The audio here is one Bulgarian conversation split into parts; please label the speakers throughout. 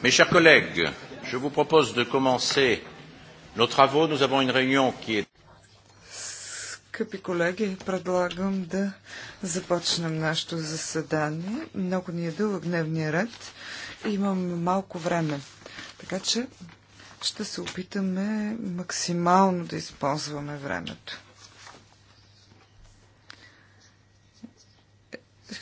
Speaker 1: Mes chers collègues, je vous propose de commencer nos travaux. Nous avons une réunion qui est.
Speaker 2: Скъпи колеги, предлагам да започнем нашето заседание. Много ни е дълъг дневния ред и имам малко време. Така че ще се опитаме максимално да използваме времето.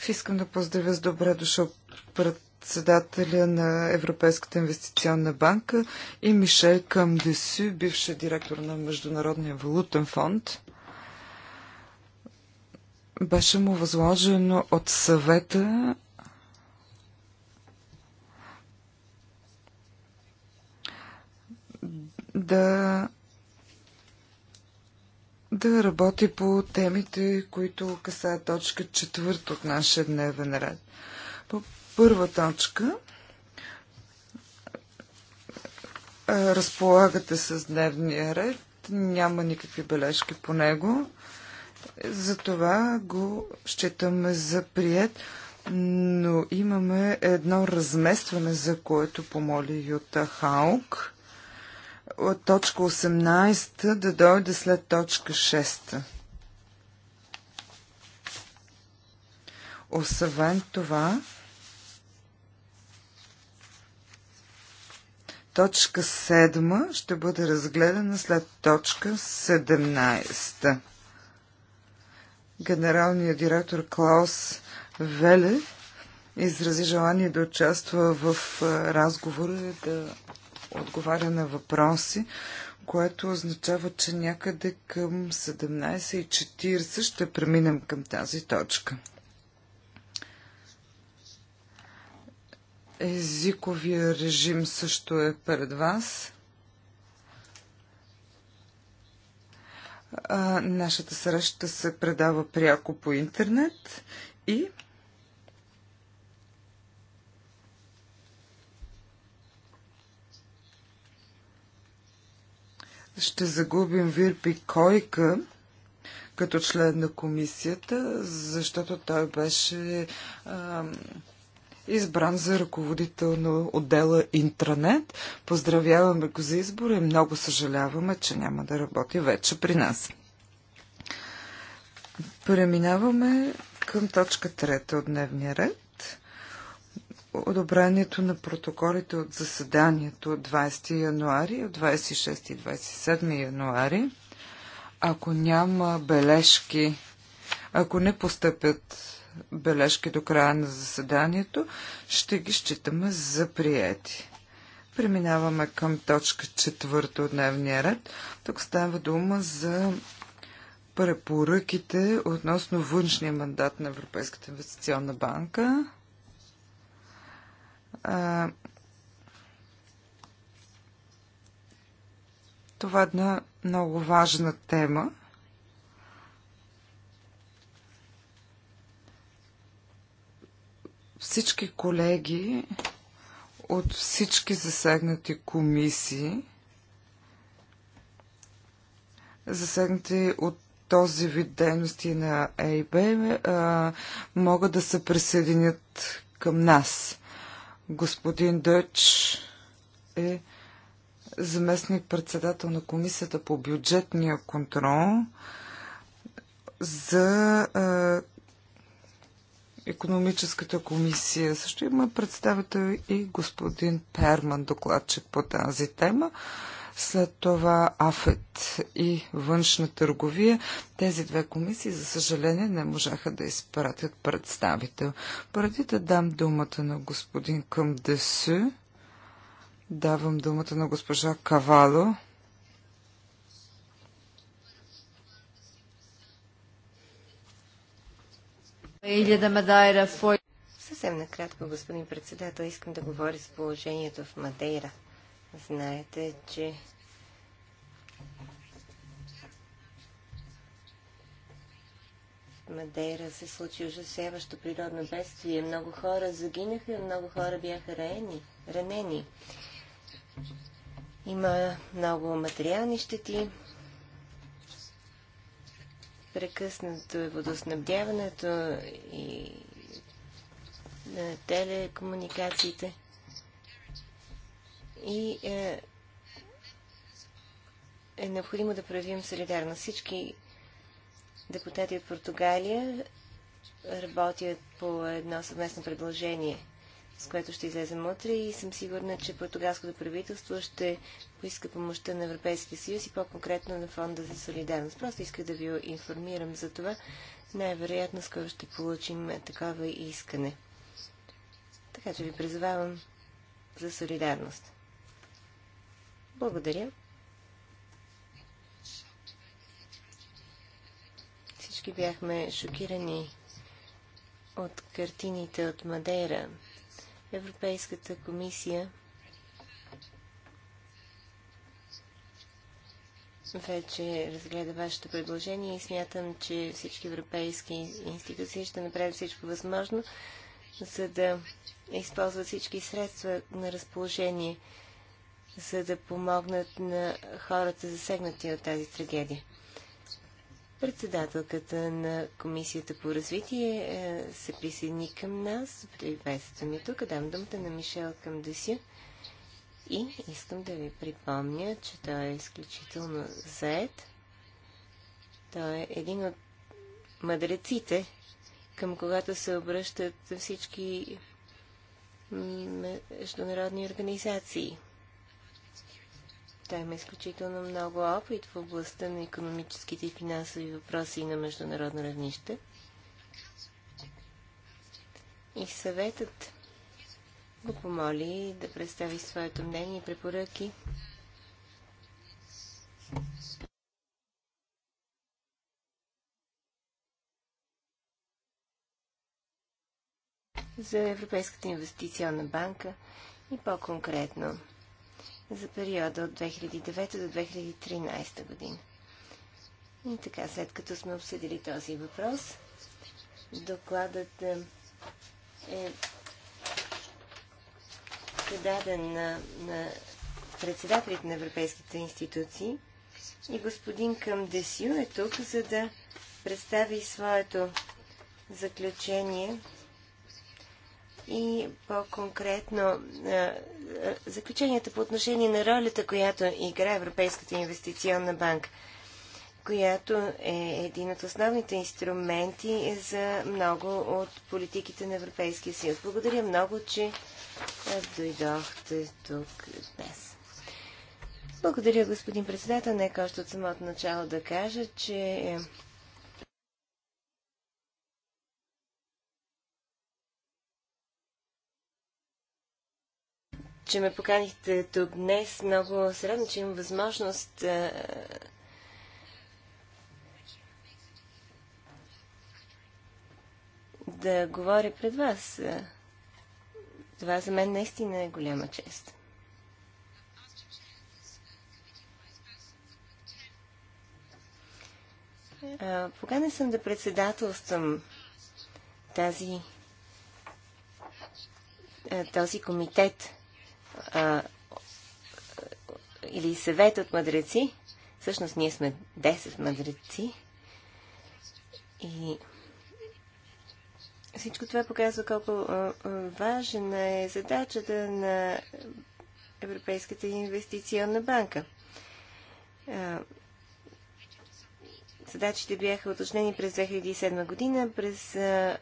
Speaker 2: Искам да поздравя с добре дошъл пред председателя на Европейската инвестиционна банка и Мишел Камдесю, бивше директор на Международния валутен фонд. Беше му възложено от съвета да да работи по темите, които касаят точка четвърта от нашия дневен ред. По първа точка разполагате с дневния ред, няма никакви бележки по него. Затова го считаме за прият, но имаме едно разместване, за което помоли Юта Хаук. От точка 18 да дойде след точка 6. Освен това, Точка 7 ще бъде разгледана след точка 17. Генералният директор Клаус Веле изрази желание да участва в разговора и да отговаря на въпроси, което означава, че някъде към 17.40 ще преминем към тази точка. Езиковия режим също е пред вас. А, нашата среща се предава пряко по интернет и ще загубим Вирпи Койка като член на комисията, защото той беше а, избран за ръководител на отдела Интранет. Поздравяваме го за избора и много съжаляваме, че няма да работи вече при нас. Преминаваме към точка трета от дневния ред одобрението на протоколите от заседанието от 20 януари, от 26 и 27 януари. Ако няма бележки, ако не постъпят бележки до края на заседанието, ще ги считаме за приети. Преминаваме към точка четвърта от дневния ред. Тук става дума за препоръките относно външния мандат на Европейската инвестиционна банка. А, това е една много важна тема. Всички колеги от всички засегнати комисии, засегнати от този вид дейности на ЕИБ, могат да се присъединят към нас. Господин Дъч е заместник-председател на Комисията по бюджетния контрол за економическата комисия. Също има представител и господин Перман, докладчик по тази тема. След това АФЕТ и външна търговия. Тези две комисии, за съжаление, не можаха да изпратят представител. Преди да дам думата на господин Къмдесю, давам думата на госпожа Кавало
Speaker 3: Мадайра Съвсем накратко, господин председател, искам да говоря с положението в Мадейра. Знаете, че в Мадейра се случи ужасяващо природно бедствие. Много хора загинаха, много хора бяха ранени. ранени. Има много материални щети прекъснато е водоснабдяването и на е, телекомуникациите. И е, е необходимо да проявим солидарно. Всички депутати от Португалия работят по едно съвместно предложение – с което ще излезем утре и съм сигурна, че португалското правителство ще поиска помощта на Европейския съюз и по-конкретно на Фонда за солидарност. Просто иска да ви информирам за това. Най-вероятно скоро ще получим такова искане. Така че ви призовавам за солидарност. Благодаря. Всички бяхме шокирани от картините от Мадейра, Европейската комисия вече разгледа вашето предложение и смятам, че всички европейски институции ще направят всичко възможно, за да използват всички средства на разположение, за да помогнат на хората засегнати от тази трагедия. Председателката на Комисията по развитие е, се присъедини към нас. Приветствам ми тук. Дам думата на Мишел Камдесю. И искам да ви припомня, че той е изключително заед. Той е един от мъдреците, към когато се обръщат всички международни организации. Той има изключително много опит в областта на економическите и финансови въпроси и на международно равнище. И съветът го помоли да представи своето мнение и препоръки. за Европейската инвестиционна банка и по-конкретно – за периода от 2009 до 2013 година. И така, след като сме обсъдили този въпрос, докладът е предаден на, на председателите на европейските институции и господин Камдесю е тук, за да представи своето заключение и по-конкретно е, е, заключенията по отношение на ролята, която игра Европейската инвестиционна банка, която е един от основните инструменти за много от политиките на Европейския съюз. Благодаря много, че е, дойдохте тук днес. Благодаря, господин председател. Нека още от самото начало да кажа, че че ме поканихте тук днес. Много се радвам, че имам възможност да говоря пред вас. Това за мен наистина е голяма чест. Поканен съм да председателствам тази, този комитет а, или съвет от мъдреци. Всъщност ние сме 10 мъдреци. И всичко това показва колко важна е задачата на Европейската инвестиционна банка. задачите бяха уточнени през 2007 година. През 2008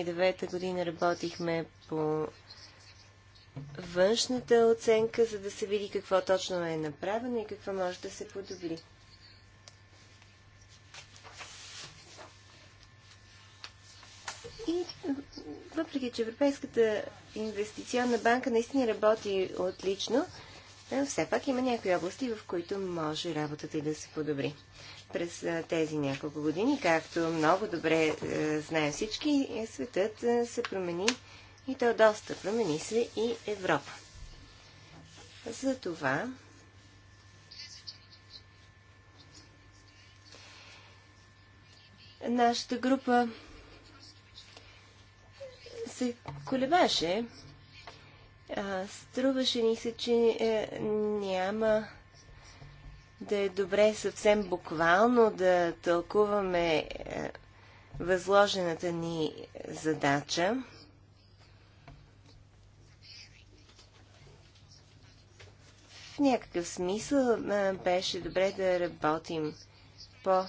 Speaker 3: и 2009 година работихме по външната оценка, за да се види какво точно е направено и какво може да се подобри. И въпреки, че Европейската инвестиционна банка наистина работи отлично, все пак има някои области, в които може работата и да се подобри. През тези няколко години, както много добре знаем всички, светът се промени и то доста промени се и Европа. Затова нашата група се колебаше. струваше ни се, че е, няма да е добре съвсем буквално да тълкуваме е, възложената ни задача. В някакъв смисъл беше добре да работим по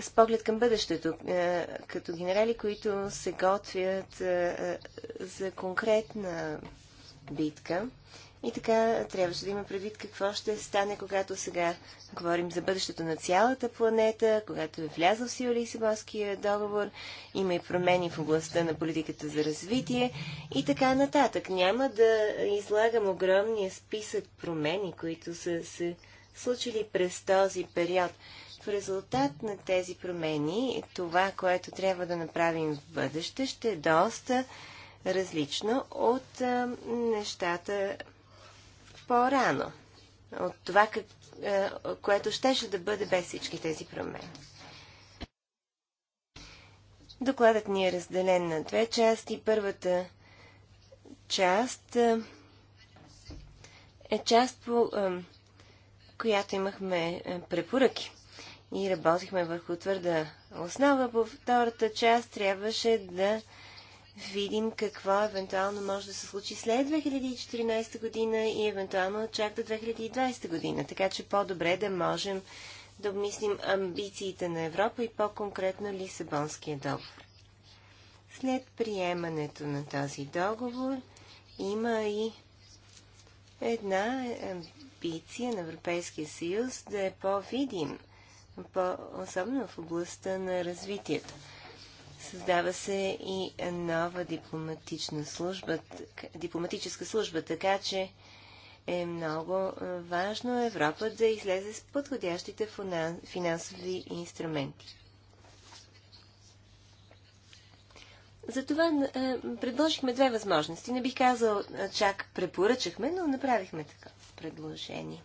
Speaker 3: с поглед към бъдещето, като генерали, които се готвят за конкретна битка и така трябваше да има предвид какво ще стане, когато сега говорим за бъдещето на цялата планета, когато е влязъл в сила Лисабонския договор, има и промени в областта на политиката за развитие и така нататък. Няма да излагам огромния списък промени, които са се случили през този период. В резултат на тези промени, това, което трябва да направим в бъдеще, ще е доста различно от а, нещата, по-рано от това, как, е, което щеше да бъде без всички тези промени. Докладът ни е разделен на две части. Първата част е, е част, по е, която имахме препоръки и работихме върху твърда основа. По втората част трябваше да видим какво евентуално може да се случи след 2014 година и евентуално чак до 2020 година. Така че по-добре да можем да обмислим амбициите на Европа и по-конкретно Лисабонския договор. След приемането на този договор има и една амбиция на Европейския съюз да е по-видим, по- особено в областта на развитието. Създава се и нова дипломатична служба, дипломатическа служба, така че е много важно Европа да излезе с подходящите финансови инструменти. Затова предложихме две възможности. Не бих казал чак препоръчахме, но направихме такова предложение.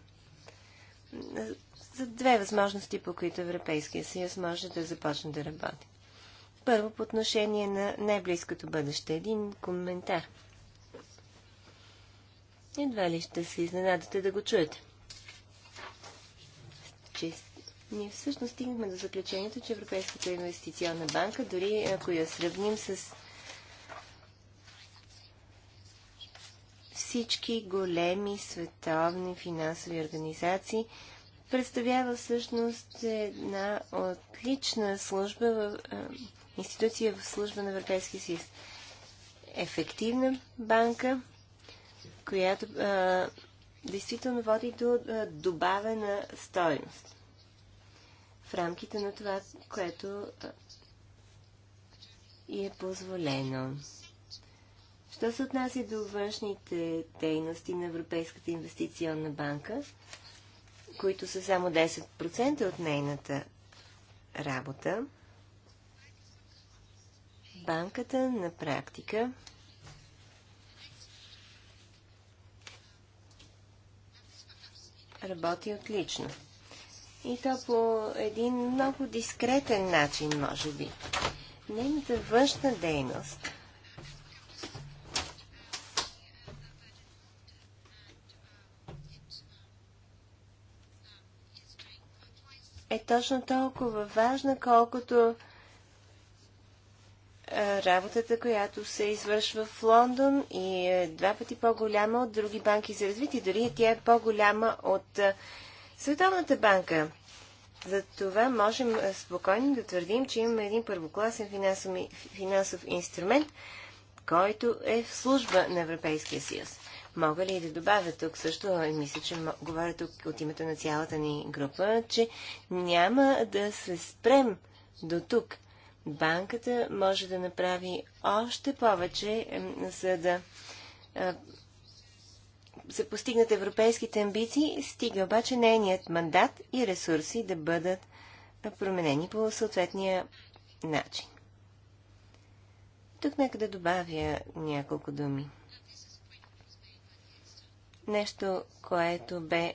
Speaker 3: За две възможности, по които Европейския съюз може да започне да работи. Първо по отношение на най-близкото бъдеще. Един коментар. Едва ли ще се изненадате да го чуете. Че ние всъщност стигнахме до заключението, че Европейската инвестиционна банка, дори ако я сравним с всички големи световни финансови организации, представлява всъщност една отлична служба в, институция в служба на Европейския съюз. Ефективна банка, която а, действително води до а, добавена стоеност в рамките на това, което и е позволено. Що се отнася до външните дейности на Европейската инвестиционна банка, които са само 10% от нейната работа, банката на практика работи отлично. И то по един много дискретен начин, може би. Нейната външна дейност е точно толкова важна, колкото е, работата, която се извършва в Лондон и е два пъти по-голяма от други банки за развитие. Дори тя е по-голяма от е, Световната банка. За това можем е, спокойно да твърдим, че имаме един първокласен финансов, финансов инструмент, който е в служба на Европейския съюз. Мога ли да добавя тук също, мисля, че говоря тук от името на цялата ни група, че няма да се спрем до тук банката може да направи още повече, за да се постигнат европейските амбиции, стига обаче нейният мандат и ресурси да бъдат променени по съответния начин. Тук нека да добавя няколко думи. Нещо, което бе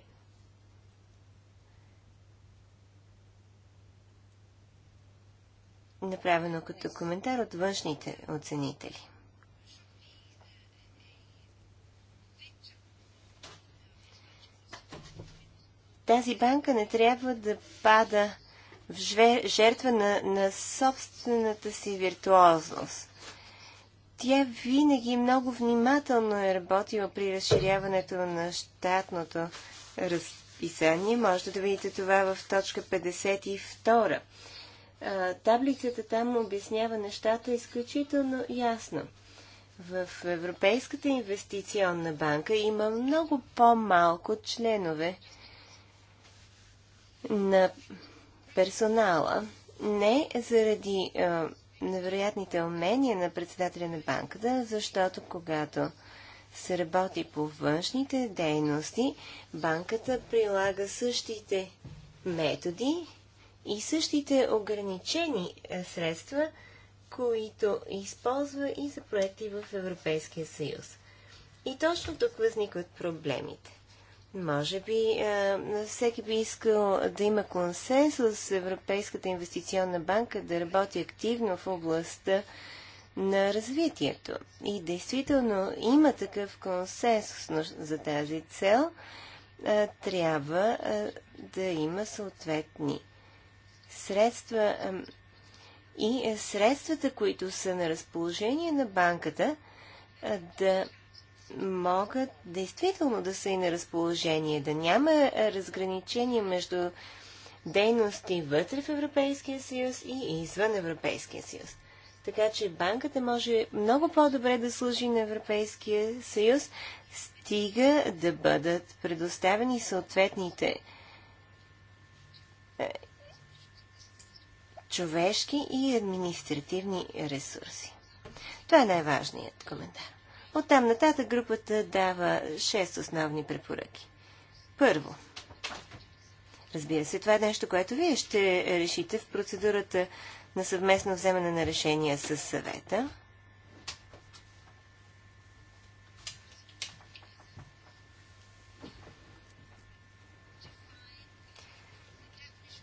Speaker 3: направено като коментар от външните оценители. Тази банка не трябва да пада в жертва на, на собствената си виртуозност. Тя винаги много внимателно е работила при разширяването на щатното разписание. Можете да видите това в точка 52. Таблицата там обяснява нещата изключително ясно. В Европейската инвестиционна банка има много по-малко членове на персонала, не заради а, невероятните умения на председателя на банката, защото когато се работи по външните дейности, банката прилага същите методи и същите ограничени е, средства, които използва и за проекти в Европейския съюз. И точно тук възникват проблемите. Може би е, всеки би искал да има консенсус с Европейската инвестиционна банка да работи активно в областта на развитието. И действително има такъв консенсус за тази цел. Е, трябва да има съответни средства и средствата, които са на разположение на банката, да могат действително да са и на разположение, да няма разграничение между дейности вътре в Европейския съюз и извън Европейския съюз. Така че банката може много по-добре да служи на Европейския съюз, стига да бъдат предоставени съответните човешки и административни ресурси. Това е най-важният коментар. От там нататък групата дава шест основни препоръки. Първо, разбира се, това е нещо, което вие ще решите в процедурата на съвместно вземане на решения с съвета –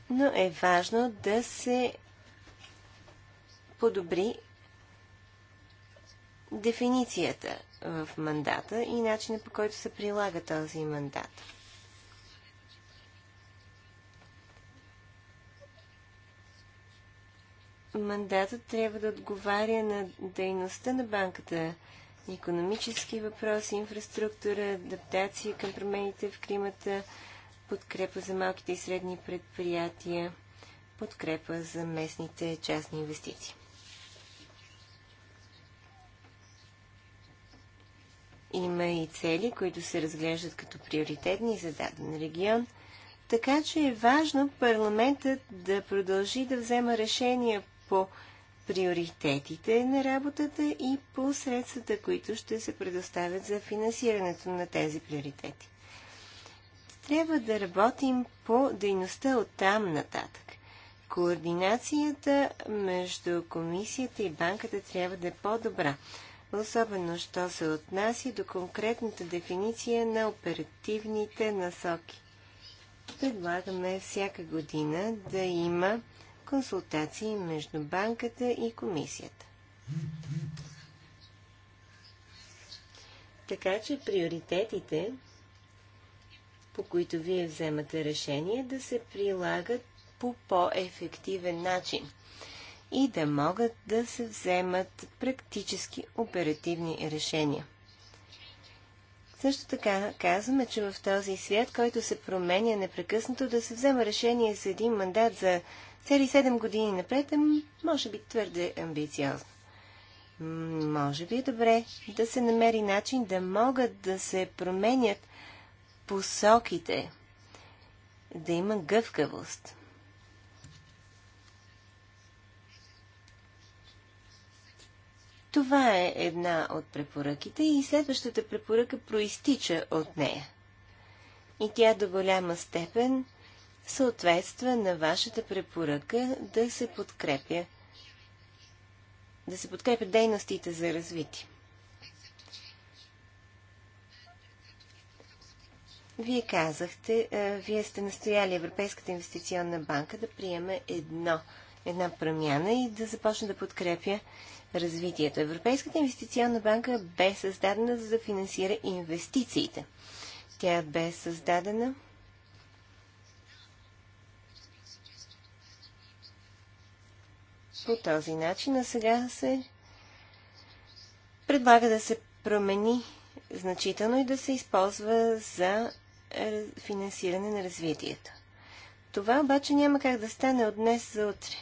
Speaker 3: но е важно да се подобри дефиницията в мандата и начина по който се прилага този мандат. Мандатът трябва да отговаря на дейността на банката, економически въпроси, инфраструктура, адаптация към промените в климата, подкрепа за малките и средни предприятия, подкрепа за местните частни инвестиции. Има и цели, които се разглеждат като приоритетни за даден регион, така че е важно парламентът да продължи да взема решения по приоритетите на работата и по средствата, които ще се предоставят за финансирането на тези приоритети. Трябва да работим по дейността от там нататък. Координацията между комисията и банката трябва да е по-добра, особено що се отнася до конкретната дефиниция на оперативните насоки. Предлагаме всяка година да има консултации между банката и комисията. Така че приоритетите по които вие вземате решение, да се прилагат по по-ефективен начин и да могат да се вземат практически оперативни решения. Също така казваме, че в този свят, който се променя непрекъснато, да се взема решение за един мандат за цели 7 години напред е, може би, твърде амбициозно. Може би е добре да се намери начин да могат да се променят посоките, да има гъвкавост. Това е една от препоръките и следващата препоръка проистича от нея. И тя до голяма степен съответства на вашата препоръка да се подкрепя да се подкрепят дейностите за развитие. Вие казахте, вие сте настояли Европейската инвестиционна банка да приеме едно, една промяна и да започне да подкрепя развитието. Европейската инвестиционна банка бе създадена за да финансира инвестициите. Тя бе създадена по този начин, а сега се предлага да се промени значително и да се използва за е финансиране на развитието. Това обаче няма как да стане от днес за утре.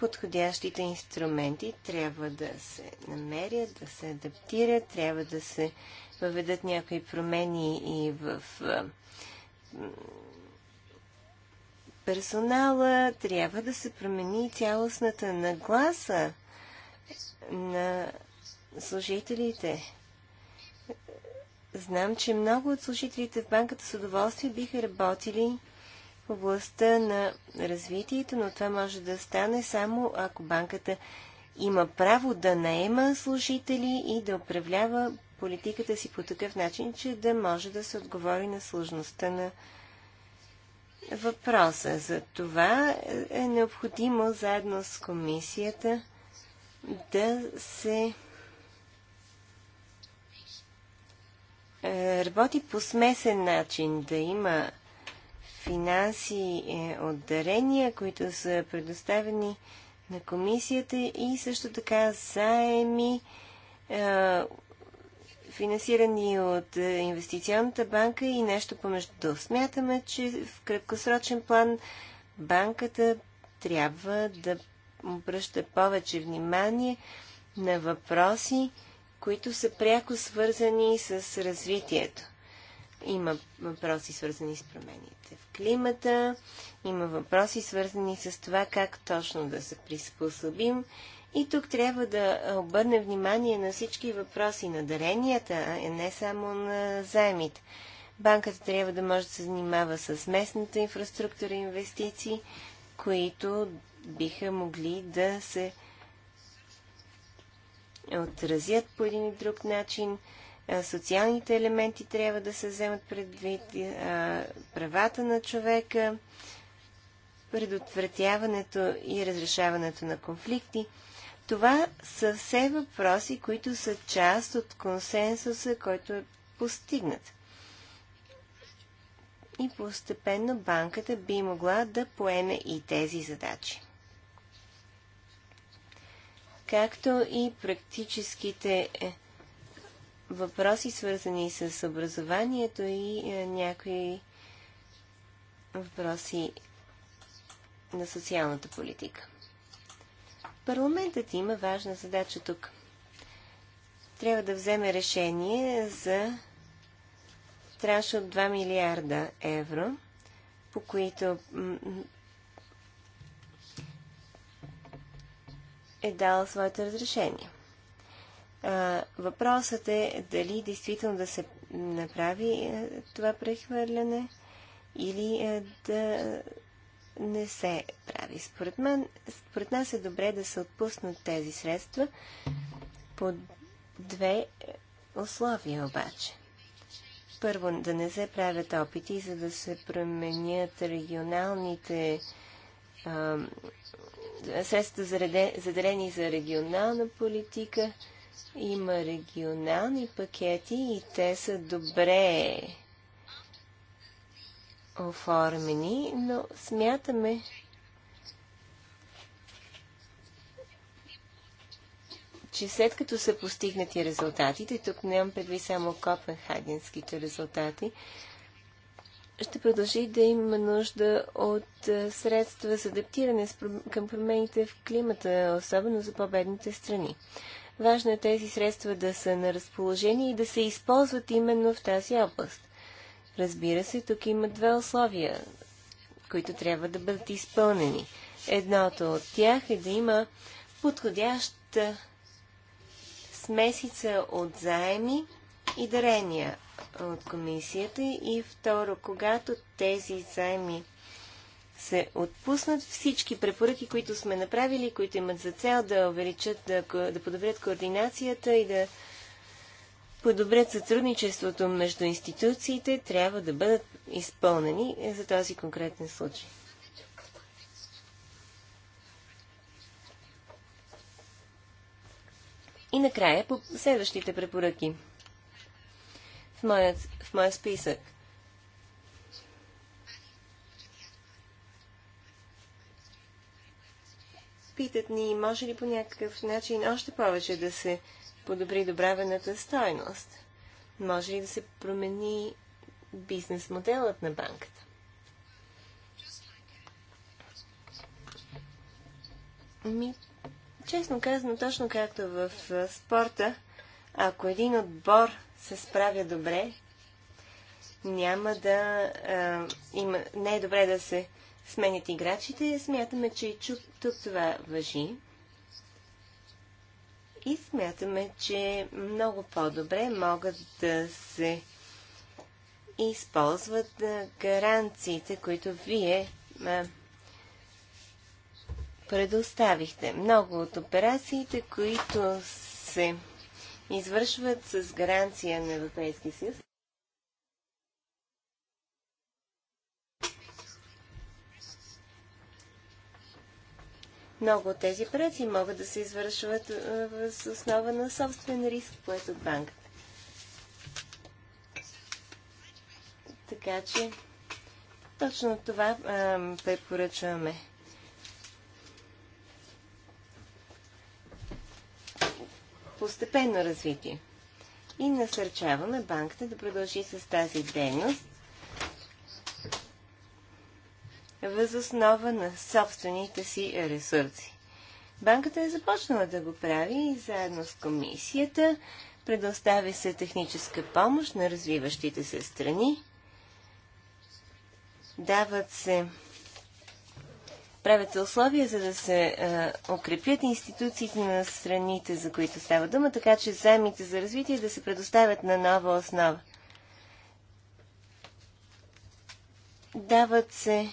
Speaker 3: Подходящите инструменти трябва да се намерят, да се адаптират, трябва да се въведат някои промени и в персонала, трябва да се промени цялостната нагласа на служителите Знам, че много от служителите в банката с удоволствие биха работили в областта на развитието, но това може да стане само ако банката има право да наема служители и да управлява политиката си по такъв начин, че да може да се отговори на сложността на въпроса. За това е необходимо заедно с комисията да се Е, работи по смесен начин, да има финанси е, от дарения, които са предоставени на комисията и също така заеми, е, финансирани от инвестиционната банка и нещо помежду. Смятаме, че в краткосрочен план банката трябва да обръща повече внимание на въпроси, които са пряко свързани с развитието. Има въпроси свързани с промените в климата, има въпроси свързани с това как точно да се приспособим. И тук трябва да обърнем внимание на всички въпроси на даренията, а не само на заемите. Банката трябва да може да се занимава с местната инфраструктура и инвестиции, които биха могли да се отразят по един или друг начин. Социалните елементи трябва да се вземат предвид, правата на човека, предотвратяването и разрешаването на конфликти. Това са все въпроси, които са част от консенсуса, който е постигнат. И постепенно банката би могла да поеме и тези задачи както и практическите е, въпроси, свързани с образованието и е, някои въпроси на социалната политика. Парламентът има важна задача тук. Трябва да вземе решение за транш от 2 милиарда евро, по които е дал своето разрешение. Въпросът е дали действително да се направи това прехвърляне или да не се прави. Според, мен, според нас е добре да се отпуснат тези средства по две условия обаче. Първо, да не се правят опити, за да се променят регионалните а, Средства заделени за регионална политика. Има регионални пакети и те са добре оформени, но смятаме, че след като са постигнати резултатите, тук нямам предвид само копенхагенските резултати, ще продължи да има нужда от е, средства за адаптиране към промените в климата, особено за победните страни. Важно е тези средства да са на разположение и да се използват именно в тази област. Разбира се, тук има две условия, които трябва да бъдат изпълнени. Едното от тях е да има подходяща смесица от заеми и дарения, от комисията? И второ, когато тези заеми се отпуснат всички препоръки, които сме направили, които имат за цел да увеличат, да, да подобрят координацията и да подобрят сътрудничеството между институциите, трябва да бъдат изпълнени е, за този конкретен случай. И накрая по следващите препоръки в моя, в моя списък. Питат ни, може ли по някакъв начин още повече да се подобри добравената стойност? Може ли да се промени бизнес моделът на банката? Ми, честно казано, точно както в спорта, ако един отбор се справя добре, няма да а, има, не е добре да се сменят играчите. Смятаме, че и чук, тук това въжи. И смятаме, че много по-добре могат да се използват гаранциите, които вие а, предоставихте. Много от операциите, които се извършват с гаранция на Европейския съюз. Много от тези операции могат да се извършват с е, основа на собствен риск, което от банката. Така че точно това а, препоръчваме. постепенно развитие. И насърчаваме банката да продължи с тази дейност възоснова на собствените си ресурси. Банката е започнала да го прави заедно с комисията. Предоставя се техническа помощ на развиващите се страни. Дават се правят се условия, за да се а, е, укрепят институциите на страните, за които става дума, така че заемите за развитие да се предоставят на нова основа. Дават се.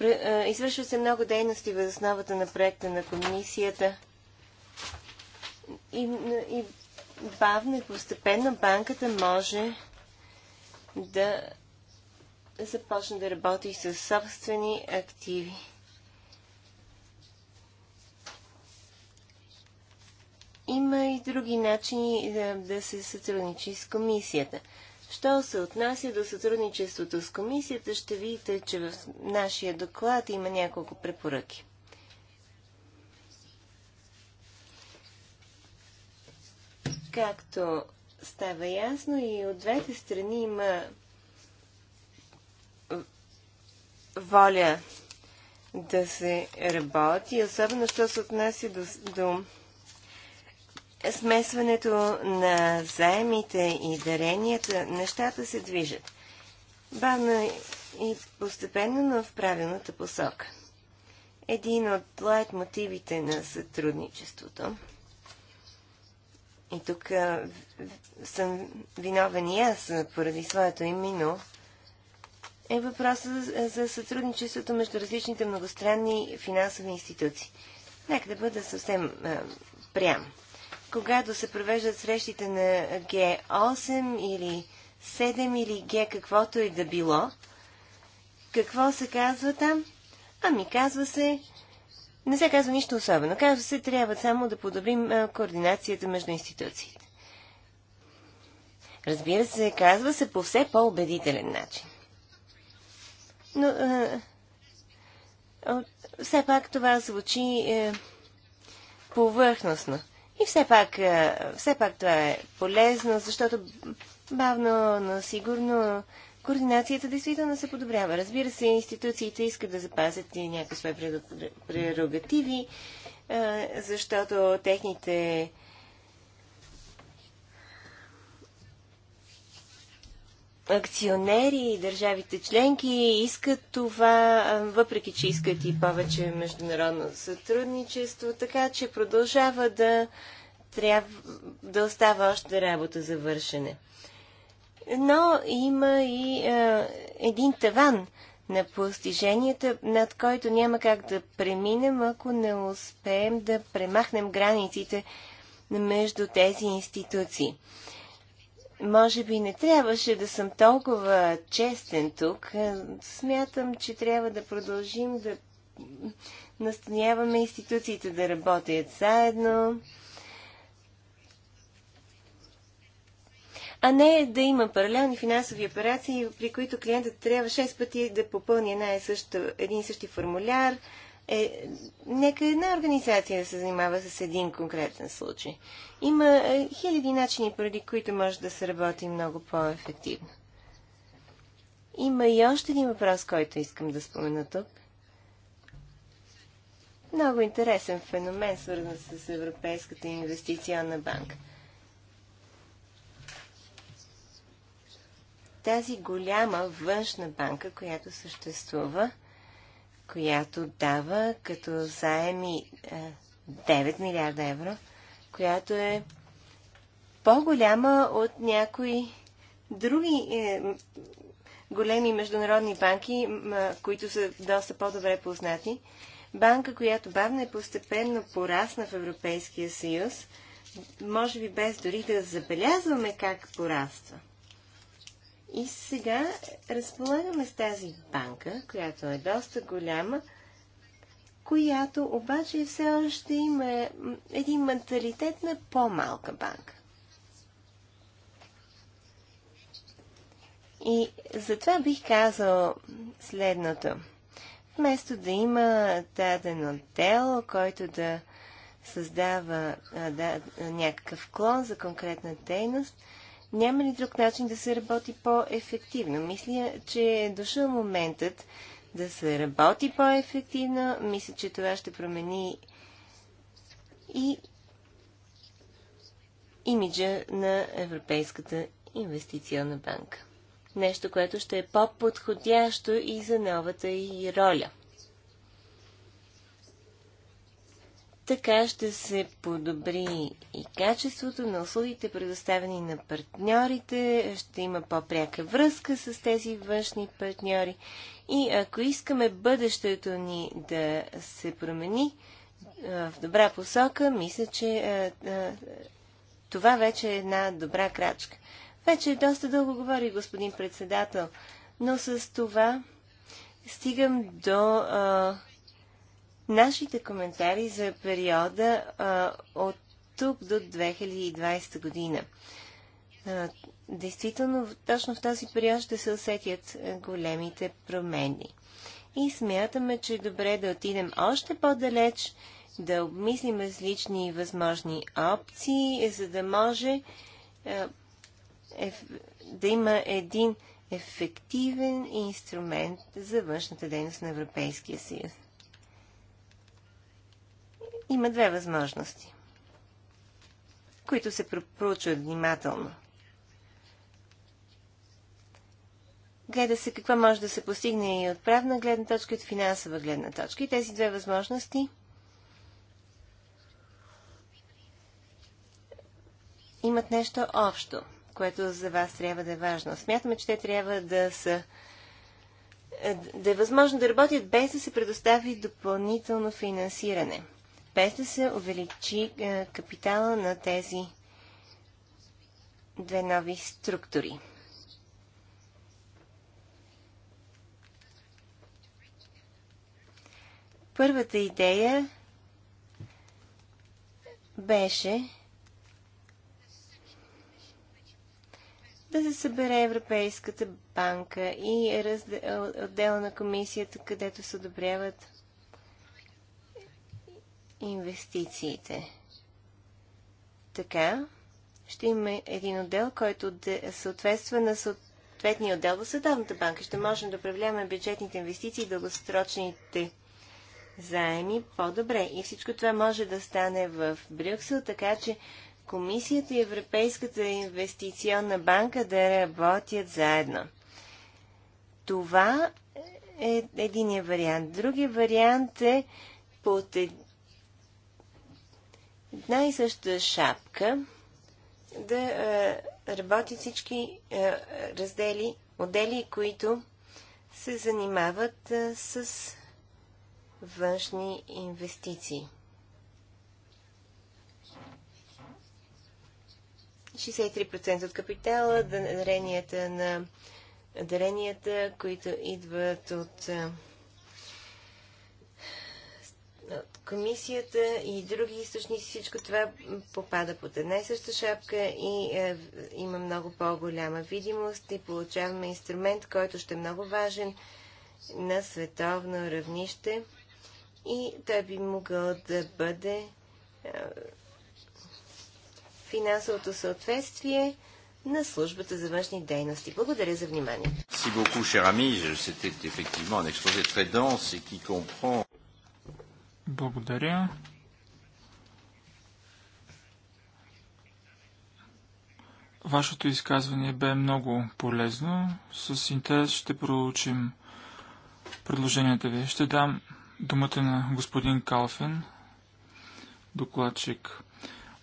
Speaker 3: Е, извършват се много дейности въз основата на проекта на комисията. И, и бавно и постепенно банката може да започна да работи с собствени активи. Има и други начини да, е, да се сътрудничи с комисията. Що се отнася до сътрудничеството с комисията, ще видите, че в нашия доклад има няколко препоръки. Както става ясно и от двете страни има воля да се работи, особено що се отнася до, до смесването на заемите и даренията, нещата се движат. Бавно и постепенно, но в правилната посока. Един от лайт мотивите на сътрудничеството. И тук съм виновен и аз поради своето имено е въпросът за, сътрудничеството между различните многостранни финансови институции. Нека да бъда съвсем а, прям. Когато се провеждат срещите на Г8 или 7 или Г каквото и да било, какво се казва там? Ами казва се, не се казва нищо особено. Казва се, трябва само да подобрим а, координацията между институциите. Разбира се, казва се по все по-убедителен начин. Но а, все пак това звучи е, повърхностно. И все пак, а, все пак това е полезно, защото бавно, но сигурно координацията действително се подобрява. Разбира се, институциите искат да запазят и някакви свои прерогативи, защото техните акционери и държавите членки искат това, въпреки че искат и повече международно сътрудничество, така че продължава да, трябва, да остава още работа за вършене. Но има и а, един таван на постиженията, над който няма как да преминем, ако не успеем да премахнем границите между тези институции може би не трябваше да съм толкова честен тук. Е, смятам, че трябва да продължим да настояваме институциите да работят заедно, а не да има паралелни финансови операции, при които клиентът трябва 6 пъти да попълни една и един и същи формуляр, е, нека една организация да се занимава с един конкретен случай. Има е, хиляди начини, поради които може да се работи много по-ефективно. Има и още един въпрос, който искам да спомена тук. Много интересен феномен, свързан с Европейската инвестиционна банка. Тази голяма външна банка, която съществува, която дава като заеми 9 е, милиарда евро, която е по-голяма от някои други е, големи международни банки, които са доста по-добре познати. Банка, която бавно е постепенно порасна в Европейския съюз, може би без дори да забелязваме как пораства. И сега разполагаме с тази банка, която е доста голяма, която обаче все още има един менталитет на по-малка банка. И затова бих казал следното. Вместо да има даден отдел, който да създава а, да, някакъв клон за конкретна дейност, няма ли друг начин да се работи по-ефективно? Мисля, че е дошъл моментът да се работи по-ефективно. Мисля, че това ще промени и имиджа на Европейската инвестиционна банка. Нещо, което ще е по-подходящо и за новата и роля – Така ще се подобри и качеството на услугите, предоставени на партньорите, ще има по-пряка връзка с тези външни партньори. И ако искаме бъдещето ни да се промени в добра посока, мисля, че това вече е една добра крачка. Вече е доста дълго говори господин председател, но с това стигам до а, нашите коментари за периода а, от тук до 2020 година. А, действително, точно в този период ще се усетят големите промени. И смятаме, че е добре да отидем още по-далеч, да обмислим различни възможни опции, за да може е, да има един ефективен инструмент за външната дейност на Европейския съюз. Има две възможности, които се проучват внимателно. Гледа се какво може да се постигне и от правна гледна точка, и от финансова гледна точка. И тези две възможности имат нещо общо, което за вас трябва да е важно. Смятаме, че те трябва да са е, да е възможно да работят без да се предостави допълнително финансиране без да се увеличи е, капитала на тези две нови структури. Първата идея беше да се събере Европейската банка и отделна на комисията, където се одобряват инвестициите. Така, ще има един отдел, който да съответства на съответния отдел в Световната банка. Ще можем да управляваме бюджетните инвестиции и дългосрочните заеми по-добре. И всичко това може да стане в Брюксел, така че Комисията и Европейската инвестиционна банка да работят заедно. Това е единия вариант. Другия вариант е под една и съща шапка да а, е, работят всички а, е, раздели, отдели, които се занимават а, е, с външни инвестиции. 63% от капитала, даренията на даренията, които идват от комисията и други източници, всичко това попада под една и съща шапка и е, има много по-голяма видимост и получаваме инструмент, който ще е много важен на световно равнище и той би могъл да бъде е, финансовото съответствие на службата за външни дейности. Благодаря за вниманието.
Speaker 4: Благодаря. Вашето изказване бе много полезно. С интерес ще проучим предложенията ви. Ще дам думата на господин Калфен, докладчик.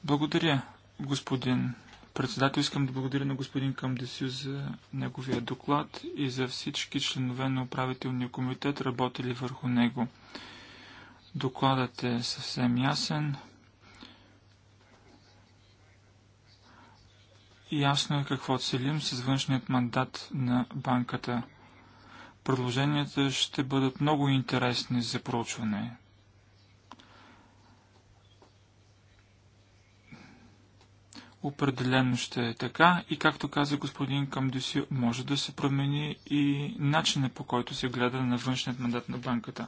Speaker 4: Благодаря, господин председател. Искам да благодаря на господин Камдесю за неговия доклад и за всички членове на управителния комитет, работили върху него. Докладът е съвсем ясен. Ясно е какво целим с външният мандат на банката. Продълженията ще бъдат много интересни за проучване. Определено ще е така и както каза господин Камдюси, може да се промени и начина по който се гледа на външният мандат на банката.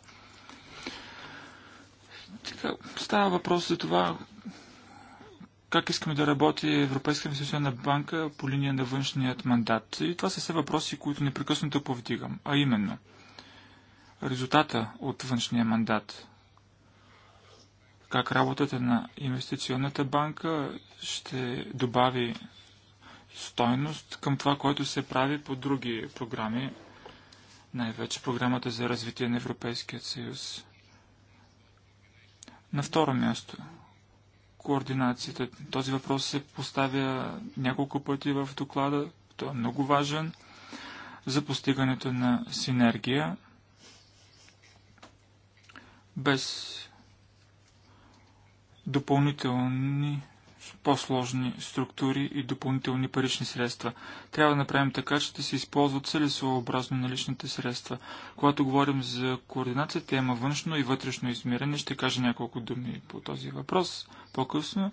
Speaker 4: Така, става въпрос за това как искаме да работи Европейска инвестиционна банка по линия на външният мандат. И това са все въпроси, които непрекъснато повдигам. А именно, резултата от външния мандат. Как работата на инвестиционната банка ще добави стойност към това, което се прави по други програми, най-вече програмата за развитие на Европейския съюз. На второ място, координацията. Този въпрос се поставя няколко пъти в доклада. Той е много важен за постигането на синергия. Без допълнителни по-сложни структури и допълнителни парични средства. Трябва да направим така, че да се използват целесообразно наличните средства. Когато говорим за координация, тема има външно и вътрешно измерение. Ще кажа няколко думи по този въпрос по-късно.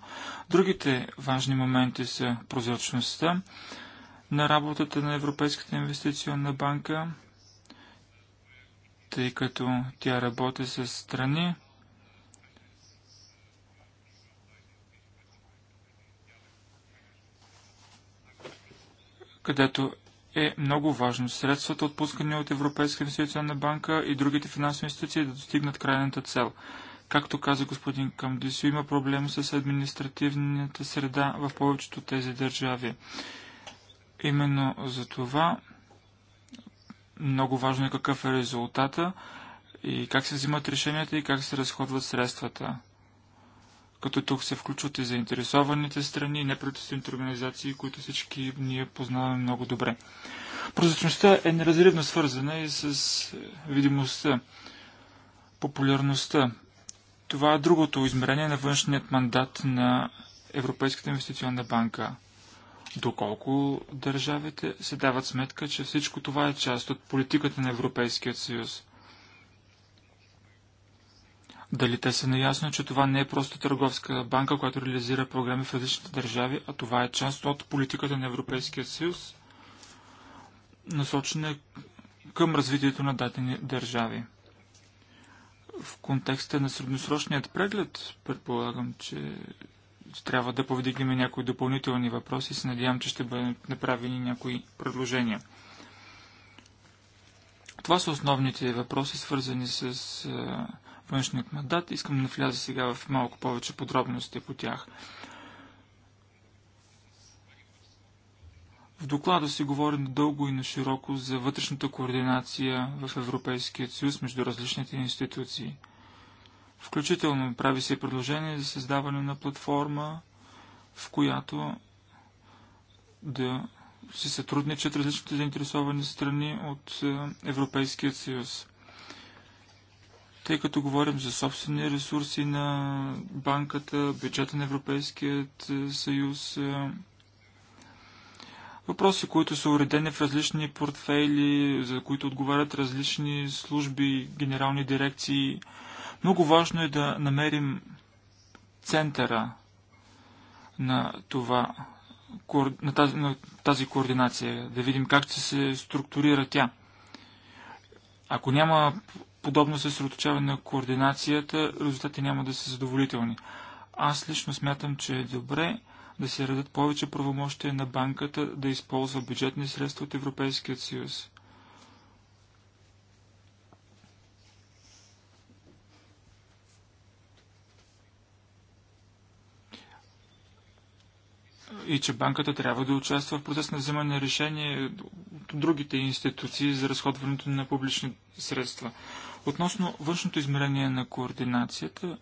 Speaker 4: Другите важни моменти са прозрачността на работата на Европейската инвестиционна банка, тъй като тя работи с страни, където е много важно средствата, отпускани от Европейска инвестиционна банка и другите финансови институции да достигнат крайната цел. Както каза господин Камдисо, има проблем с административната среда в повечето тези държави. Именно за това много важно е какъв е резултата и как се взимат решенията и как се разходват средствата като тук се включват и заинтересованите страни и неправителствените организации, които всички ние познаваме много добре. Прозрачността е неразривно свързана и с е, видимостта, популярността. Това е другото измерение на външният мандат на Европейската инвестиционна банка. Доколко държавите се дават сметка, че всичко това е част от политиката на Европейския съюз – дали те са наясно, че това не е просто търговска банка, която реализира програми в различните държави, а това е част от политиката на Европейския съюз, насочена към развитието на дадени държави. В контекста на средносрочният преглед, предполагам, че трябва да повдигнем някои допълнителни въпроси и се надявам, че ще бъдат направени някои предложения. Това са основните въпроси, свързани с външният мандат. Искам да вляза сега в малко повече подробности по тях. В доклада се говори надълго и на широко за вътрешната координация в Европейския съюз между различните институции. Включително прави се предложение за създаване на платформа, в която да се сътрудничат различните заинтересовани страни от е, Европейския съюз тъй като говорим за собствени ресурси на банката, бюджета на Европейският е, съюз, е, въпроси, които са уредени в различни портфейли, за които отговарят различни служби, генерални дирекции. Много важно е да намерим центъра на това, на тази, на тази координация, да видим как ще се структурира тя. Ако няма подобно съсредоточаване на координацията, резултатите няма да са задоволителни. Аз лично смятам, че е добре да се редат повече правомощия на банката да използва бюджетни средства от Европейския съюз. и че банката трябва да участва в процес на вземане решение от другите институции за разходването на публични средства. Относно външното измерение на координацията,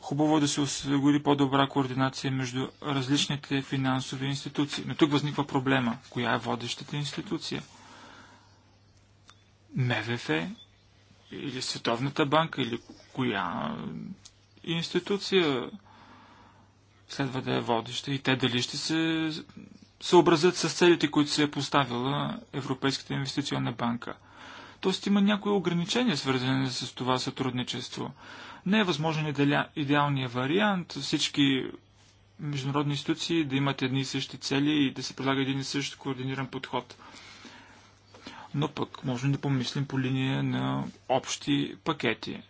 Speaker 4: хубаво е да се осигури по-добра координация между различните финансови институции. Но тук възниква проблема. Коя е водещата институция? МВФ или Световната банка или коя институция следва да е водеща и те дали ще се съобразят с целите, които се е поставила Европейската инвестиционна банка – Тоест има някои ограничения, свързани с това сътрудничество. Не е възможен идеалният вариант всички международни институции да имат едни и същи цели и да се предлага един и същ координиран подход. Но пък можем да помислим по линия на общи пакети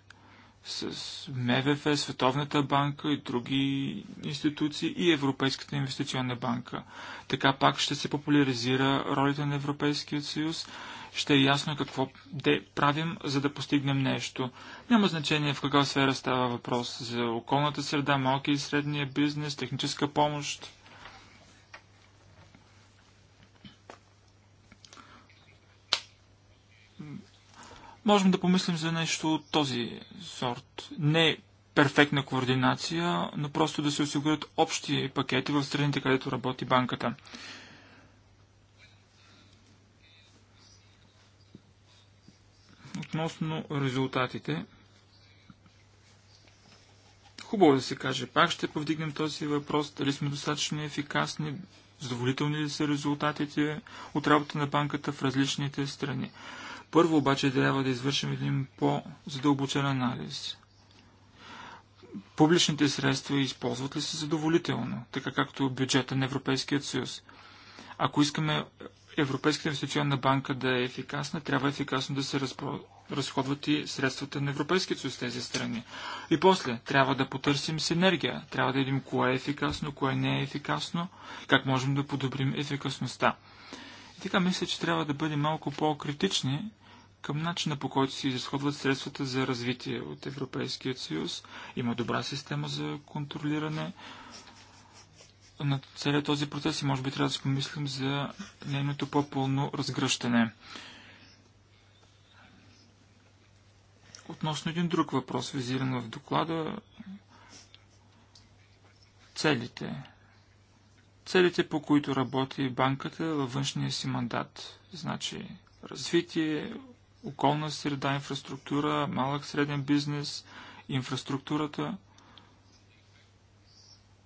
Speaker 4: с МВФ, Световната банка и други институции и Европейската инвестиционна банка. Така пак ще се популяризира ролята на Европейския съюз, ще е ясно какво де правим, за да постигнем нещо. Няма значение в каква сфера става въпрос за околната среда, малки и средния бизнес, техническа помощ, Можем да помислим за нещо от този сорт. Не перфектна координация, но просто да се осигурят общи пакети в страните, където работи банката. Относно резултатите, хубаво е да се каже, пак ще повдигнем този въпрос, дали сме достатъчно ефикасни, задоволителни ли са резултатите от работа на банката в различните страни. Първо обаче трябва да извършим един по-задълбочен анализ. Публичните средства използват ли се задоволително, така както бюджета на Европейският съюз? Ако искаме Европейската инвестиционна банка да е ефикасна, трябва ефикасно да се разходват и средствата на Европейския съюз тези страни. И после трябва да потърсим синергия. Трябва да видим кое е ефикасно, кое не е ефикасно, как можем да подобрим ефикасността. И така мисля, че трябва да бъдем малко по-критични към начина по който се изразходват средствата за развитие от Европейския съюз. Има добра система за контролиране на целият този процес и може би трябва да се помислим за нейното по-пълно разгръщане. Относно един друг въпрос, визиран в доклада, целите. Целите, по които работи банката във външния си мандат. Значи развитие, околна среда, инфраструктура, малък среден бизнес, инфраструктурата.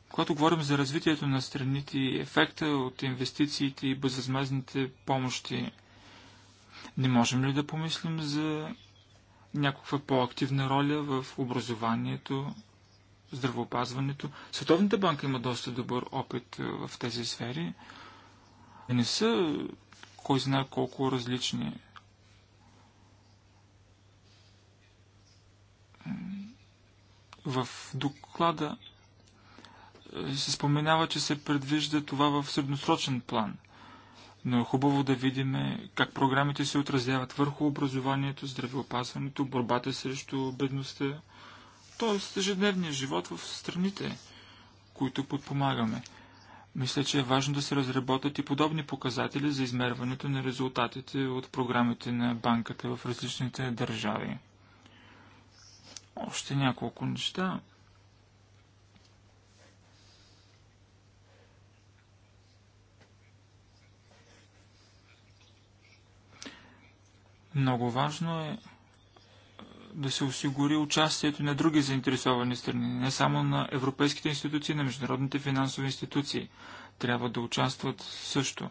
Speaker 4: Когато говорим за развитието на страните и ефекта от инвестициите и безвъзмезните помощи, не можем ли да помислим за някаква по-активна роля в образованието, здравеопазването? Световната банка има доста добър опит е, в тези сфери. Не са кой знае колко различни В доклада е, се споменава, че се предвижда това в средносрочен план. Но е хубаво да видим как програмите се отразяват върху образованието, здравеопазването, борбата срещу бедността, т.е. ежедневния живот в страните, които подпомагаме. Мисля, че е важно да се разработят и подобни показатели за измерването на резултатите от програмите на банката в различните държави. Още няколко неща. Много важно е, е да се осигури участието на други заинтересовани страни, не само на европейските институции, на международните финансови институции. Трябва да участват също.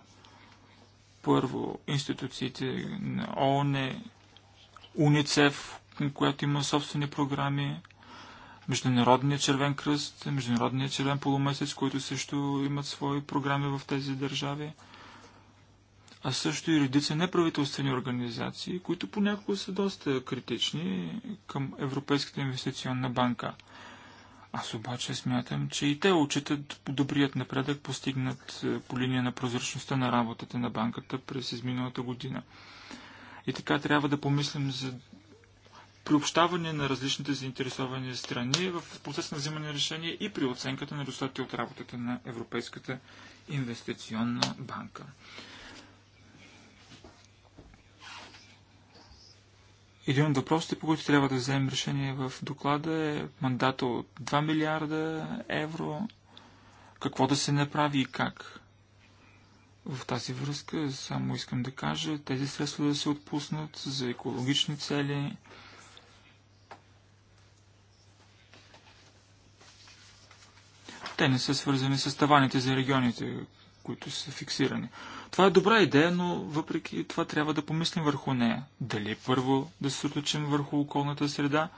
Speaker 4: Първо, институциите на ООН, УНИЦЕФ, която има собствени програми, Международния червен кръст, Международния червен полумесец, които също имат свои програми в тези държави, а също и редица неправителствени организации, които понякога са доста критични към Европейската инвестиционна банка. Аз обаче смятам, че и те отчитат добрият напредък, постигнат е, по линия на прозрачността на работата на банката през изминалата година. И така трябва да помислим за приобщаване на различните заинтересовани страни в процес на взимане на решение и при оценката на резултатите от работата на Европейската инвестиционна банка. Един от въпросите, по които трябва да вземем решение в доклада е мандата от 2 милиарда евро, какво да се направи и как. В тази връзка само искам да кажа тези средства да се отпуснат за екологични цели, Те не са свързани с таваните за регионите, които са фиксирани. Това е добра идея, но въпреки това трябва да помислим върху нея. Дали първо да се съсредоточим върху околната среда,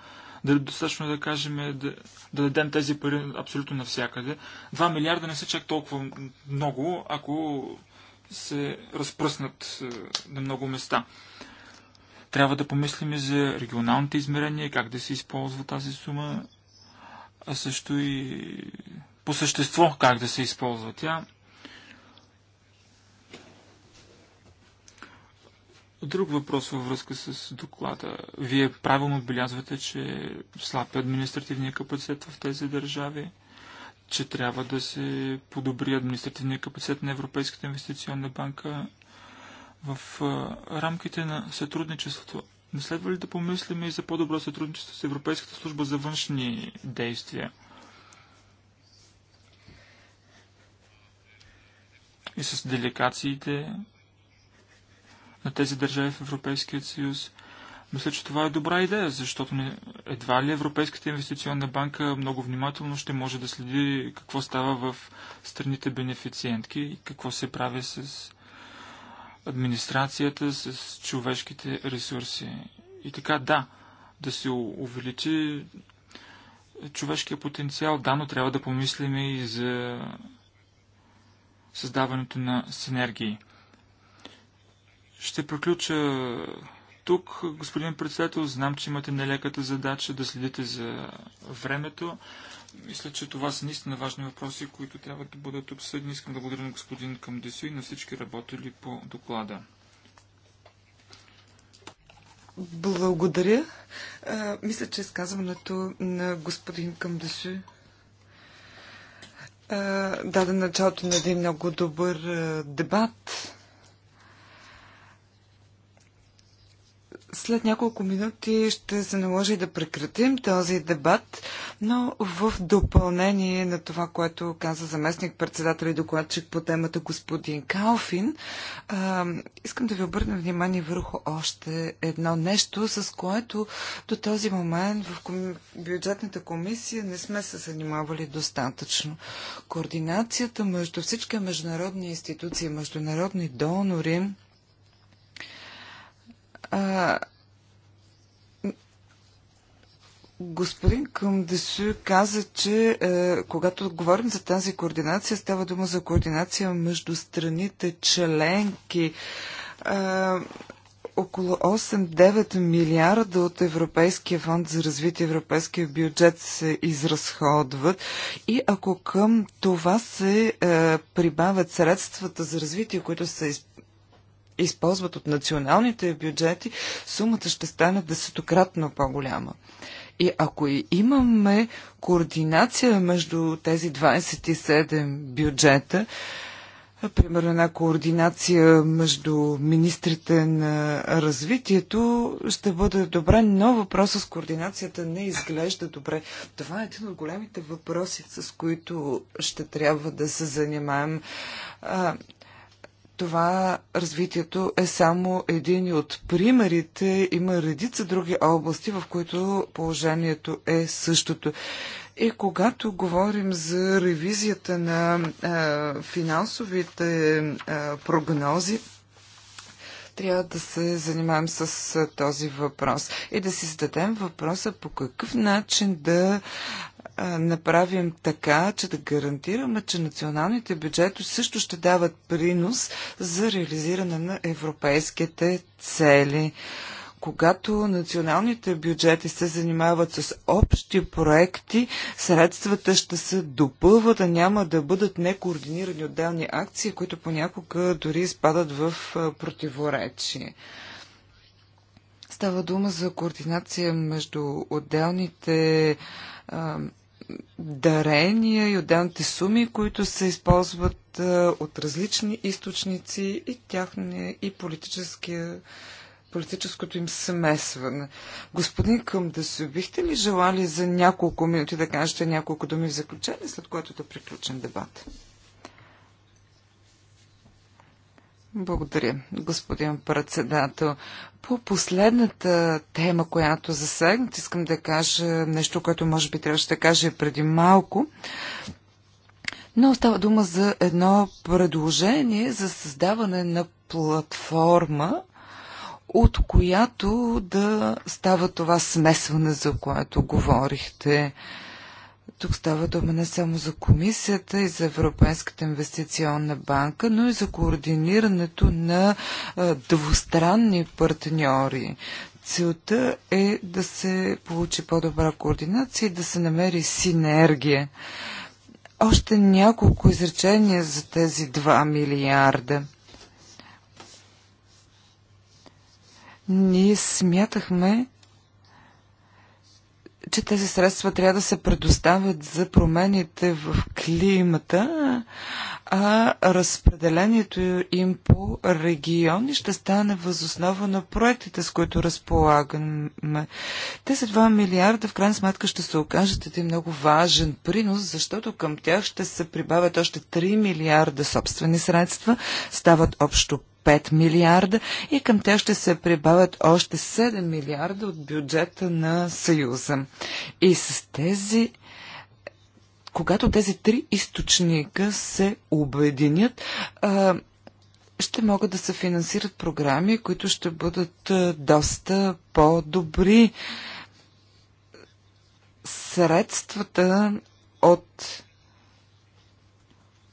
Speaker 4: дали е достатъчно да кажем да, да дадем тези пари абсолютно навсякъде. 2 милиарда не са чак толкова много, ако се разпръснат е, на много места. Трябва да помислим и за регионалните измерения, как да се използва тази сума, а също и по същество как да се използва тя. Друг въпрос във връзка с доклада. Вие правилно отбелязвате, че слаб е административния капацитет в тези държави, че трябва да се подобри административния капацитет на Европейската инвестиционна банка в рамките на сътрудничеството. Не следва ли да помислим и за по-добро сътрудничество с Европейската служба за външни действия? и с делегациите на тези държави в Европейския съюз. Мисля, че това е добра идея, защото едва ли Европейската инвестиционна банка много внимателно ще може да следи какво става в страните бенефициентки и какво се прави с администрацията, с човешките ресурси. И така, да, да се увеличи човешкия потенциал. Да, но трябва да помислим и за създаването на синергии. Ще приключа тук, господин председател. Знам, че имате нелеката задача да следите за времето. Мисля, че това са наистина важни въпроси, които трябва да бъдат обсъдени. Искам да благодаря на господин Камдесо и на всички работили по доклада.
Speaker 2: Благодаря. А, мисля, че изказването е на господин Камдесо е, даде началото на един много добър е, дебат. след няколко минути ще се наложи да прекратим този дебат, но в допълнение на това, което каза заместник председател и докладчик по темата господин Калфин, а, искам да ви обърна внимание върху още едно нещо, с което до този момент в бюджетната комисия не сме се занимавали достатъчно. Координацията между всички международни институции, международни донори, а, господин Камдесу каза, че е, когато говорим за тази координация, става дума за координация между страните членки. Е, около 8-9 милиарда от Европейския фонд за развитие, Европейския бюджет се изразходват и ако към това се е, прибавят средствата за развитие, които са изпълнени, използват от националните бюджети, сумата ще стане десетократно по-голяма. И ако и имаме координация между тези 27 бюджета, примерно една координация между министрите на развитието ще бъде добре, но въпросът с координацията не изглежда добре. Това е един от големите въпроси, с които ще трябва да се занимаем това развитието е само един от примерите. Има редица други области, в които положението е същото. И когато говорим за ревизията на а, финансовите а, прогнози, трябва да се занимаем с този въпрос и да си зададем въпроса по какъв начин да направим така, че да гарантираме, че националните бюджети също ще дават принос за реализиране на европейските цели. Когато националните бюджети се занимават с общи проекти, средствата ще се допълват, а няма да бъдат некоординирани отделни акции, които понякога дори изпадат в противоречие. Става дума за координация между отделните дарения и отделните суми, които се използват от различни източници и тяхне и политическия политическото им смесване. Господин Къмдасо, бихте ли желали за няколко минути да кажете няколко думи в заключение, след което да приключим дебата? Благодаря, господин председател. По последната тема, която засегнат, искам да кажа нещо, което може би трябваше да кажа преди малко. Но става дума за едно предложение за създаване на платформа, от която да става това смесване, за което говорихте. Тук става дума не само за комисията и за Европейската инвестиционна банка, но и за координирането на двустранни партньори. Целта е да се получи по-добра координация и да се намери синергия. Още няколко изречения за тези 2 милиарда. Ние смятахме, че тези средства трябва да се предоставят за промените в климата, а разпределението им по региони ще стане възоснова на проектите, с които разполагаме. Тези 2 милиарда в крайна сметка ще се окажат един много важен принос, защото към тях ще се прибавят още 3 милиарда собствени средства, стават общо 5 милиарда и към тях ще се прибавят още 7 милиарда от бюджета на Съюза. И с тези когато тези три източника се обединят, ще могат да се финансират програми, които ще бъдат доста по-добри. Средствата от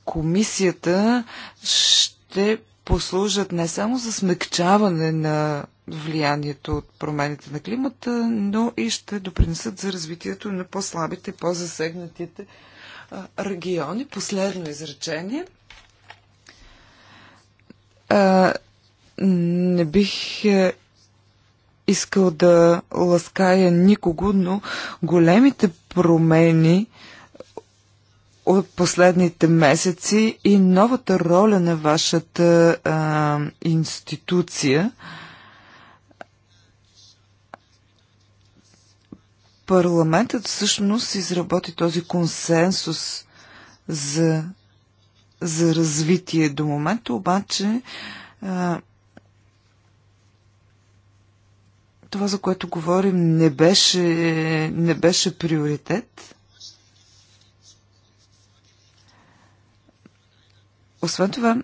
Speaker 2: комисията ще послужат не само за смекчаване на влиянието от промените на климата, но и ще допринесат за развитието на по-слабите, по-засегнатите региони. Последно изречение. А, не бих е, искал да лаская никого, но големите промени от последните месеци и новата роля на вашата а, институция. Парламентът всъщност изработи този консенсус за, за развитие. До момента обаче а, това, за което говорим, не беше, не беше приоритет. Освен това,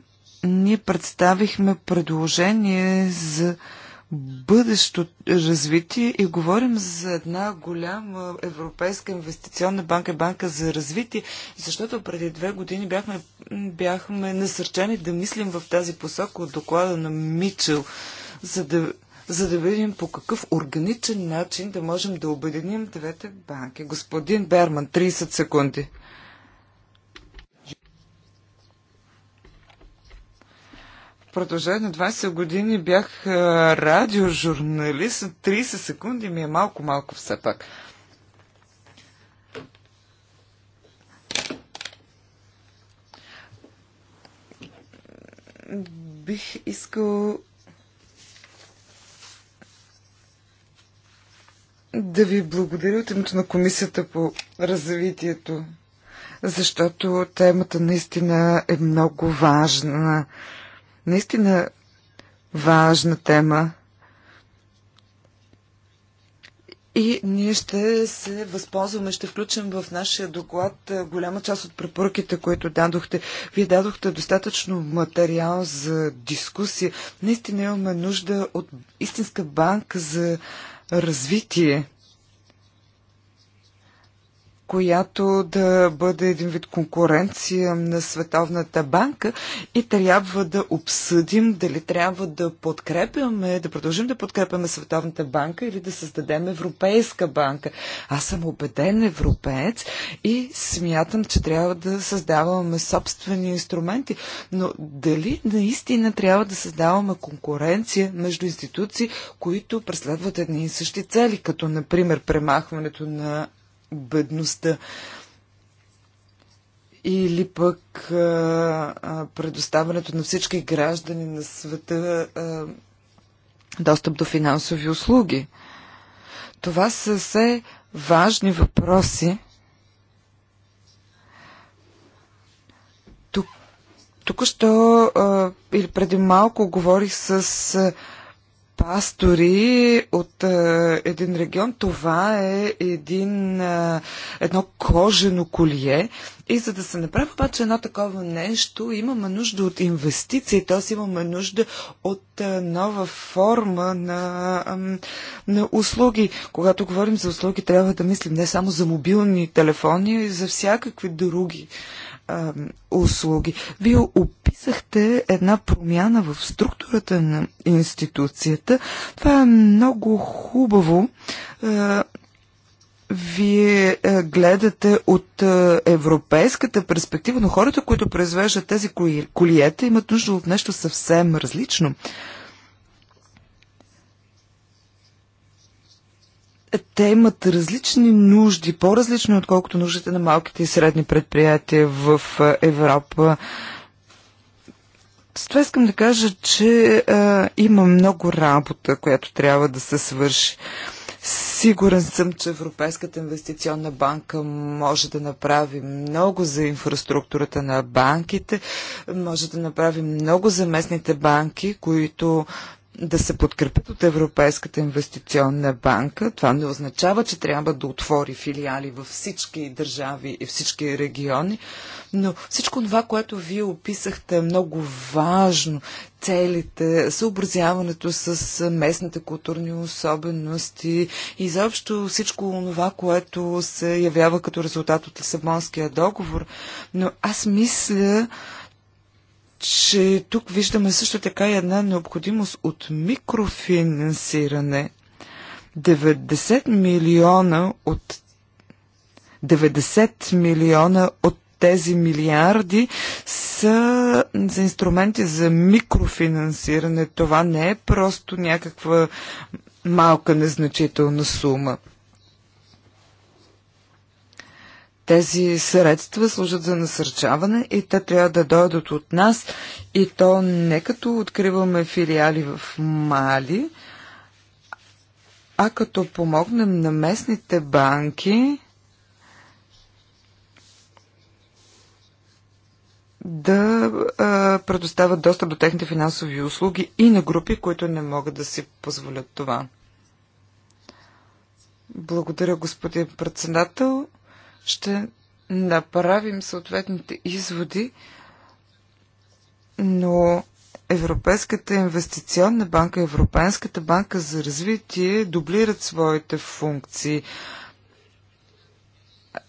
Speaker 2: ние представихме предложение за бъдещо развитие и говорим за една голяма европейска инвестиционна банка, банка за развитие, защото преди две години бяхме, бяхме насърчени да мислим в тази посока от доклада на Мичел, за да, за да видим по какъв органичен начин да можем да обединим двете банки. Господин Берман, 30 секунди. продължение на 20 години бях радиожурналист. 30 секунди ми е малко-малко все пак. Бих искал да ви благодаря от името на Комисията по развитието, защото темата наистина е много важна наистина важна тема. И ние ще се възползваме, ще включим в нашия доклад е, голяма част от препоръките, които дадохте. Вие дадохте достатъчно материал за дискусия. Наистина имаме нужда от истинска банка за развитие която да бъде един вид конкуренция на Световната банка и трябва да обсъдим дали трябва да подкрепяме, да продължим да подкрепяме Световната банка или да създадем Европейска банка. Аз съм убеден европеец и смятам, че трябва да създаваме собствени инструменти, но дали наистина трябва да създаваме конкуренция между институции, които преследват едни и същи цели, като например премахването на бедността или пък а, предоставянето на всички граждани на света а, достъп до финансови услуги. Това са все важни въпроси. Тук, тук що а, или преди малко говорих с пастори от а, е, един регион. Това е един, а, е, едно кожено колие. И за да се направи обаче едно такова нещо, имаме нужда от инвестиции, т.е. имаме нужда от а, е, нова форма на, а, на услуги. Когато говорим за услуги, трябва да мислим не само за мобилни телефони, а и за всякакви други а, услуги. Вие описахте една промяна в структурата на институцията. Това е много хубаво. А, вие гледате от европейската перспектива, но хората, които произвеждат тези колиета, имат нужда от нещо съвсем различно. те имат различни нужди, по-различни отколкото нуждите на малките и средни предприятия в Европа. С това искам да кажа, че а, има много работа, която трябва да се свърши. Сигурен съм, че Европейската инвестиционна банка може да направи много за инфраструктурата на банките, може да направи много за местните банки, които да се подкрепят от Европейската инвестиционна банка. Това не означава, че трябва да отвори филиали във всички държави и всички региони, но всичко това, което вие описахте е много важно. Целите, съобразяването с местните културни особености и заобщо всичко това, което се явява като резултат от Лисабонския договор. Но аз мисля, че тук виждаме също така и една необходимост от микрофинансиране. 90 милиона от 90 милиона от тези милиарди са за инструменти за микрофинансиране. Това не е просто някаква малка незначителна сума. Тези средства служат за насърчаване и те трябва да дойдат от нас и то не като откриваме филиали в Мали, а като помогнем на местните банки да а, предоставят достъп до техните финансови услуги и на групи, които не могат да си позволят това. Благодаря, господин председател ще направим съответните изводи, но Европейската инвестиционна банка, Европейската банка за развитие дублират своите функции.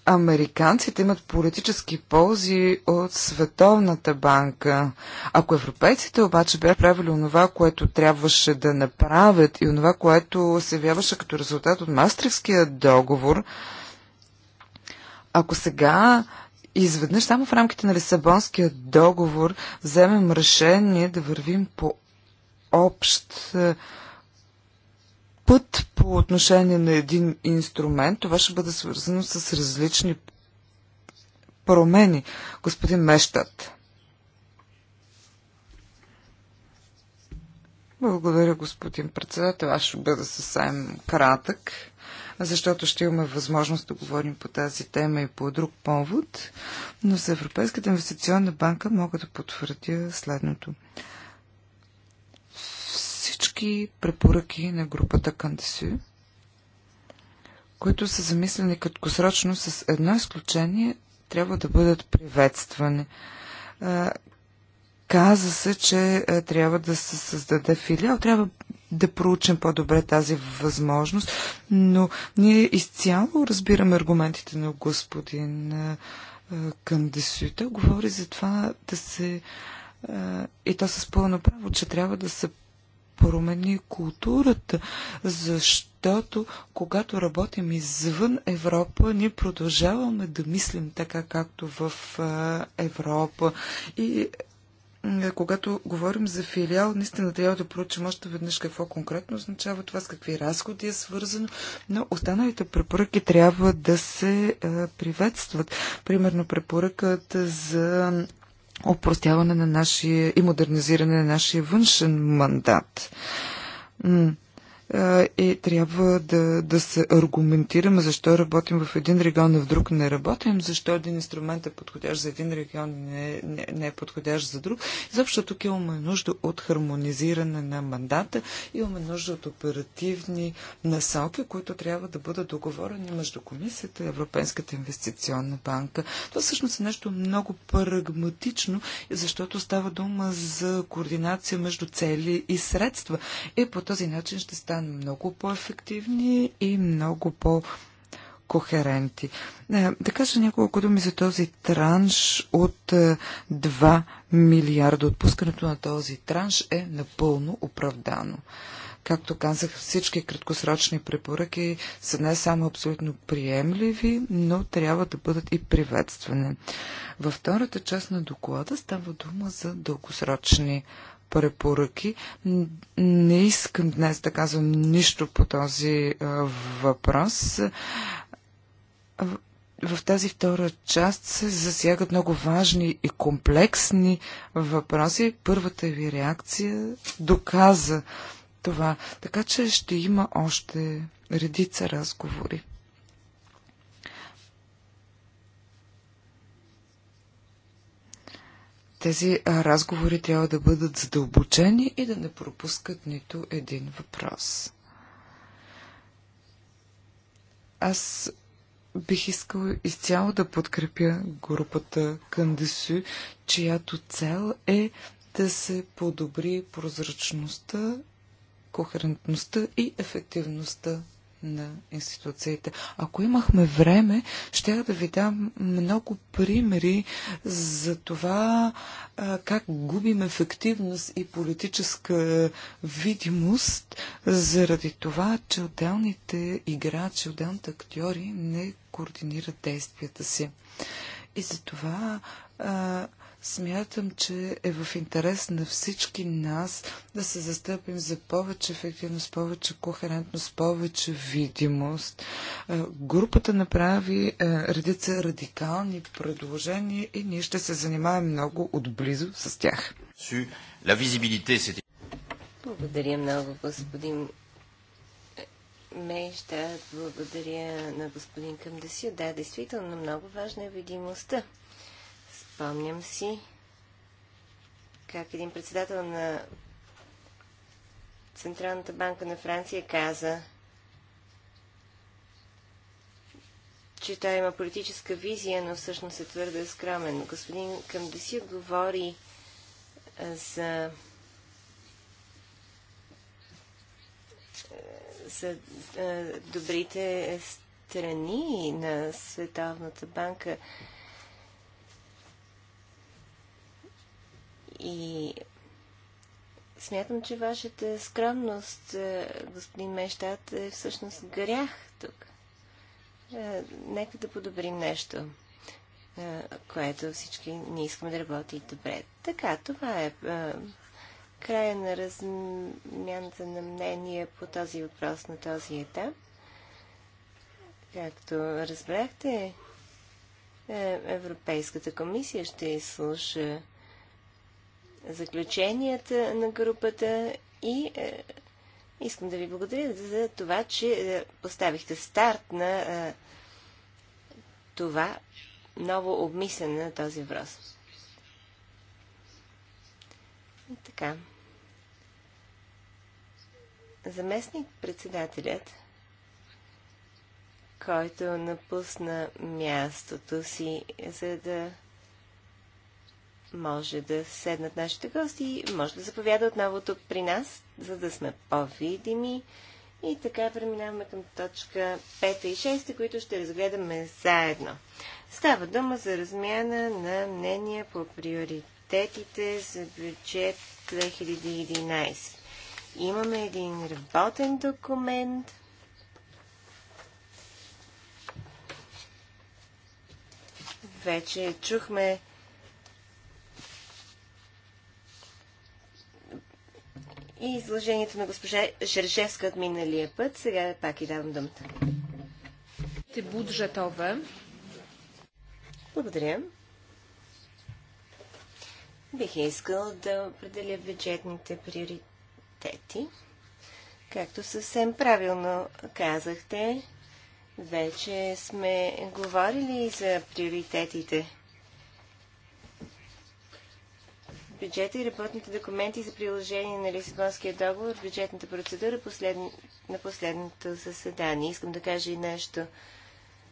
Speaker 2: Американците имат политически ползи от Световната банка. Ако европейците обаче бяха правили онова, което трябваше да направят и онова, което се явяваше като резултат от Мастрихския договор, ако сега изведнъж само в рамките на Лисабонския договор вземем решение да вървим по общ е, път по отношение на един инструмент, това ще бъде свързано с различни промени. Господин Мещат. Благодаря, господин председател. Аз ще бъда съвсем кратък защото ще имаме възможност да говорим по тази тема и по друг повод, но за Европейската инвестиционна банка мога да потвърдя следното. Всички препоръки на групата Кандесю, които са замислени краткосрочно с едно изключение, трябва да бъдат приветствани каза се, че е, трябва да се създаде филиал, трябва да проучим по-добре тази възможност, но ние изцяло разбираме аргументите на господин е, е, Кандесю. Той говори за това да се и то с пълно право, че трябва да се промени културата, защото когато работим извън Европа, ние продължаваме да мислим така, както в Европа. И е, когато говорим за филиал, наистина трябва да проучим още веднъж какво конкретно означава това, с какви разходи е свързано, но останалите препоръки трябва да се е, приветстват. Примерно препоръката за опростяване на нашия и модернизиране на нашия външен мандат и трябва да, да се аргументираме защо работим в един регион, а в друг не работим, защо един инструмент е подходящ за един регион и не, не, не е подходящ за друг. защото тук имаме нужда от хармонизиране на мандата, имаме нужда от оперативни насоки, които трябва да бъдат договорени между комисията и Европейската инвестиционна банка. Това всъщност е нещо много прагматично, защото става дума за координация между цели и средства. И по този начин ще стане станем много по-ефективни и много по- кохеренти. Е, да кажа няколко думи за този транш от 2 е, милиарда. Отпускането на този транш е напълно оправдано. Както казах, всички краткосрочни препоръки са не само абсолютно приемливи, но трябва да бъдат и приветствани. Във втората част на доклада става дума за дългосрочни препоръки. Не искам днес да казвам нищо по този въпрос. В тази втора част се засягат много важни и комплексни въпроси. Първата ви реакция доказа това. Така че ще има още редица разговори. тези разговори трябва да бъдат задълбочени и да не пропускат нито един въпрос. Аз бих искала изцяло да подкрепя групата Кандесу, чиято цел е да се подобри прозрачността, кохерентността и ефективността на институциите. Ако имахме време, ще да ви дам много примери за това как губим ефективност и политическа видимост заради това, че отделните играчи, отделните актьори не координират действията си. И за това Смятам, че е в интерес на всички нас да се застъпим за повече ефективност, повече кохерентност, повече видимост. Е, групата направи е, редица радикални предложения и ние ще се занимаем много отблизо с
Speaker 1: тях.
Speaker 3: Благодаря много, господин Мейща. Благодаря на господин Камдасио. Да, действително много важна е видимостта. Спомням си как един председател на Централната банка на Франция каза, че той има политическа визия, но всъщност е твърде скромен. Господин Камдеси говори за за добрите страни на Световната банка. И смятам, че вашата скромност, е, господин Мещат, е всъщност грях тук. Е, нека да подобрим нещо, е, което всички не искаме да работи добре. Така, това е края на размяната на мнение по този въпрос на този етап. Както разбрахте, Европейската комисия ще изслуша заключенията на групата и е, искам да ви благодаря за това, че е, поставихте старт на е, това ново обмислене на този въпрос. Така. Заместник председателят, който напусна мястото си, за да може да седнат нашите гости, може да заповяда отново тук при нас, за да сме по-видими. И така преминаваме към точка 5 и 6, които ще разгледаме заедно. Става дума за размяна на мнения по приоритетите за бюджет 2011. Имаме един работен документ, вече чухме и изложението на госпожа Жержевска от миналия път. Сега пак и давам думата. Бюджетове. Благодаря. Бих искал да определя бюджетните приоритети. Както съвсем правилно казахте, вече сме говорили за приоритетите бюджета и работните документи за приложение на Лисабонския договор, в бюджетната процедура послед... на последното заседание. Искам да кажа и нещо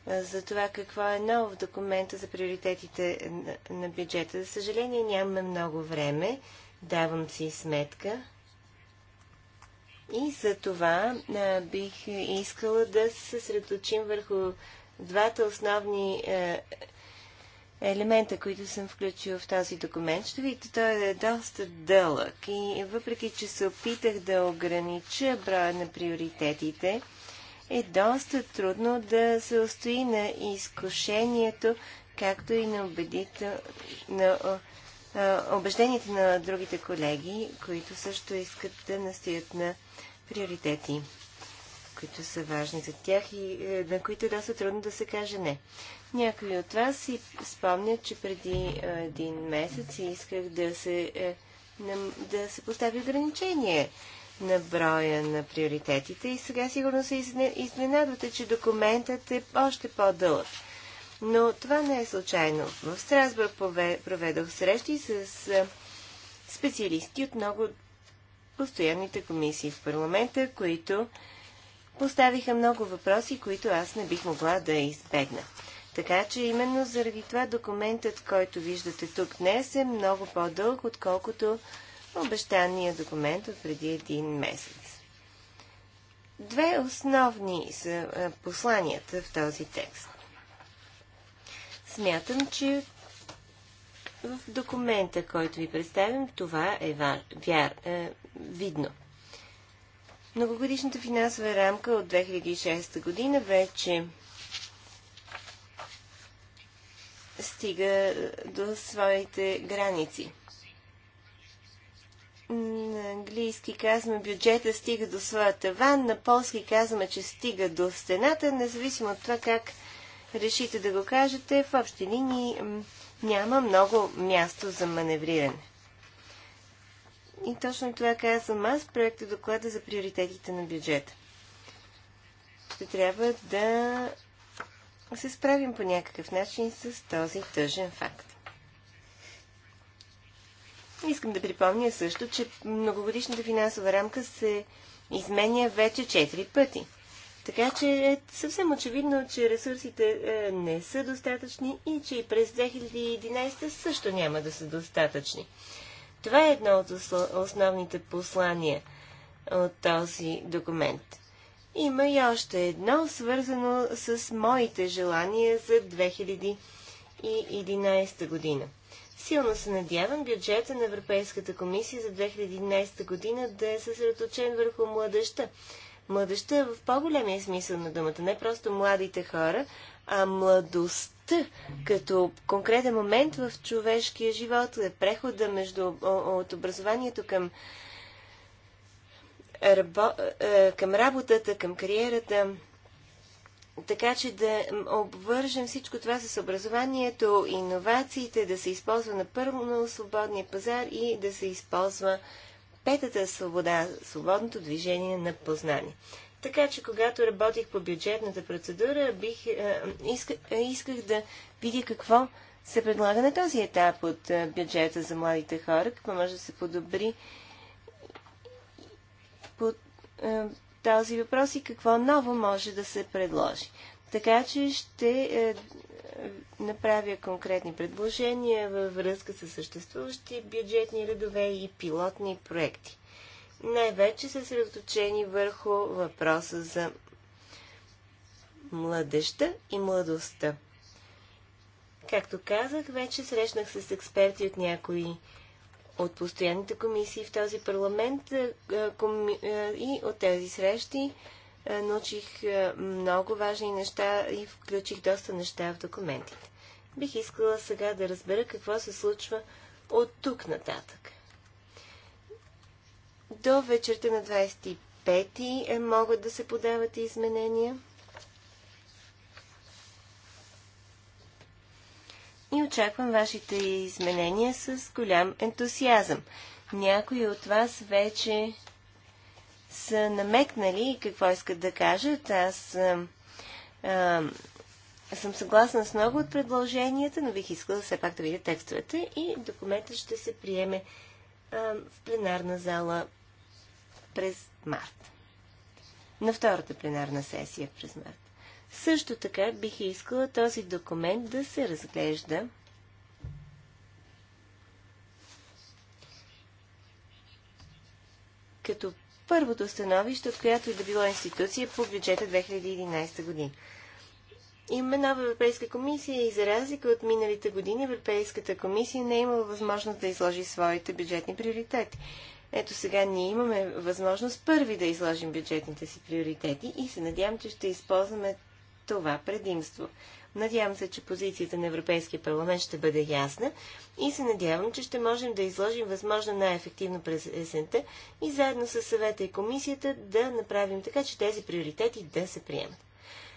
Speaker 3: за това какво е ново в документа за приоритетите на бюджета. За съжаление нямаме много време, давам си сметка. И за това а, бих искала да се съсредоточим върху двата основни а, елемента, които съм включил в този документ. Ще видите, той е доста дълъг и въпреки, че се опитах да огранича броя на приоритетите, е доста трудно да се устои на изкушението, както и на, убедител... на убеждението на другите колеги, които също искат да настоят на приоритети, които са важни за тях и е, на които е доста трудно да се каже не. Някои от вас си спомнят, че преди един месец исках да се, е, да се постави ограничение на броя на приоритетите и сега сигурно се изненадвате, че документът е още по-дълъг. Но това не е случайно. В Страсбург проведох срещи с е, специалисти от много постоянните комисии в парламента, които поставиха много въпроси, които аз не бих могла да избегна. Така че именно заради това документът, който виждате тук днес е много по-дълг, отколкото обещания документ от преди един месец. Две основни са посланията в този текст. Смятам, че в документа, който ви представям, това е вар, вяр, е, видно. Многогодишната финансова рамка от 2006 година вече стига до своите граници. На английски казваме бюджета стига до своята ван, на полски казваме, че стига до стената, независимо от това как решите да го кажете, в общи линии няма много място за маневриране. И точно това казвам аз в проекта доклада за приоритетите на бюджета. Ще трябва да се справим по някакъв начин с този тъжен факт. Искам да припомня също, че многогодишната финансова рамка се изменя вече 4 пъти. Така че е съвсем очевидно, че ресурсите е, не са достатъчни и че и през 2011 също няма да са достатъчни. Това е едно от основните послания от този документ. Има и още едно, свързано с моите желания за 2011 година. Силно се надявам бюджета на Европейската комисия за 2011 година да е съсредоточен върху младеща. Младеща е в по-големия смисъл на думата, не просто младите хора, а младостта като конкретен момент в човешкия живот, е прехода между, от образованието към рабо, е, към работата, към кариерата, така че да обвържем всичко това с образованието, иновациите, да се използва на първо на свободния пазар и да се използва петата свобода, свободното движение на познание. Така че, когато работих по бюджетната процедура, бих, е, иска, е, исках да видя какво се предлага на този етап от е, бюджета за младите хора, какво може да се подобри е, този въпрос и какво ново може да се предложи. Така че ще е, направя конкретни предложения във връзка с съществуващи бюджетни редове и пилотни проекти. Най-вече са средоточени върху въпроса за младеща и младостта. Както казах, вече срещнах се с експерти от някои от постоянните комисии в този парламент и от тези срещи научих много важни неща и включих доста неща в документите. Бих искала сега да разбера какво се случва от тук нататък. До вечерта на 25 е, могат да се подават изменения. и очаквам вашите изменения с голям ентусиазъм. Някои от вас вече са намекнали какво искат да кажат. Аз а, а, съм съгласна с много от предложенията, но бих искала все пак да видя текстовете и документът ще се приеме а, в пленарна зала през март. На втората пленарна сесия през март. Също така бих искала този документ да се разглежда като първото становище, от която и да било институция по бюджета 2011 година. Имаме нова Европейска комисия и за разлика от миналите години Европейската комисия не е имала възможност да изложи своите бюджетни приоритети. Ето сега ние имаме възможност първи да изложим бюджетните си приоритети и се надявам, че ще използваме това предимство. Надявам се, че позицията на Европейския парламент ще бъде ясна и се надявам, че ще можем да изложим възможно най-ефективно през есента и заедно с съвета и комисията да направим така, че тези приоритети да се приемат.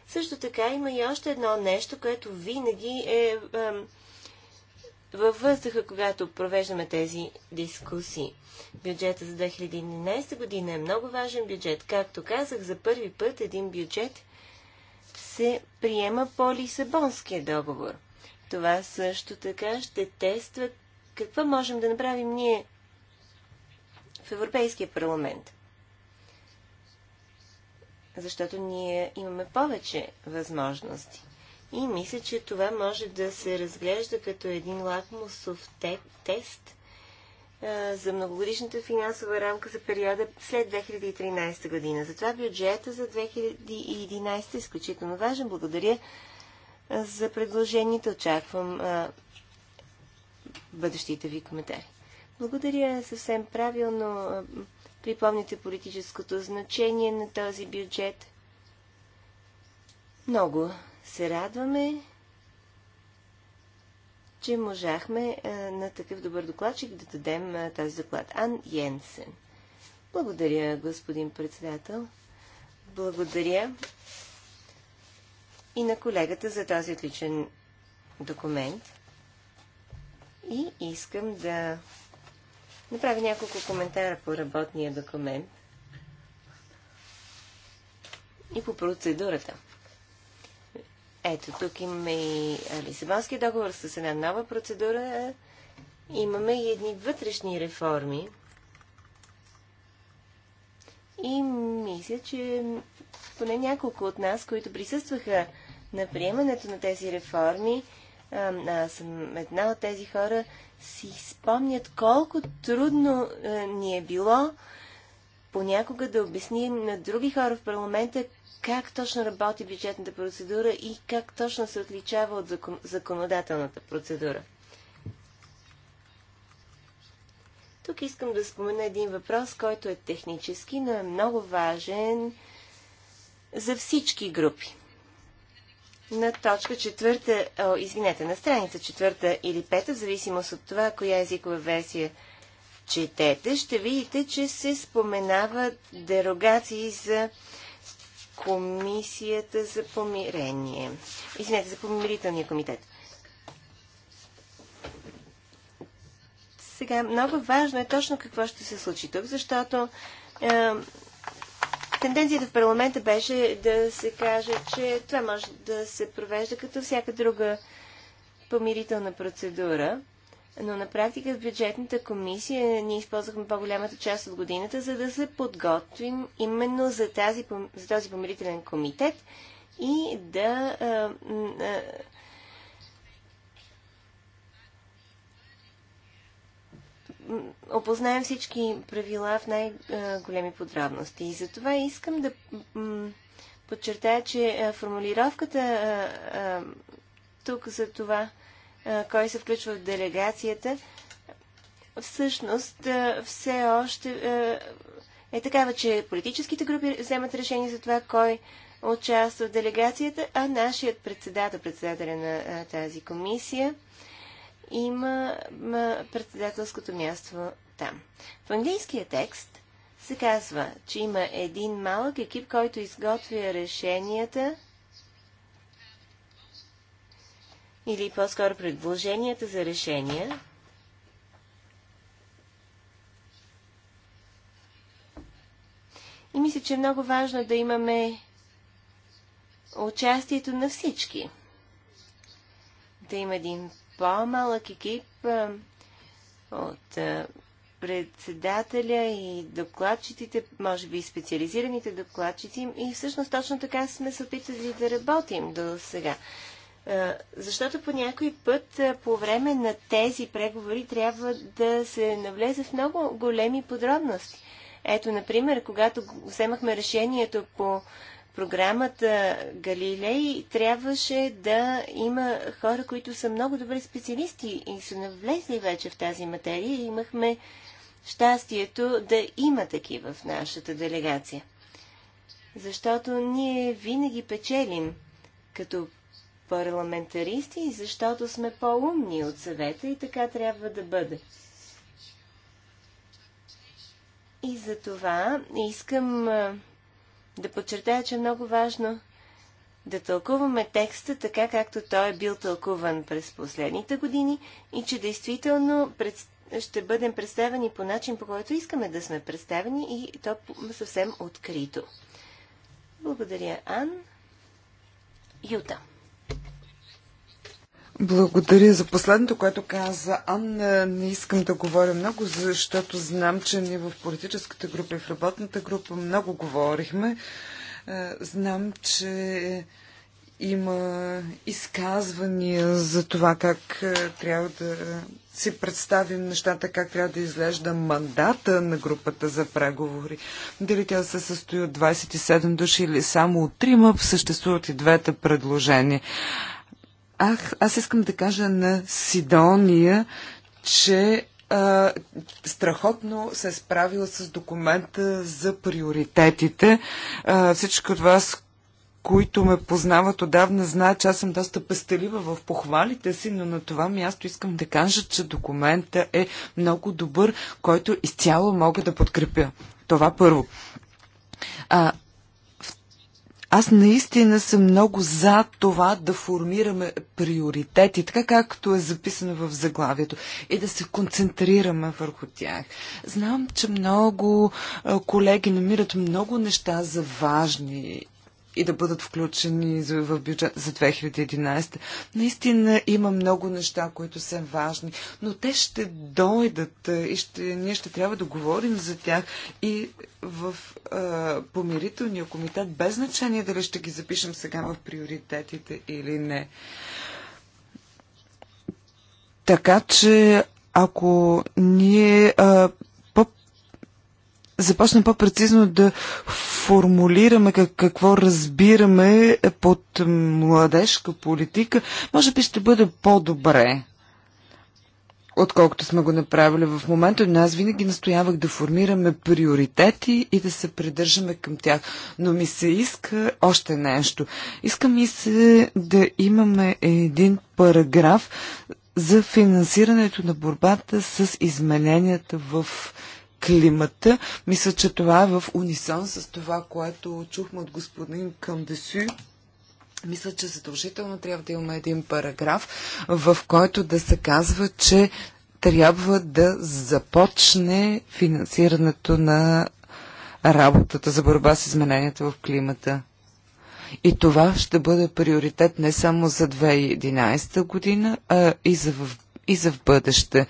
Speaker 3: Също така има и още едно нещо, което винаги е ам, във въздуха, когато провеждаме тези дискусии. Бюджета за 2011 година е много важен бюджет. Както казах, за първи път един бюджет – се приема по Лисабонския договор. Това също така ще тества какво можем да направим ние в Европейския парламент. Защото ние имаме повече възможности. И мисля, че това може да се разглежда като един лакмусов тест за многогодишната финансова рамка за периода след 2013 година. Затова бюджета за 2011 е изключително важен. Благодаря за предложението. Очаквам а, бъдещите ви коментари. Благодаря съвсем правилно. А, припомните политическото значение на този бюджет. Много се радваме че можахме е, на такъв добър докладчик да дадем е, този доклад. Ан Йенсен. Благодаря, господин председател. Благодаря и на колегата за този отличен документ. И искам да направя няколко коментара по работния документ и по процедурата. Ето, тук имаме и Лисабонски договор с една нова процедура. Имаме и едни вътрешни реформи. И мисля, че поне няколко от нас, които присъстваха на приемането на тези реформи, аз съм една от тези хора, си спомнят колко трудно ни е било понякога да обясним на други хора в парламента как точно работи бюджетната процедура и как точно се отличава от закон, законодателната процедура. Тук искам да спомена един въпрос, който е технически, но е много важен за всички групи. На точка четвърта, о, извинете, на страница четвърта или пета, в зависимост от това, коя езикова версия четете, ще видите, че се споменават дерогации за комисията за помирение. Извинете, за помирителния комитет. Сега, много важно е точно какво ще се случи тук, защото е, тенденцията в парламента беше да се каже, че това може да се провежда като всяка друга помирителна процедура. Но на практика в бюджетната комисия ние използвахме по-голямата част от годината, за да се подготвим именно за, тази, за този помирителен комитет и да опознаем всички правила в най-големи подробности. И затова искам да подчертая, че формулировката тук за това кой се включва в делегацията, всъщност все още е такава, че политическите групи вземат решение за това кой участва в делегацията, а нашият председател, председателя на тази комисия, има председателското място там. В английския текст се казва, че има един малък екип, който изготвя решенията или по-скоро предложенията за решения, И мисля, че е много важно да имаме участието на всички. Да има един по-малък екип от председателя и докладчиците, може би и специализираните докладчици. И всъщност точно така сме се опитали да работим до сега. Защото по някой път по време на тези преговори трябва да се навлезе в много големи подробности. Ето, например, когато вземахме решението по програмата Галилей, трябваше да има хора, които са много добри специалисти и са навлезли вече в тази материя и имахме щастието да има такива в нашата делегация. Защото ние винаги печелим, като парламентаристи, защото сме по-умни от съвета и така трябва да бъде. И за това искам да подчертая, че е много важно да тълкуваме текста така, както той е бил тълкуван през последните години и че действително ще бъдем представени по начин, по който искаме да сме представени и то съвсем открито. Благодаря, Ан. Юта.
Speaker 2: Благодаря за последното, което каза Анна. Не искам да говоря много, защото знам, че ние в политическата група и в работната група много говорихме. Е, знам, че има изказвания за това как е, трябва да си представим нещата, как трябва да изглежда мандата на групата за преговори. Дали тя се състои от 27 души или само от 3, съществуват и двете предложения. Ах, аз искам да кажа на Сидония, че а, страхотно се е справила с документа за приоритетите. А, всички от вас, които ме познават отдавна, знаят, че аз съм доста пестелива в похвалите си, но на това място искам да кажа, че документа е много добър, който изцяло мога да подкрепя. Това първо. А, аз наистина съм много за това да формираме приоритети, така както е записано в заглавието, и да се концентрираме върху тях. Знам, че много колеги намират много неща за важни и да бъдат включени в бюджет за 2011. Наистина има много неща, които са важни, но те ще дойдат и ще, ние ще трябва да говорим за тях и в а, помирителния комитет, без значение дали ще ги запишем сега в приоритетите или не. Така че ако ние а, Започна по-прецизно да формулираме как, какво разбираме под младежка политика, може би ще бъде по-добре отколкото сме го направили в момента, но аз винаги настоявах да формираме приоритети и да се придържаме към тях. Но ми се иска още нещо. Иска ми се да имаме един параграф за финансирането на борбата с измененията в климата. Мисля, че това е в унисон с това, което чухме от господин Камдесю. Мисля, че задължително трябва да имаме един параграф, в който да се казва, че трябва да започне финансирането на работата за борба с измененията в климата. И това ще бъде приоритет не само за 2011 година, а и за, в, и за в бъдеще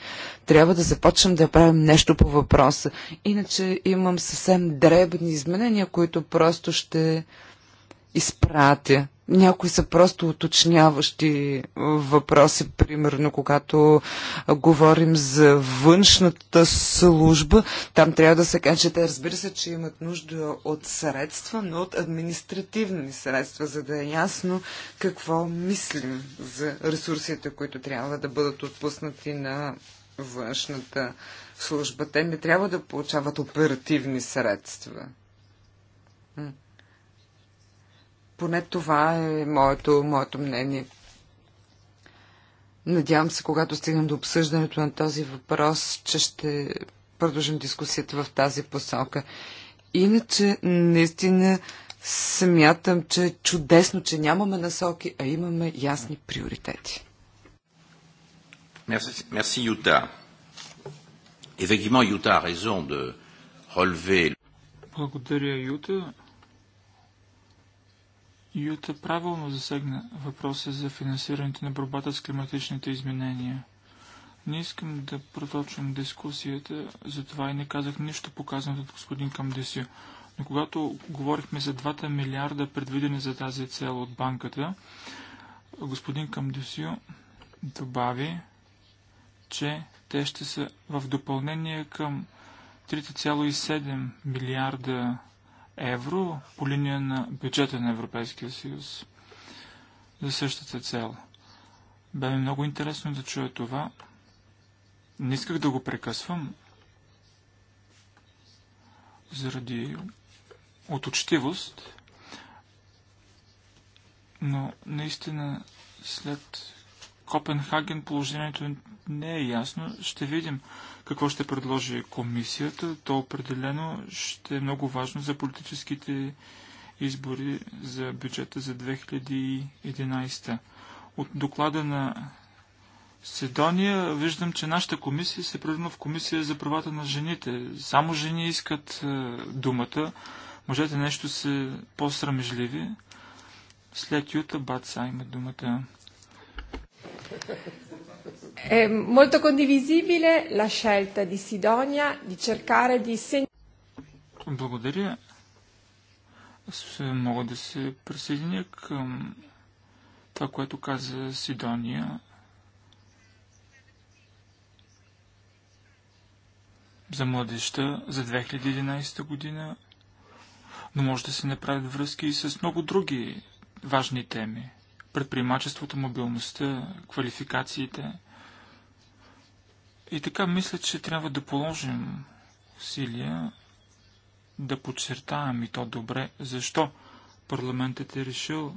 Speaker 2: трябва да започнем да правим нещо по въпроса. Иначе имам съвсем дребни изменения, които просто ще изпратя. Някои са просто уточняващи въпроси, примерно когато говорим за външната служба, там трябва да се каже, че те разбира се, че имат нужда от средства, но от административни средства, за да е ясно какво мислим за ресурсите, които трябва да бъдат отпуснати на външната служба. Те не трябва да получават оперативни средства. Поне това е моето, моето мнение. Надявам се, когато стигнем до обсъждането на този въпрос, че ще продължим дискусията в тази посока. Иначе, наистина, смятам, че е чудесно, че нямаме насоки, а имаме ясни приоритети.
Speaker 1: Merci, merci Effectivement, Yuta a raison de relever.
Speaker 4: Благодаря, Юта. Юта правилно засегна въпроса за финансирането на борбата с климатичните изменения. Не искам да проточвам дискусията, затова и не казах нищо показано от господин Камдесио. Но когато говорихме за 2 милиарда предвидени за тази цел от банката, господин Камдесио добави, че те ще са в допълнение към 3,7 милиарда евро по линия на бюджета на Европейския съюз за същата цел. Бе ми много интересно да чуя това. Не исках да го прекъсвам заради оточтивост, но наистина след Копенхаген положението не е ясно. Ще видим какво ще предложи комисията. То определено ще е много важно за политическите избори за бюджета за 2011. От доклада на Седония виждам, че нашата комисия се превърна в комисия за правата на жените. Само жени искат е, думата. Мъжете нещо са по-срамежливи. След Юта Баца има думата.
Speaker 3: È molto condivisibile la scelta di Sidonia di cercare di segnare.
Speaker 4: Мога да се присъединя към това, което каза Сидония. за младеща за 2011 година, но може да се направят връзки и с много други важни теми предприемачеството, мобилността, квалификациите. И така мисля, че трябва да положим усилия да подчертаем и то добре, защо парламентът е решил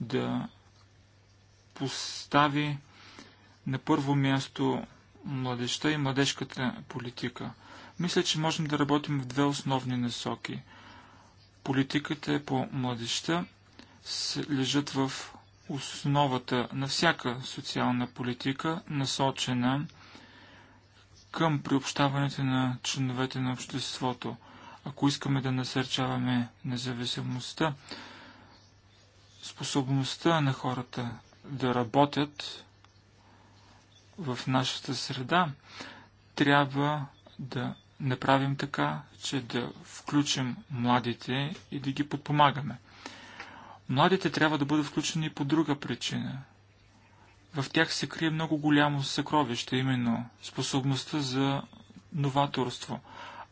Speaker 4: да постави на първо място младеща и младежката политика. Мисля, че можем да работим в две основни насоки. Политиката е по младеща лежат в основата на всяка социална политика, насочена към приобщаването на членовете на обществото. Ако искаме да насърчаваме независимостта, способността на хората да работят в нашата среда, трябва да направим така, че да включим младите и да ги подпомагаме. Младите трябва да бъдат включени по друга причина. В тях се крие много голямо съкровище, именно способността за новаторство.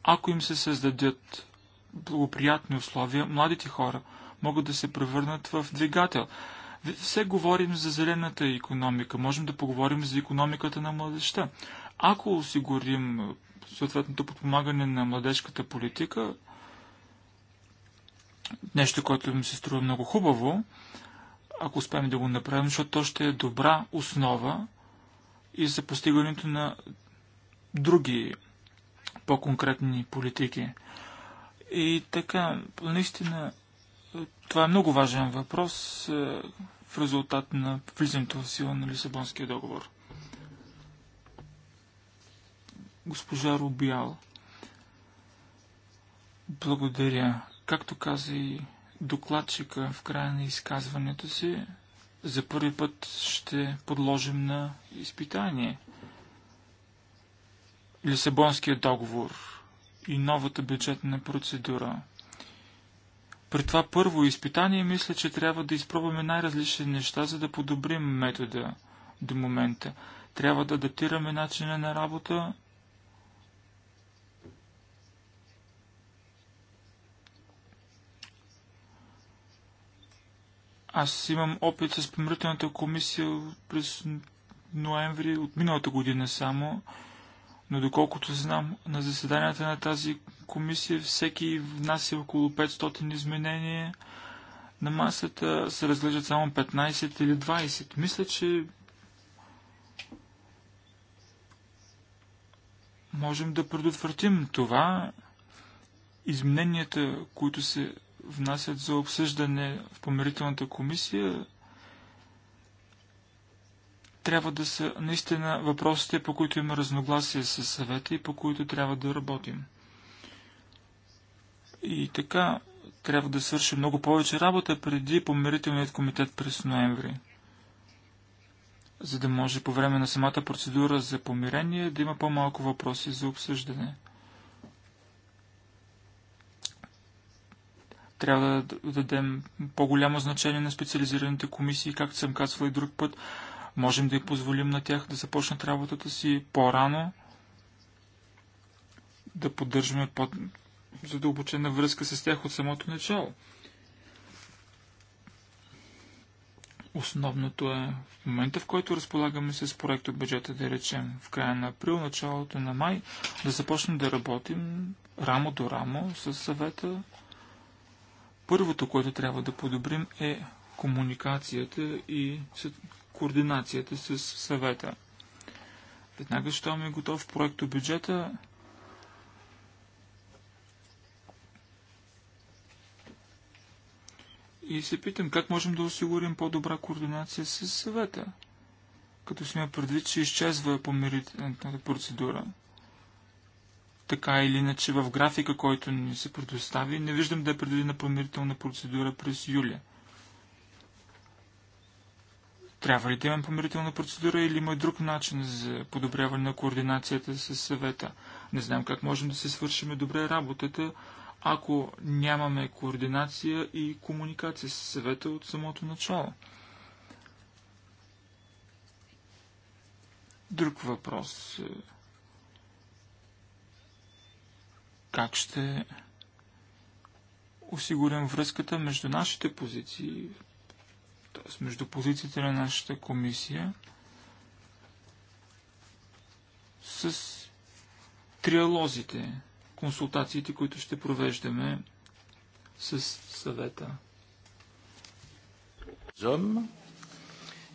Speaker 4: Ако им се създадат благоприятни условия, младите хора могат да се превърнат в двигател. Все говорим за зелената економика, можем да поговорим за економиката на младеща. Ако осигурим съответното подпомагане на младежката политика, Нещо, което ми се струва много хубаво, ако успеем да го направим, защото то ще е добра основа и за постигането на други по-конкретни политики. И така, наистина, това е много важен въпрос е, в резултат на влизането в сила на Лисабонския договор. Госпожа Рубиал, благодаря. Както каза и докладчика в края на изказването си, за първи път ще подложим на изпитание Лисабонския договор и новата бюджетна процедура. При това първо изпитание мисля, че трябва да изпробваме най-различни неща, за да подобрим метода до момента. Трябва да адаптираме начина на работа Аз имам опит с помирителната комисия през ноември от миналата година само, но доколкото знам, на заседанията на тази комисия всеки внася около 500 изменения. На масата се разглеждат само 15 или 20. Мисля, че можем да предотвратим това. Измененията, които се внасят за обсъждане в помирителната комисия, трябва да са наистина въпросите, по които има разногласие с съвета и по които трябва да работим. И така, трябва да свърши много повече работа преди помирителният комитет през ноември. За да може по време на самата процедура за помирение да има по-малко въпроси за обсъждане. Трябва да дадем по-голямо значение на специализираните комисии, както съм казвал и друг път. Можем да й позволим на тях да започнат работата си по-рано, да поддържаме задълбочена връзка с тях от самото начало. Основното е в момента, в който разполагаме с проект от бюджета, да речем в края на април, началото на май, да започнем да работим рамо до рамо с съвета Първото, което трябва да подобрим е комуникацията и координацията с съвета. Веднага, щом е готов проекто бюджета, И се питам, как можем да осигурим по-добра координация с съвета, като сме предвид, че изчезва помирителната процедура така или иначе в графика, който ни се предостави, не виждам да е предвидена помирителна процедура през юли. Трябва ли да имам помирителна процедура или има друг начин за подобряване на координацията с съвета? Не знам как можем да се свършим добре работата, ако нямаме координация и комуникация с съвета от самото начало. Друг въпрос как ще осигурим връзката между нашите позиции, т.е. между позициите на нашата комисия с триалозите, консултациите, които ще провеждаме с съвета.
Speaker 1: Зом.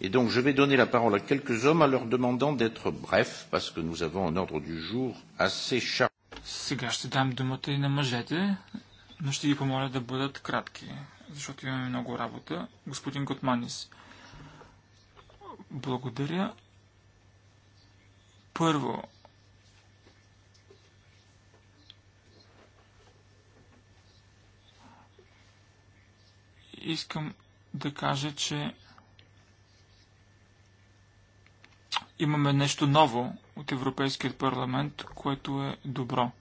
Speaker 1: Et donc je vais donner la parole à quelques hommes en leur demandant d'être brefs parce que nous avons un ordre du jour assez chargé.
Speaker 4: Сега ще дам думата и на мъжете, но ще ги помоля да бъдат кратки, защото имаме много работа. Господин Готманис, благодаря. Първо, искам да кажа, че имаме нещо ново от Европейският парламент, което е добро.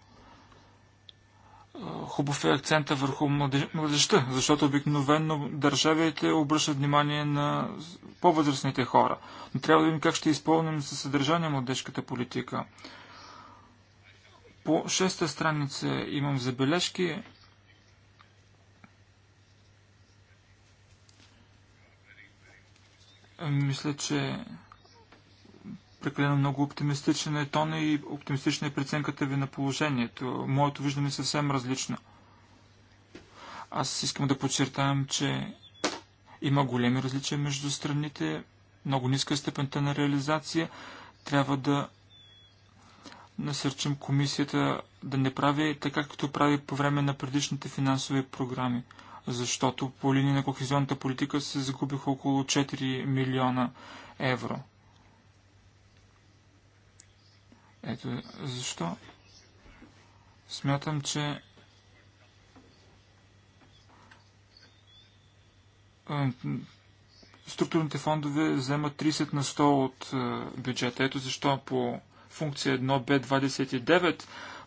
Speaker 4: Хубав е акцента върху младежта, защото обикновено държавите обръщат внимание на по-възрастните хора. Но трябва да видим как ще изпълним със съдържание младежката политика. По шеста страница имам забележки. Мисля, че Прекалено много оптимистичен е тон и оптимистична е преценката ви на положението. Моето виждане е съвсем различно. Аз искам да подчертаем, че има големи различия между страните, много ниска е степента на реализация. Трябва да насърчим комисията да не прави така, както прави по време на предишните финансови програми, защото по линия на кохезионната политика се загубиха около 4 милиона евро. Ето защо смятам, че структурните фондове вземат 30 на 100 от бюджета. Ето защо по функция 1B29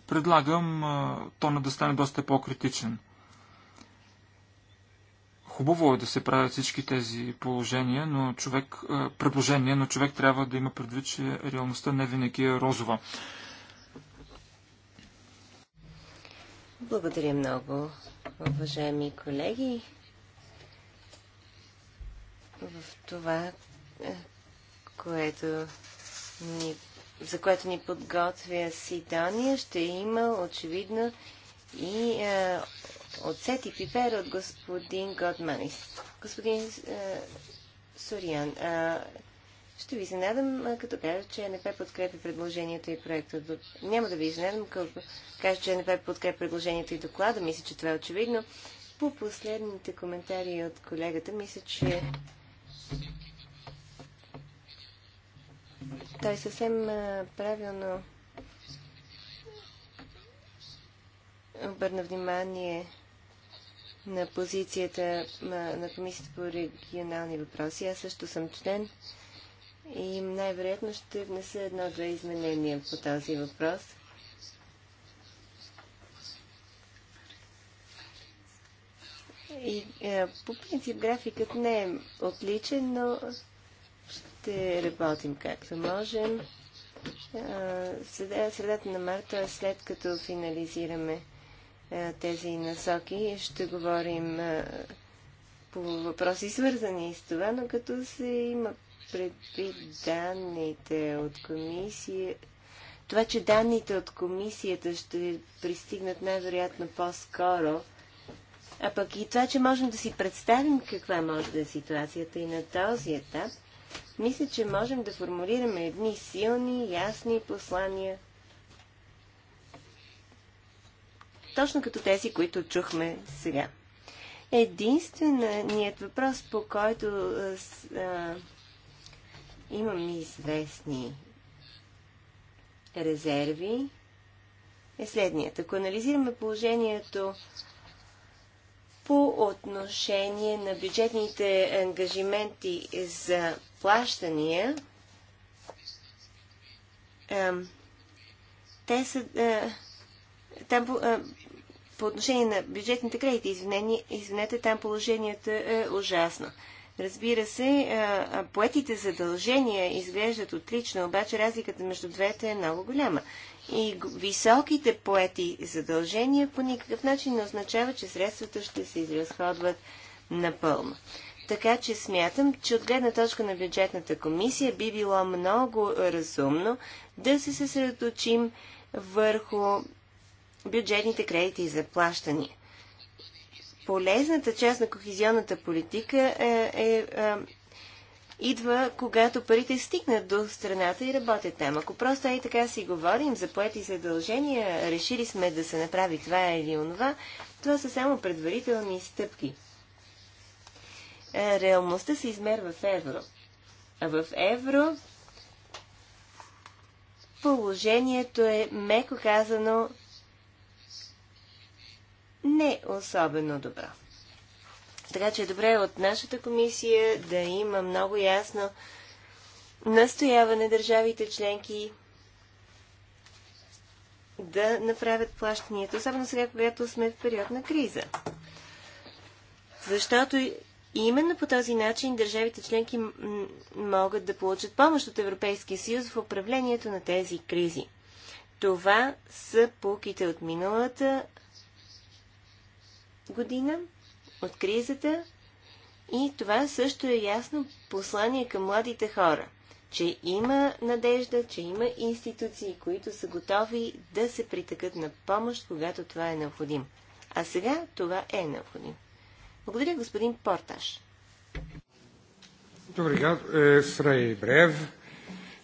Speaker 4: предлагам тона да стане доста по-критичен. Хубаво е да се правят всички тези положения, но човек, е, предложения, но човек трябва да има предвид, че реалността не винаги е розова.
Speaker 3: Благодаря много, уважаеми колеги. В това, е, което ни, за което ни подготвя Сидония, ще има очевидно и е, от Сети пипер от господин Готманис. Господин е, Сориан, е, ще ви изненадам, като кажа, че НП подкрепя предложението и проекта. Няма да ви изненадам, като кажа, че НП подкрепя предложението и доклада. Мисля, че това е очевидно. По последните коментари от колегата, мисля, че той съвсем правилно обърна внимание на позицията на Комисията по регионални въпроси. Аз също съм член и най-вероятно ще внеса едно-две изменения по този въпрос. И е, по принцип графикът не е отличен, но ще работим както можем. Е, средата на марта, след като финализираме е, тези насоки. Ще говорим е, по въпроси свързани с това, но като се има предвид данните от комисия, това, че данните от комисията ще пристигнат най-вероятно по-скоро, а пък и това, че можем да си представим каква може да е ситуацията и на този етап, мисля, че можем да формулираме едни силни, ясни послания точно като тези, които чухме сега. Единственият въпрос, по който а, а, имам известни резерви, е следният. Ако анализираме положението по отношение на бюджетните ангажименти за плащания, а, те са. А, там по отношение на бюджетните кредити, извинете, там положението е, е ужасно. Разбира се, е, поетите задължения изглеждат отлично, обаче разликата между двете е много голяма. И високите поети задължения по никакъв начин не означава, че средствата ще се изразходват напълно. Така че смятам, че от гледна точка на бюджетната комисия би било много разумно да се съсредоточим върху бюджетните кредити за плащания. Полезната част на кохезионната политика е, е, е, идва, когато парите стигнат до страната и работят там. Ако просто и така си говорим за поети задължения, решили сме да се направи това или онова, това са само предварителни стъпки. Е, реалността се измерва в евро. А в евро положението е, меко казано, не особено добро. Така че е добре от нашата комисия да има много ясно настояване държавите членки да направят плащанията, особено сега, когато сме в период на криза. Защото именно по този начин държавите членки могат да получат помощ от Европейския съюз в управлението на тези кризи. Това са пулките от миналата година от кризата и това също е ясно послание към младите хора, че има надежда, че има институции, които са готови да се притъкат на помощ, когато това е необходимо. А сега това е необходимо. Благодаря, господин Порташ.
Speaker 4: Muito obrigado. Serei е, breve.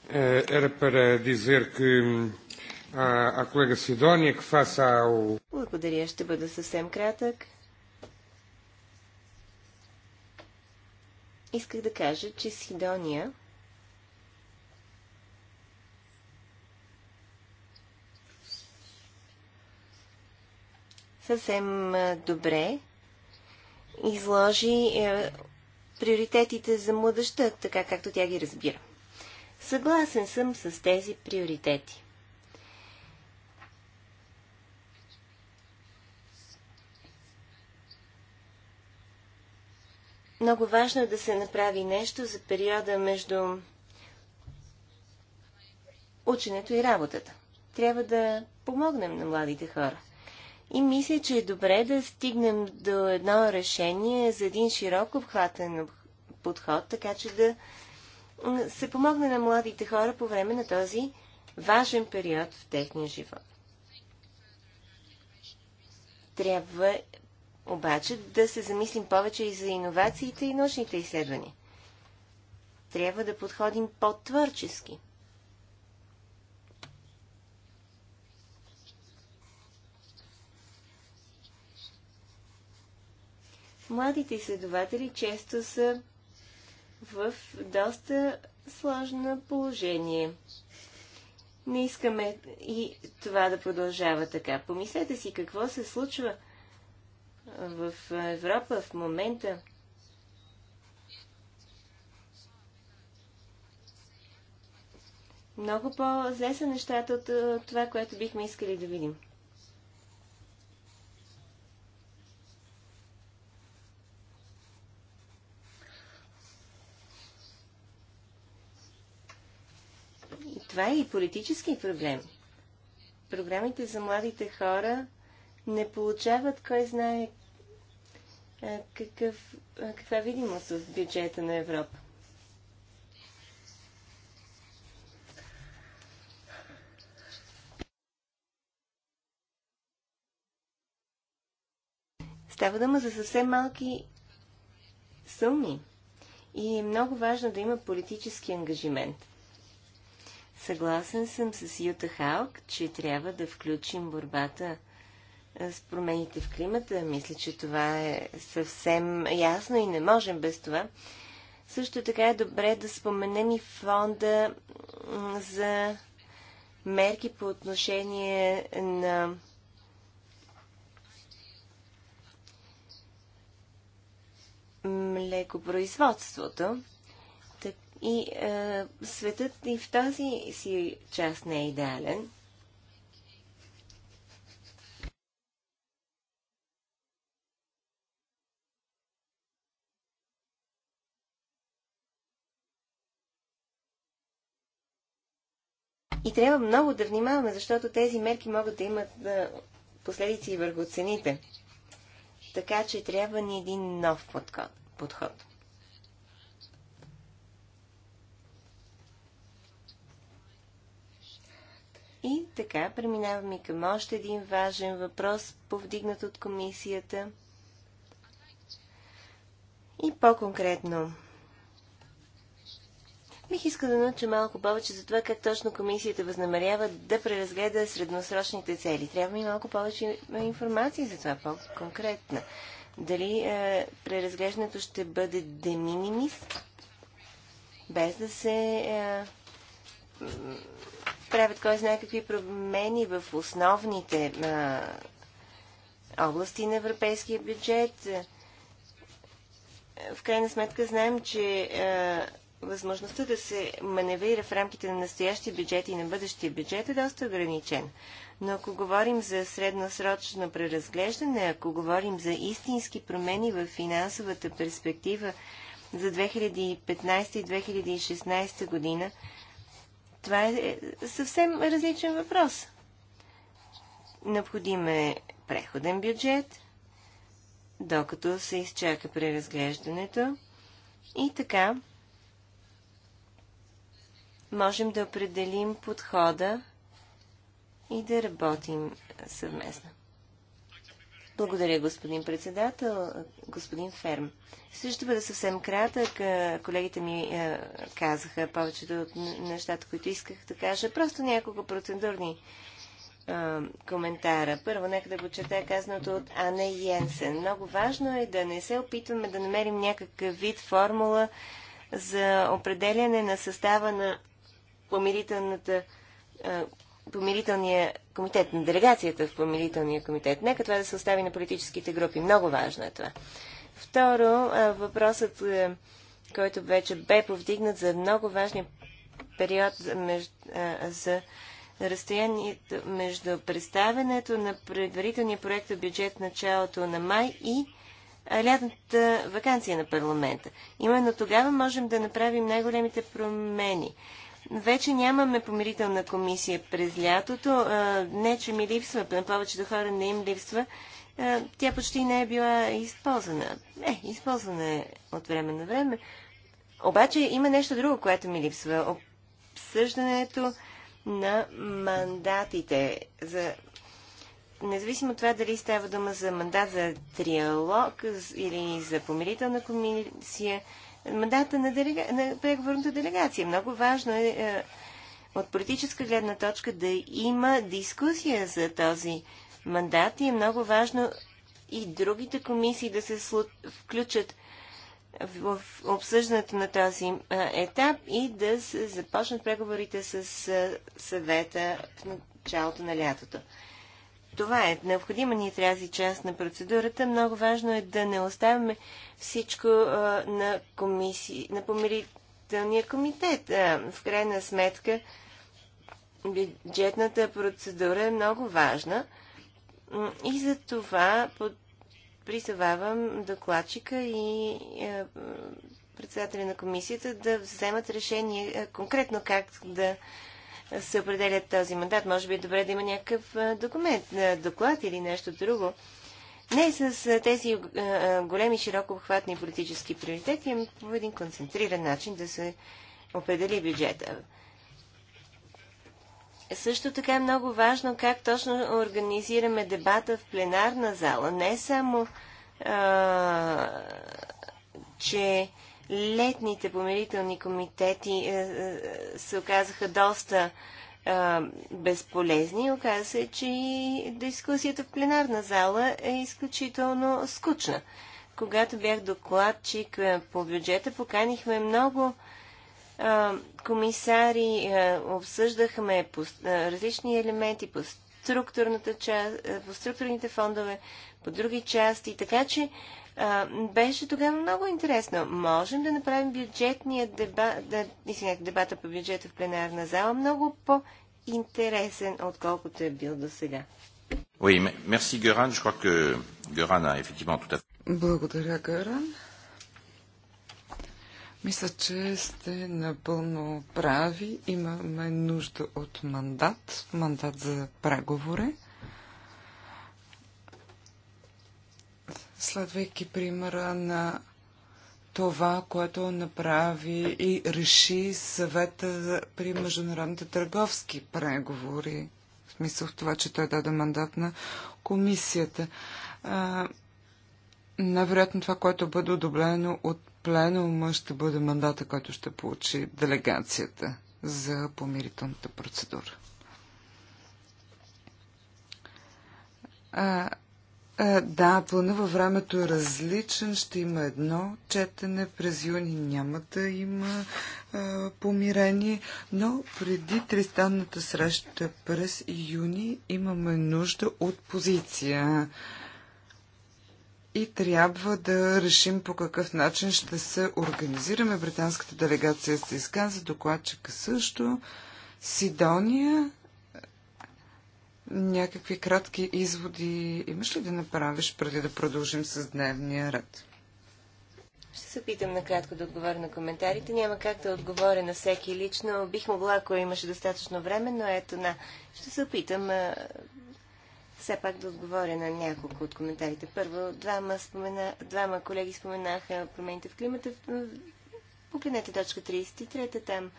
Speaker 4: Е, era para
Speaker 2: dizer que а, а колега Сидония, каква са...
Speaker 3: Благодаря, ще бъда съвсем кратък. Исках да кажа, че Сидония съвсем добре изложи е, приоритетите за младеща, така както тя ги разбира. Съгласен съм с тези приоритети. много важно е да се направи нещо за периода между ученето и работата. Трябва да помогнем на младите хора. И мисля, че е добре да стигнем до едно решение за един широко обхватен подход, така че да се помогне на младите хора по време на този важен период в техния живот. Трябва обаче да се замислим повече и за иновациите и научните изследвания. Трябва да подходим по-творчески. Младите изследователи често са в доста сложно положение. Не искаме и това да продължава така. Помислете си какво се случва – в Европа в момента много по-зле са нещата от, това, което бихме искали да видим. И това е и политически проблем. Програмите за младите хора не получават кой знае е, какъв, е, каква видимост в бюджета на Европа? Става дума за съвсем малки суми. И е много важно да има политически ангажимент. Съгласен съм с Юта Халк, че трябва да включим борбата с промените в климата. Мисля, че това е съвсем ясно и не можем без това. Също така е добре да споменем и фонда за мерки по отношение на млекопроизводството. И е, светът и в тази си част не е идеален. И трябва много да внимаваме, защото тези мерки могат да имат последици и върху цените. Така че трябва ни един нов подход. И така преминаваме към още един важен въпрос, повдигнат от комисията. И по-конкретно Бих искал да науча малко повече за това как точно комисията възнамерява да преразгледа средносрочните цели. Трябва ми малко повече информация за това, по-конкретна. Дали е, преразглеждането ще бъде деминимис, без да се е, правят кой знае какви промени в основните е, области на европейския бюджет. Е, в крайна сметка знаем, че е, възможността да се маневрира в рамките на настоящия бюджет и на бъдещия бюджет е доста ограничен. Но ако говорим за средносрочно преразглеждане, ако говорим за истински промени в финансовата перспектива за 2015 и 2016 година, това е съвсем различен въпрос. Необходим е преходен бюджет, докато се изчака преразглеждането. И така, можем да определим подхода и да работим съвместно. Благодаря, господин председател, господин Ферм. Също ще бъда съвсем кратък. Колегите ми е, казаха повечето от нещата, които исках да кажа. Просто няколко процедурни е, коментара. Първо, нека да го чета казаното от Ане Йенсен. Много важно е да не се опитваме да намерим някакъв вид формула за определяне на състава на помирителната помирителния комитет, на делегацията в помирителния комитет. Нека това да се остави на политическите групи. Много важно е това. Второ, въпросът, който вече бе повдигнат за много важния период за, между, за разстоянието между представенето на предварителния проект бюджет началото на май и лятната вакансия на парламента. Именно тогава можем да направим най-големите промени. Вече нямаме помирителна комисия през лятото. Не, че ми липсва, на повечето хора не им липсва. Тя почти не е била използвана. Не, използвана е от време на време. Обаче има нещо друго, което ми липсва. Обсъждането на мандатите. За... Независимо от това дали става дума за мандат за триалог или за помирителна комисия, мандата на, делега... на преговорната делегация. Много важно е, е, от политическа гледна точка да има дискусия за този мандат и е много важно и другите комисии да се включат в обсъждането на този е, етап и да се започнат преговорите с е, съвета в началото на лятото. Това е. Необходима ни е тази част на процедурата. Много важно е да не оставяме всичко а, на, комисии, на помирителния комитет. А, в крайна сметка, бюджетната процедура е много важна. И за това под... призовавам докладчика и а, председателя на комисията да вземат решение конкретно как да се определя този мандат. Може би е добре да има някакъв документ, доклад или нещо друго. Не с тези големи, широко обхватни политически приоритети, ами по един концентриран начин да се определи бюджета. Също така е много важно как точно организираме дебата в пленарна зала. Не само, а, че летните помирителни комитети е, е, се оказаха доста е, безполезни. Оказа се, че и дискусията в пленарна зала е изключително скучна. Когато бях докладчик по бюджета, поканихме много комисари, обсъждахме по, различни елементи по структурната част, по структурните фондове, по други части, така че а, беше тогава много интересно. Можем да направим бюджетния дебат, да, извинете, дебата по бюджета в пленарна зала много по-интересен, отколкото е бил до сега.
Speaker 1: Oui, merci Göran. Je crois que Göran a effectivement tout à fait.
Speaker 2: Благодаря, Гъран. Мисля, че сте напълно прави. Имаме нужда от мандат, мандат за преговори. следвайки примера на това, което направи и реши съвета при международните търговски преговори. В смисъл в това, че той даде мандат на комисията. А, това, което бъде одобрено от пленума, ще бъде мандата, който ще получи делегацията за помирителната процедура. А, да, плана във времето е различен. Ще има едно четене през юни. Няма да има а, помирение. Но преди тристанната среща през юни имаме нужда от позиция. И трябва да решим по какъв начин ще се организираме. Британската делегация се изказа, докладчика също. Сидония някакви кратки изводи имаш ли да направиш преди да продължим с дневния ред?
Speaker 3: Ще се опитам накратко да отговоря на коментарите. Няма как да отговоря на всеки лично. Бих могла, ако имаше достатъчно време, но ето на. Ще се опитам а, все пак да отговоря на няколко от коментарите. Първо, двама, спомена, двама колеги споменаха промените в климата. Погледнете точка 33, там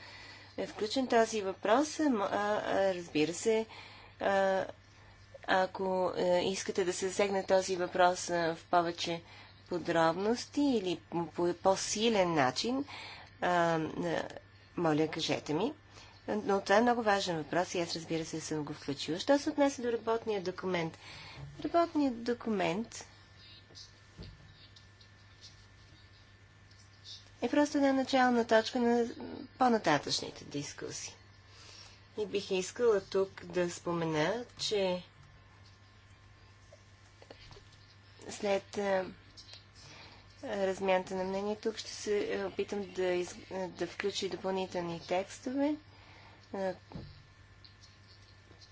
Speaker 3: е включен този въпрос. А, а, разбира се, ако е, искате да се засегне този въпрос е, в повече подробности или по по-силен начин, е, моля, кажете ми. Но това е много важен въпрос и аз разбира се съм го включила. Що се отнесе до работния документ? Работният документ е просто една начална точка на по-нататъчните дискусии. И бих искала тук да спомена, че след размяната на мнение тук ще се опитам да, из... да включи допълнителни текстове,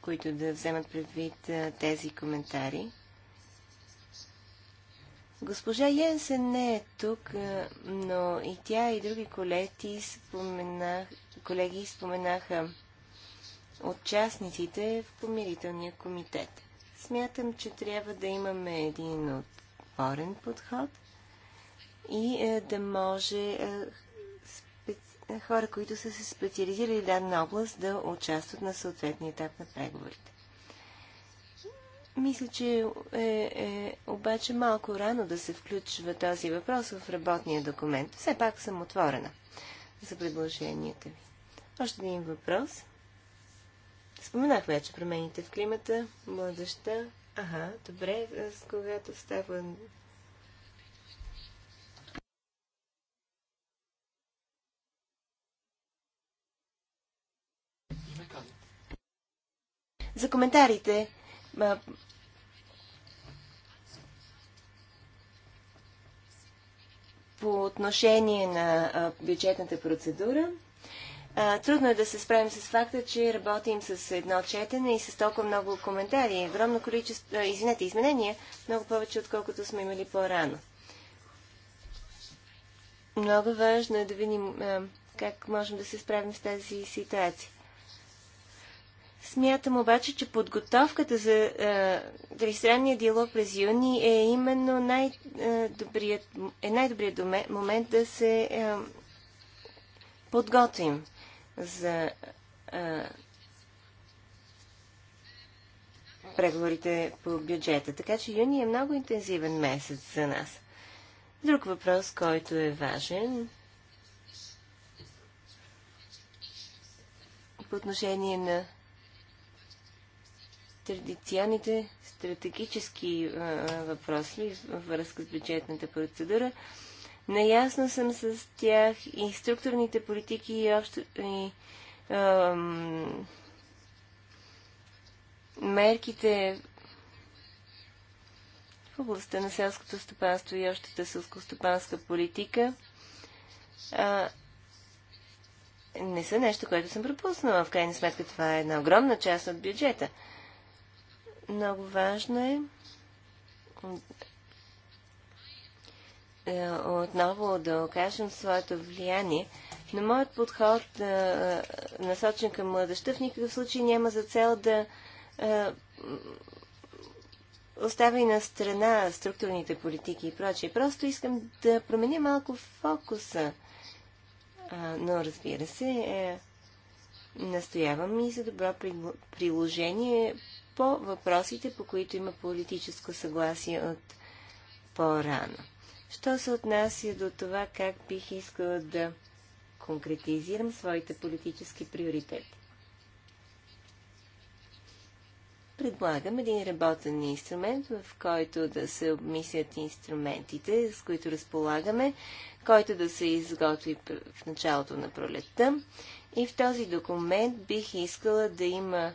Speaker 3: които да вземат предвид тези коментари. Госпожа Йенсен не е тук, но и тя и други колеги споменах, колеги споменаха участниците в помирителния комитет. Смятам, че трябва да имаме един отворен подход и е, да може е, хора, които са се специализирали в дадена област, да участват на съответния етап на преговорите. Мисля, че е, е обаче малко рано да се включва този въпрос в работния документ. Все пак съм отворена за предложенията ви. Още един въпрос – Споменах вече промените в климата, младеща. Ага, добре, с когато става за коментарите. По отношение на бюджетната процедура, трудно е да се справим с факта, че работим с едно четене и с толкова много коментари. Огромно количество, извинете, изменения, много повече, отколкото сме имали по-рано. Много важно е да видим а, как можем да се справим с тази ситуация. Смятам обаче, че подготовката за е, тристранния диалог през юни е именно най-добрият, е най-добрият момент да се подготвим за а, преговорите по бюджета. Така че юни е много интензивен месец за нас. Друг въпрос, който е важен по отношение на традиционните стратегически а, въпроси във връзка с бюджетната процедура Наясно съм с тях и структурните политики и, общо, и ам, мерките в областта на селското стопанство и общата селскостопанска политика а, не са нещо, което съм пропуснала. В крайна сметка това е една огромна част от бюджета. Много важно е е, отново да окажем своето влияние, но моят подход, е, насочен към младеща, в никакъв случай няма за цел да е, оставя и на страна структурните политики и прочее. Просто искам да променя малко фокуса. Но, разбира се, настоявам и за добро приложение по въпросите, по които има политическо съгласие от по-рано. Що се отнася до това, как бих искала да конкретизирам своите политически приоритети? Предлагам един работен инструмент, в който да се обмислят инструментите, с които разполагаме, който да се изготви в началото на пролетта. И в този документ бих искала да има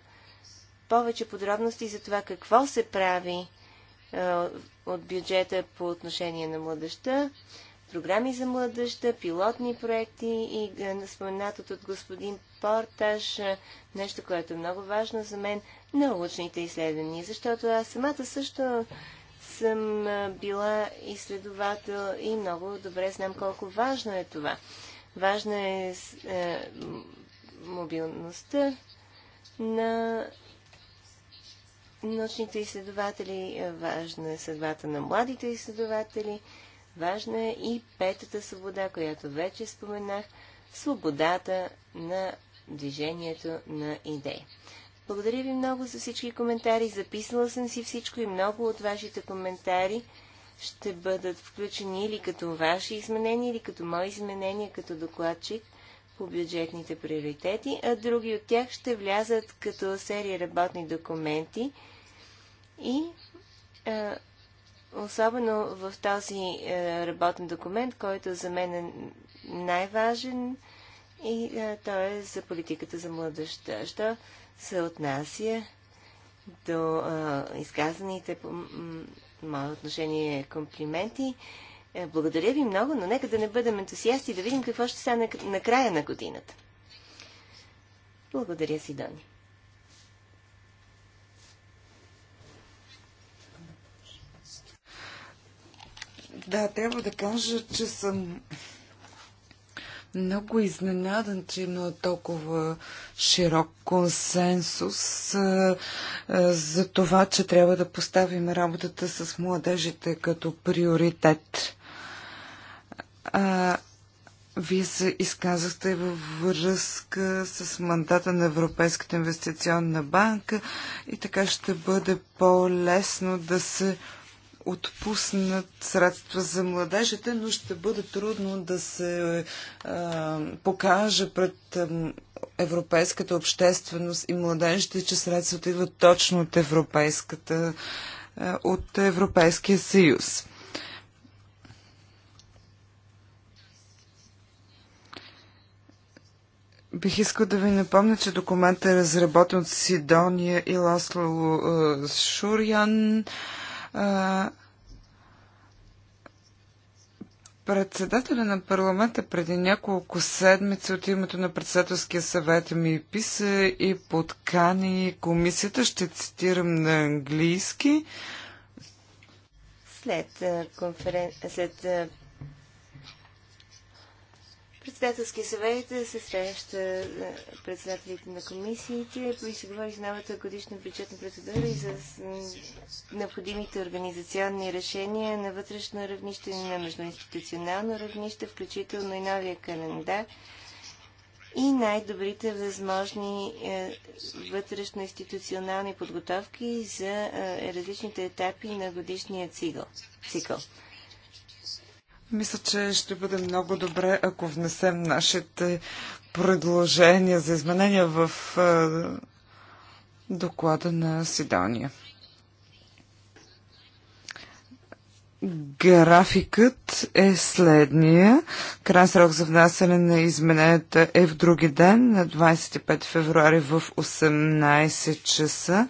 Speaker 3: повече подробности за това какво се прави е, от бюджета по отношение на младеща, програми за младеща, пилотни проекти и е, споменатото от господин Порташ, е, нещо, което е много важно за мен, научните изследвания, защото аз самата също съм била изследовател и много добре знам колко важно е това. Важна е, е мобилността на научните изследователи, е, важна е съдбата на младите изследователи, важна е и петата свобода, която вече споменах свободата на движението на идеи. Благодаря ви много за всички коментари. Записала съм си всичко и много от вашите коментари ще бъдат включени или като ваши изменения, или като мои изменения като докладчик по бюджетните приоритети, а други от тях ще влязат като серия работни документи и е, особено в този е, работен документ, който за мен е най-важен и е, той е за политиката за младеща. Що се отнася до е, изказаните по мое отношение комплименти, е, благодаря ви много, но нека да не бъдем ентусиасти и да видим какво ще стане на края на годината. Благодаря, Сидони.
Speaker 2: Да, трябва да кажа, че съм много изненадан, че има толкова широк консенсус а, а, за това, че трябва да поставим работата с младежите като приоритет. А, вие се изказахте във връзка с мандата на Европейската инвестиционна банка и така ще бъде по-лесно да се отпуснат средства за младежите, но ще бъде трудно да се а, покаже пред европейската общественост и младежите, че средствата идват точно от Европейската, а, от Европейския съюз. Бих искал да ви напомня, че документът е разработен от Сидония и Ласло Шурян. Председателя на парламента преди няколко седмици от името на председателския съвет ми писа и подкани комисията, ще цитирам на английски.
Speaker 3: След, конферен... След Председателски съвет се среща е, председателите на комисиите и се говори за новата годишна бюджетна процедура и за необходимите организационни решения на вътрешно равнище и на междуинституционално равнище, включително и новия календар и най-добрите възможни е, вътрешно-институционални подготовки за е, различните етапи на годишния цикъл.
Speaker 2: Мисля, че ще бъде много добре, ако внесем нашите предложения за изменения в е, доклада на Сидония. Графикът е следния. Крайен срок за внасяне на измененията е в други ден, на 25 февруари в 18 часа.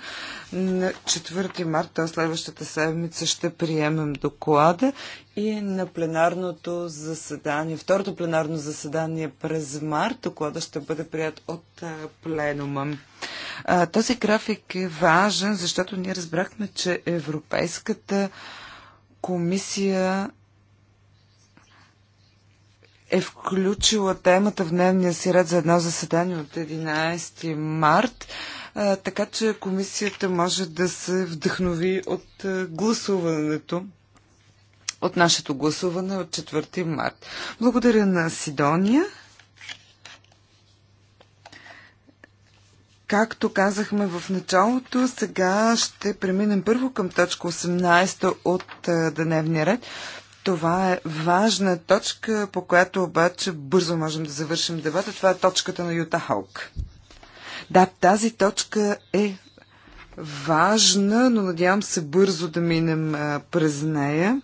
Speaker 2: На 4 марта, т.е. следващата седмица, ще приемем доклада и е на пленарното заседание, второто пленарно заседание през март, доклада ще бъде прият от пленума. Този график е важен, защото ние разбрахме, че Европейската комисия е включила темата в дневния си ред за едно заседание от 11 март, така че комисията може да се вдъхнови от гласуването от нашето гласуване от 4 март. Благодаря на Сидония. Както казахме в началото, сега ще преминем първо към точка 18 от дневния ред. Това е важна точка, по която обаче бързо можем да завършим дебата. Това е точката на Юта Халк. Да, тази точка е важна, но надявам се бързо да минем през нея.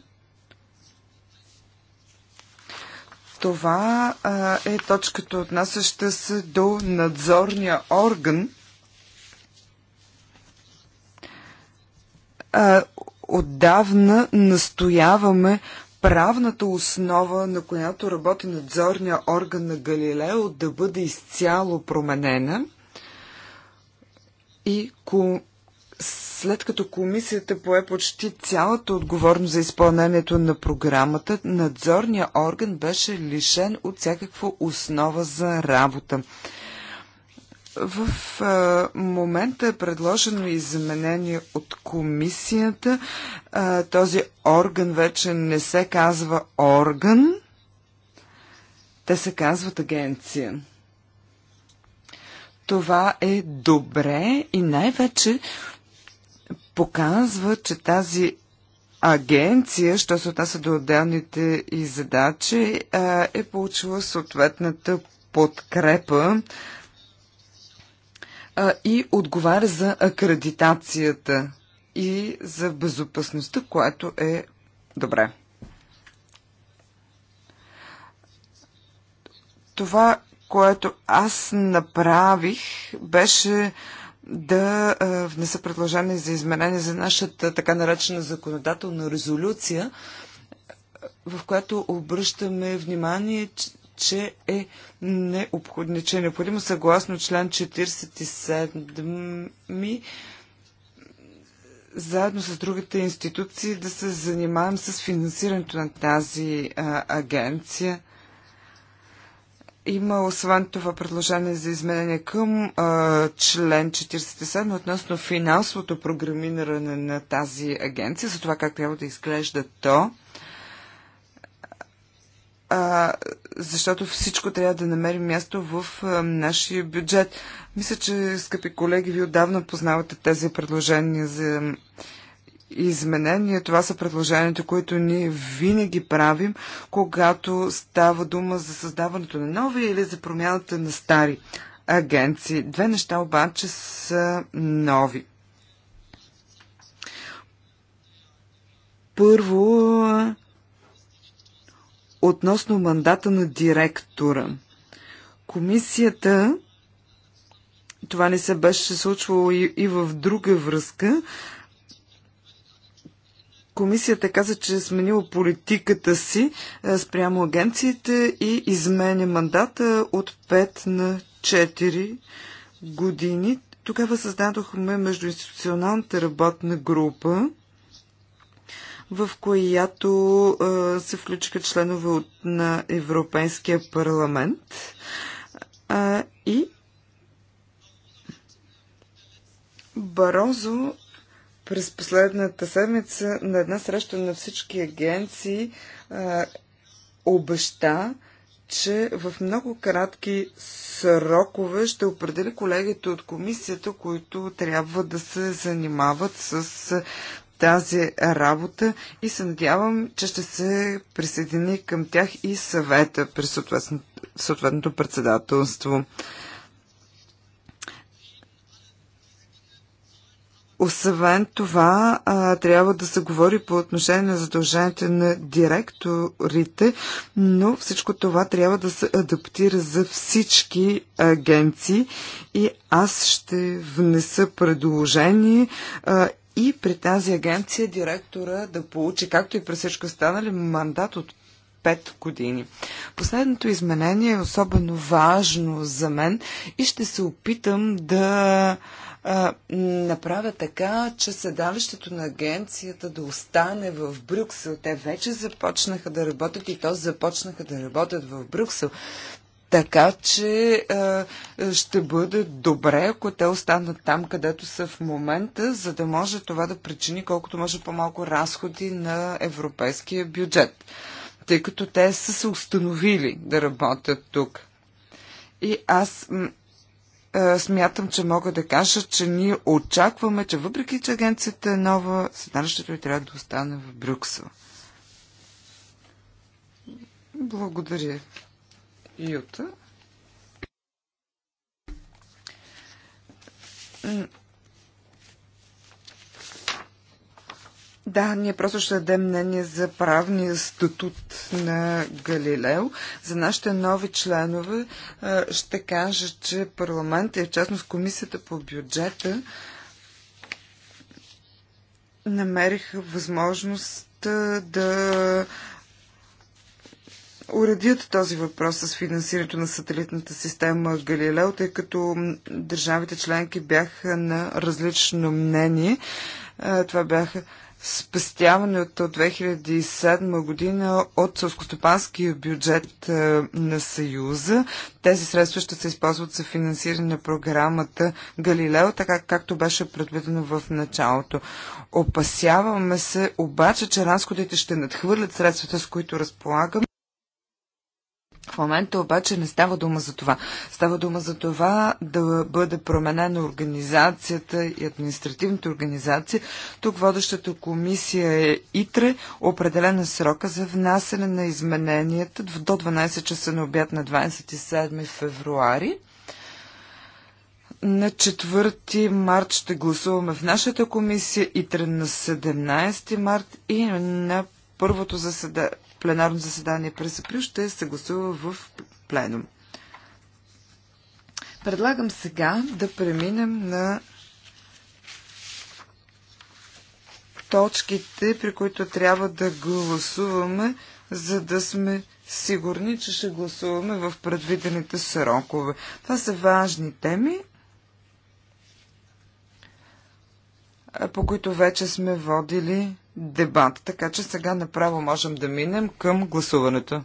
Speaker 2: Това а, е точката, отнасяща се до надзорния орган. А, отдавна настояваме правната основа, на която работи надзорния орган на Галилео, да бъде изцяло променена и ко след като комисията пое почти цялата отговорност за изпълнението на програмата, надзорният орган беше лишен от всякаква основа за работа. В а, момента е предложено изменение от комисията. А, този орган вече не се казва орган, те се казват агенция. Това е добре и най-вече показва, че тази агенция, що се отнася до отделните и задачи, е получила съответната подкрепа и отговаря за акредитацията и за безопасността, което е добре. Това, което аз направих, беше да внеса предложение за изменение за нашата така наречена законодателна резолюция, в която обръщаме внимание, че е необходимо, че е необходимо съгласно член 47 заедно с другите институции да се занимаем с финансирането на тази а, агенция. Има освен това предложение за изменение към а, член 47 относно финансовото програмиране на тази агенция, за това как трябва да изглежда то. А, защото всичко трябва да намери място в а, нашия бюджет. Мисля, че, скъпи колеги, ви отдавна познавате тези предложения за изменения. Това са предложенията, които ние винаги правим, когато става дума за създаването на нови или за промяната на стари агенции. Две неща обаче са нови. Първо, относно мандата на директора. Комисията, това не се беше случвало и, и в друга връзка, Комисията каза, че е сменила политиката си е, спрямо агенциите и изменя мандата от 5 на 4 години. Тогава създадохме междуинституционалната работна група, в която е, се включиха членове от, на Европейския парламент. Е, и Барозо през последната седмица на една среща на всички агенции а, обеща, че в много кратки срокове ще определи колегите от комисията, които трябва да се занимават с тази работа и се надявам, че ще се присъедини към тях и съвета при съответното председателство. Освен това, а, трябва да се говори по отношение на задълженията на директорите, но всичко това трябва да се адаптира за всички агенции и аз ще внеса предложение а, и при тази агенция директора да получи, както и при всички останали, мандат от 5 години. Последното изменение е особено важно за мен и ще се опитам да а, направя така, че седалището на агенцията да остане в Брюксел. Те вече започнаха да работят и то започнаха да работят в Брюксел. Така че а, ще бъде добре, ако те останат там, където са в момента, за да може това да причини колкото може по-малко разходи на европейския бюджет, тъй като те са се установили да работят тук. И аз е, смятам, че мога да кажа, че ние очакваме, че въпреки, че агенцията е нова, седалището трябва да остане в Брюксел. Благодаря. Юта. Да, ние просто ще дадем мнение за правния статут на Галилео. За нашите нови членове е, ще кажа, че парламент и в частност комисията по бюджета намериха възможност е, да уредят този въпрос с финансирането на сателитната система Галилео, тъй като държавите членки бяха на различно мнение. Е, това бяха спестяването от 2007 година от сълскостопанския бюджет е, на Съюза. Тези средства ще се използват за финансиране на програмата Галилео, така както беше предвидено в началото. Опасяваме се обаче, че разходите ще надхвърлят средствата, с които разполагаме в момента обаче не става дума за това. Става дума за това да бъде променена организацията и административната организация. Тук водещата комисия е ИТРЕ. Определен е срока за внасене на измененията до 12 часа на обяд на 27 февруари. На 4 март ще гласуваме в нашата комисия ИТРЕ на 17 март и на първото заседание пленарно заседание през април ще се гласува в пленум. Предлагам сега да преминем на точките, при които трябва да гласуваме, за да сме сигурни, че ще гласуваме в предвидените срокове. Това са важни теми, по които вече сме водили дебат. Така че сега направо можем да минем към гласуването.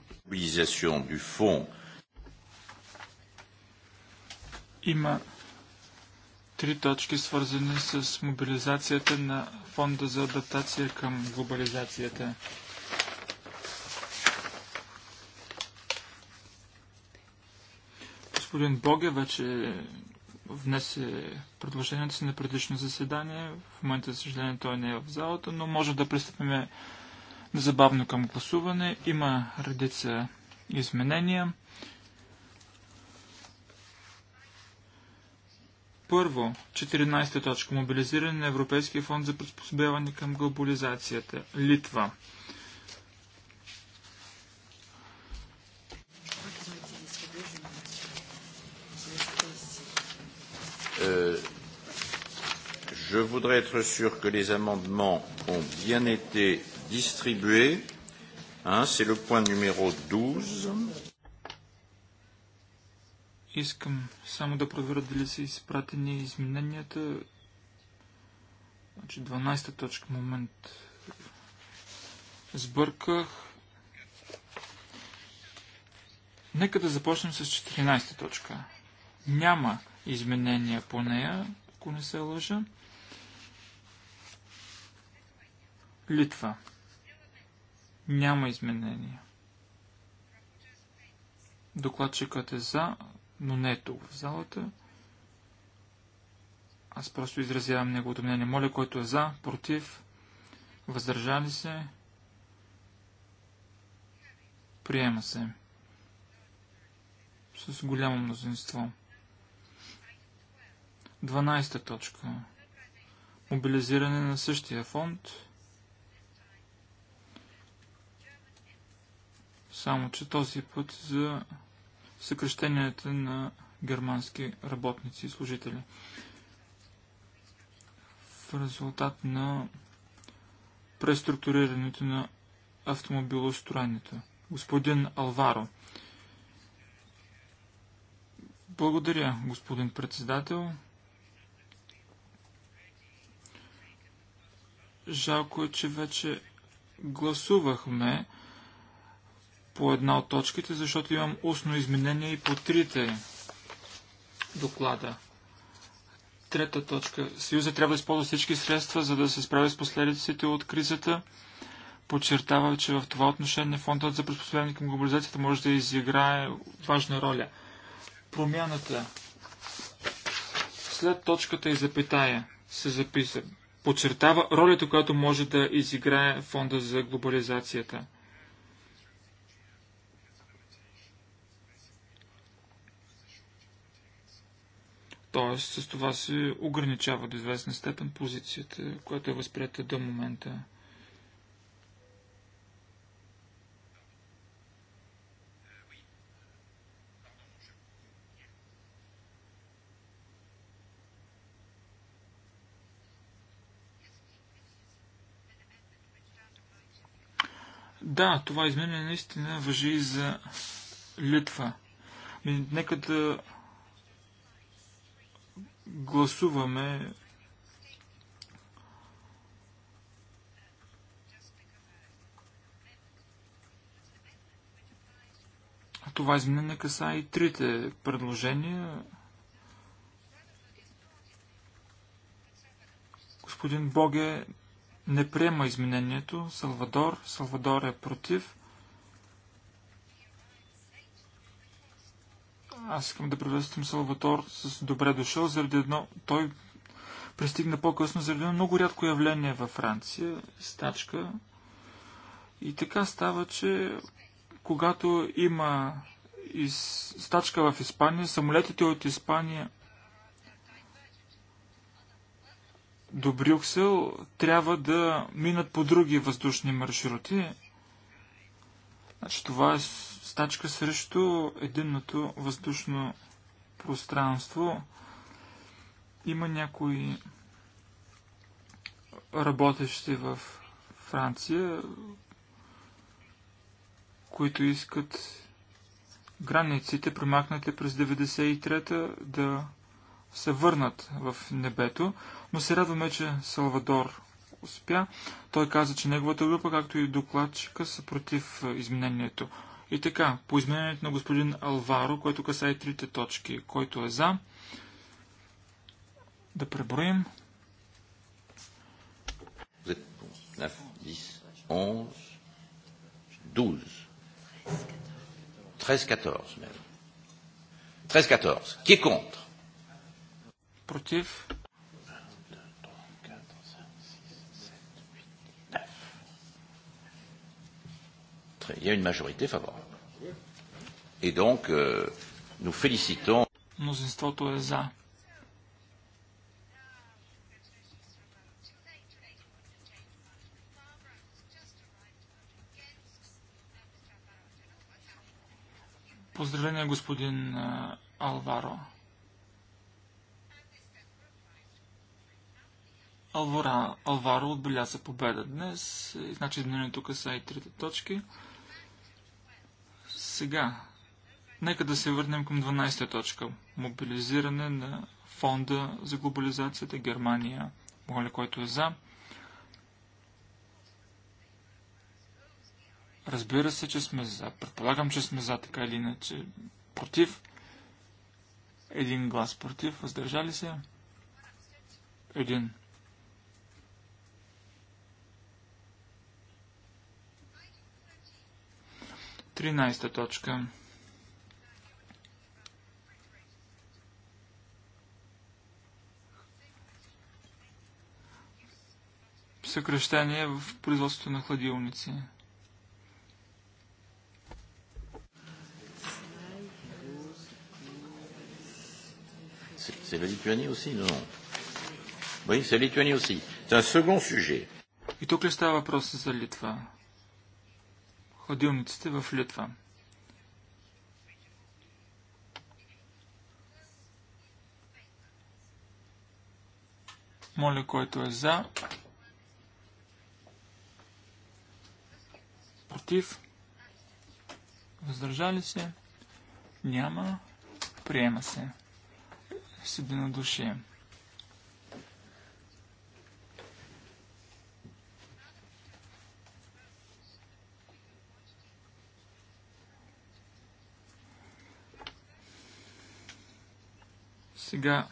Speaker 4: Има три точки, свързани с мобилизацията на Фонда за адаптация към глобализацията. Господин Боге вече внесе предложението си на предишно заседание. В момента, за съжаление, той не е в залата, но може да пристъпим незабавно към гласуване. Има редица изменения. Първо, 14 точка. Мобилизиране на Европейския фонд за приспособяване към глобализацията. Литва.
Speaker 1: Euh, je voudrais être sûr que les amendements ont bien été distribués. Hein, C'est le point numéro 12.
Speaker 4: Искам само да проверя дали са изпратени измененията. Значи 12-та точка момент сбърках. Нека да започнем с 14-та точка. Няма изменения по нея, ако не се лъжа. Литва. Няма изменения. Докладчикът е за, но не е тук в залата. Аз просто изразявам неговото мнение. Моля, който е за, против, въздържали се, приема се с голямо мнозинство. 12 точка. Мобилизиране на същия фонд. Само, че този път за съкрещенията на германски работници и служители. В резултат на преструктурирането на автомобилостроенето. Господин Алваро. Благодаря, господин председател. Жалко е, че вече гласувахме по една от точките, защото имам устно изменение и по трите доклада. Трета точка. Съюза трябва да използва всички средства, за да се справи с последиците от кризата. Подчертава, че в това отношение фондът за приспособяване към глобализацията може да изиграе важна роля. Промяната след точката и запитая се записа подчертава ролята, която може да изиграе фонда за глобализацията. Тоест, с това се ограничава до известна степен позицията, която е възприята до момента. Да, това изменение наистина въжи и за Литва. Нека да гласуваме Това изменение каса и трите предложения. Господин Боге не приема изменението. Салвадор. Салвадор е против. Аз искам да приветствам Салватор с добре дошъл, заради едно... Той пристигна по-късно заради едно много рядко явление във Франция, стачка. И така става, че когато има из... стачка в Испания, самолетите от Испания до Брюксел трябва да минат по други въздушни маршрути. Значи, това е стачка срещу единното въздушно пространство. Има някои работещи в Франция, които искат границите, премахнати през 93-та, да се върнат в небето, но се радваме, че Салвадор успя. Той каза, че неговата група, както и докладчика, са против е, изменението. И така, по изменението на господин Алваро, каса касае трите точки, който е за, да преброим.
Speaker 1: 10, 11, 12, 13, 14 même. 13, 14. Qui est contre Против. Il y a une majorité favorable. Et donc, euh, nous félicitons.
Speaker 4: Мнозинството е за. Поздравление, господин Алваро. Алвара, Алваро отбеляза победа днес. Е, значи изменение тук са и трите точки. Сега, нека да се върнем към 12-та точка. Мобилизиране на фонда за глобализацията Германия. Моля, който е за. Разбира се, че сме за. Предполагам, че сме за, така или иначе. Против. Един глас против. Въздържали се. Един. 13 точка. Съкръщение в производството на хладилници.
Speaker 1: C'est la Lituanie aussi Non. Oui, c'est la Lituanie aussi. C'est un second sujet.
Speaker 4: И тук ли става въпрос за Литва? Ходилниците в Литва. Моля, който е за, против, въздържали се, няма, приема се. С единодушие. души. Сега,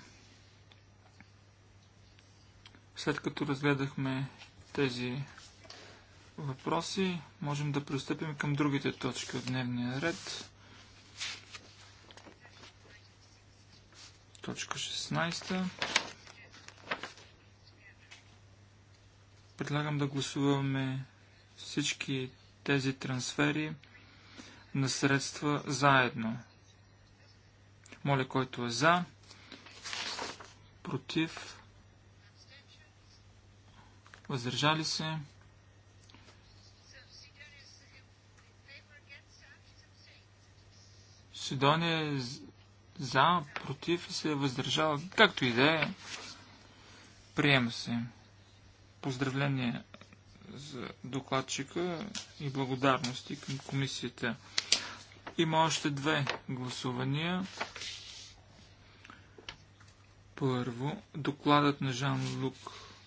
Speaker 4: след като разгледахме тези въпроси, можем да пристъпим към другите точки от дневния ред. Точка 16. Предлагам да гласуваме всички тези трансфери на средства заедно. Моля, който е за, против, въздържали се. Сидония е за, против и се е въздържава. Както и да е, приема се. Поздравление за докладчика и благодарности към комисията. Има още две гласувания. Първо, докладът на Жан-Лук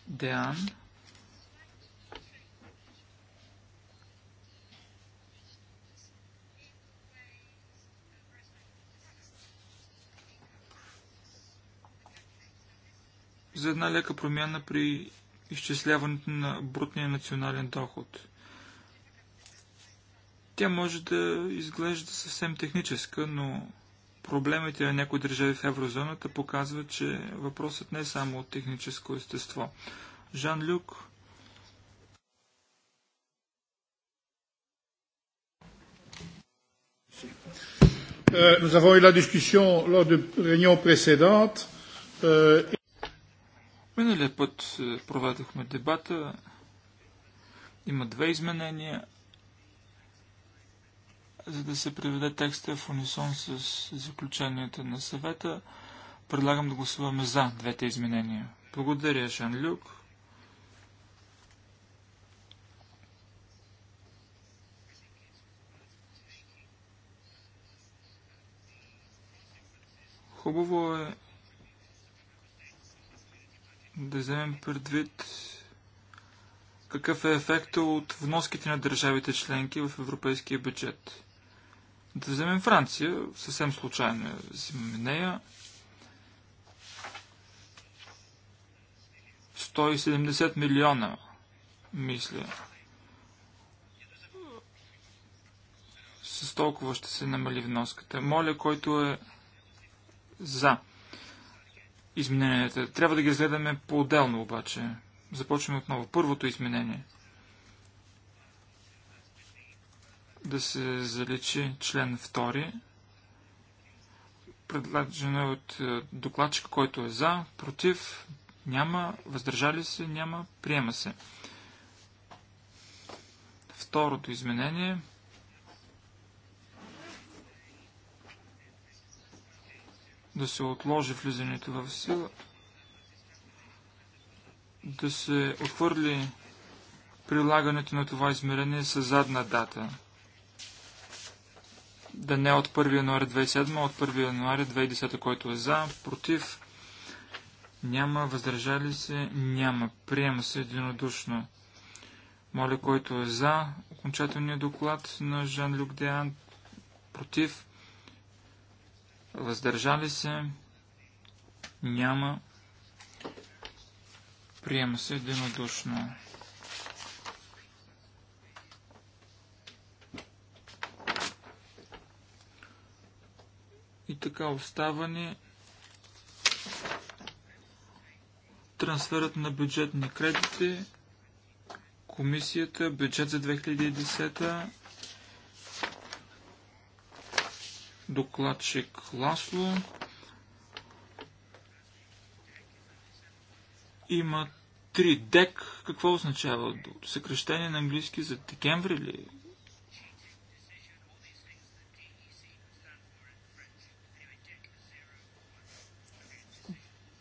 Speaker 4: Деан за една лека промяна при изчисляването на брутния национален доход. Тя може да изглежда съвсем техническа, но проблемите на някои държави в еврозоната показват, че въпросът не е само от техническо естество. Жан Люк Euh, nous avons
Speaker 1: eu la discussion lors de euh,
Speaker 4: Миналия път е, проведохме дебата. Има две изменения за да се приведе текста в унисон с заключенията на съвета. Предлагам да гласуваме за двете изменения. Благодаря, Шан Люк. Хубаво е да вземем предвид какъв е ефектът от вноските на държавите членки в европейския бюджет. Да вземем Франция, съвсем случайно взимаме нея. 170 милиона, мисля. С толкова ще се намали вноската. Моля, който е за измененията. Трябва да ги разгледаме по-отделно обаче. Започваме отново. Първото изменение – да се заличи член 2, предлагано е от е, докладчика, който е за, против, няма, въздържали се, няма, приема се. Второто изменение да се отложи влизането в сила, да се отхвърли прилагането на това измерение с задна дата да не е от 1 януаря 2007, а от 1 януаря 2010, който е за, против, няма, въздържали се, няма. Приема се единодушно. Моля, който е за окончателния доклад на Жан-Люк Деан, против, въздържали се, няма. Приема се единодушно. И така остава ни трансферът на бюджетни кредити, комисията, бюджет за 2010, докладчик Ласло. Има 3 дек. Какво означава? Съкрещение на английски за декември ли?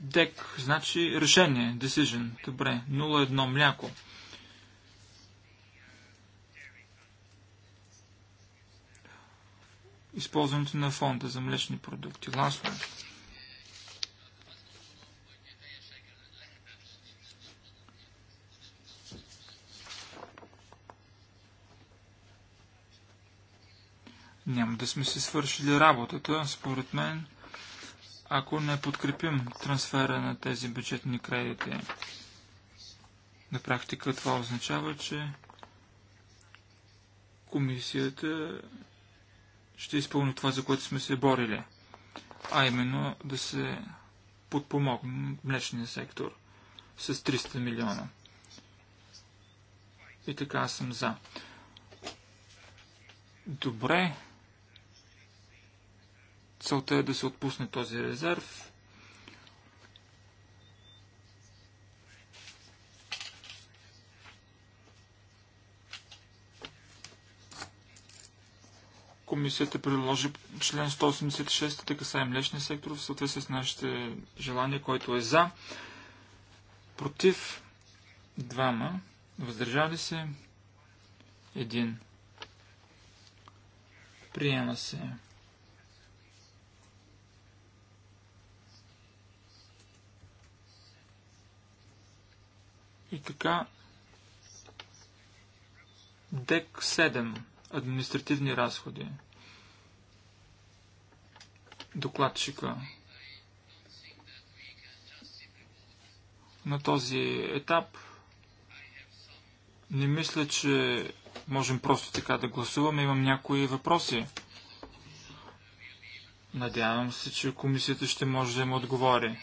Speaker 4: Дек, значи решение, decision. Добре, 0 0-1, мляко. Използването на фонда за млечни продукти. Ласло. Е. Няма да сме се свършили работата, според мен ако не подкрепим трансфера на тези бюджетни кредити. На практика това означава, че комисията ще изпълни това, за което сме се борили, а именно да се подпомогне млечния сектор с 300 милиона. И така аз съм за. Добре, Целта е да се отпусне този резерв. Комисията предложи член 186, тъй и млечния сектор в съответствие с нашите желания, който е за, против, двама, въздържали се, един. Приема се. И така, ДЕК 7. Административни разходи. Докладчика. На този етап не мисля, че можем просто така да гласуваме. Имам някои въпроси. Надявам се, че комисията ще може да им отговори.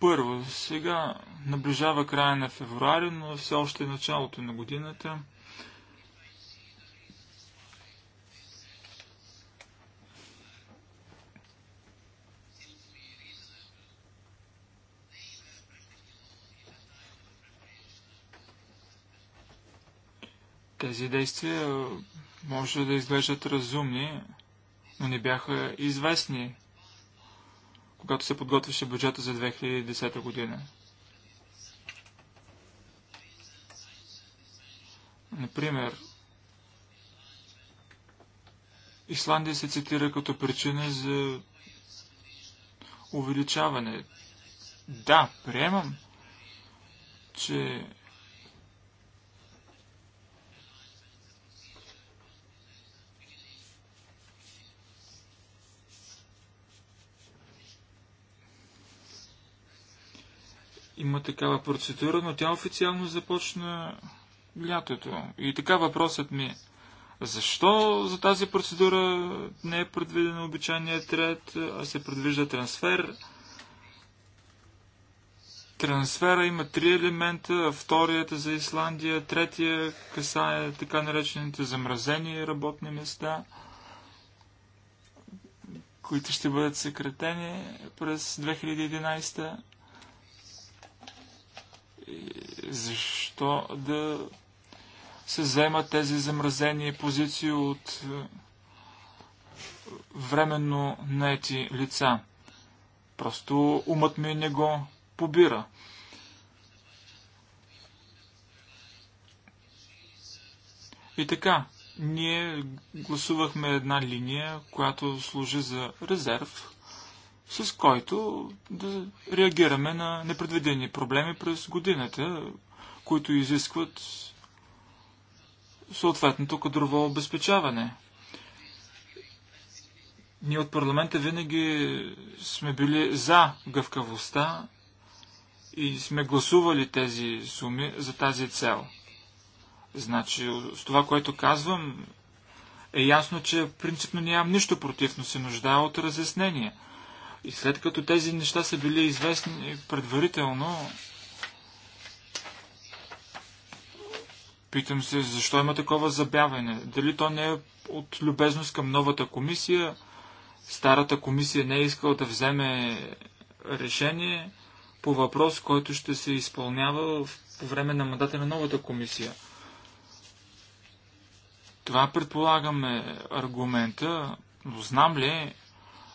Speaker 4: Първо, сега наближава края на февруари, но все още е началото на годината. Тези действия може да изглеждат разумни, но не бяха известни когато се подготвяше бюджета за 2010 година. Например, Исландия се цитира като причина за увеличаване. Да, приемам, че Има такава процедура, но тя официално започна лятото. И така въпросът ми е, защо за тази процедура не е предвиден обичайният ред, а се предвижда трансфер? Трансфера има три елемента, вторията е за Исландия, третия касае така наречените замразени работни места, които ще бъдат съкратени през 2011. Защо да се заемат тези замразени позиции от е, временно наети лица? Просто умът ми не го побира. И така, ние гласувахме една линия, която служи за резерв, с който да реагираме на непредвидени проблеми през годината, които изискват съответното кадрово обезпечаване. Ние от парламента винаги сме били за гъвкавостта и сме гласували тези суми за тази цел. Значи, с това, което казвам, е ясно, че принципно нямам нищо против, но се нуждая от разяснение – и след като тези неща са били известни предварително, питам се защо има такова забяване. Дали то не е от любезност към новата комисия, старата комисия не е искала да вземе решение по въпрос, който ще се изпълнява по време на мандата на новата комисия. Това предполагаме аргумента, но знам ли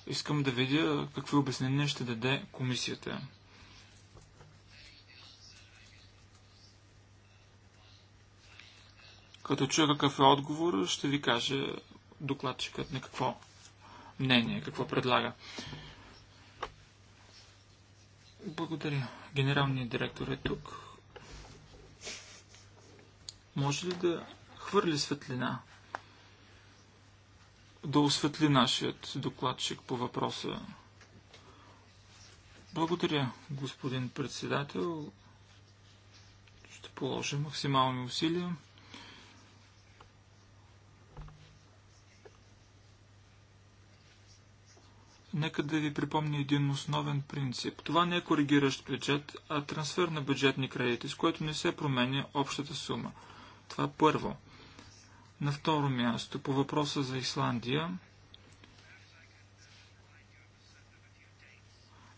Speaker 4: Искам да видя какви обяснения ще даде комисията. Като чуя какъв е отговор, ще ви каже докладчикът на какво мнение, какво предлага. Благодаря. Генералният директор е тук. Може ли да хвърли светлина да осветли нашият докладчик по въпроса. Благодаря, господин председател. Ще положа максимални усилия. Нека да ви припомня един основен принцип. Това не е коригиращ бюджет, а трансфер на бюджетни кредити, с което не се променя общата сума. Това първо. На второ място, по въпроса за Исландия,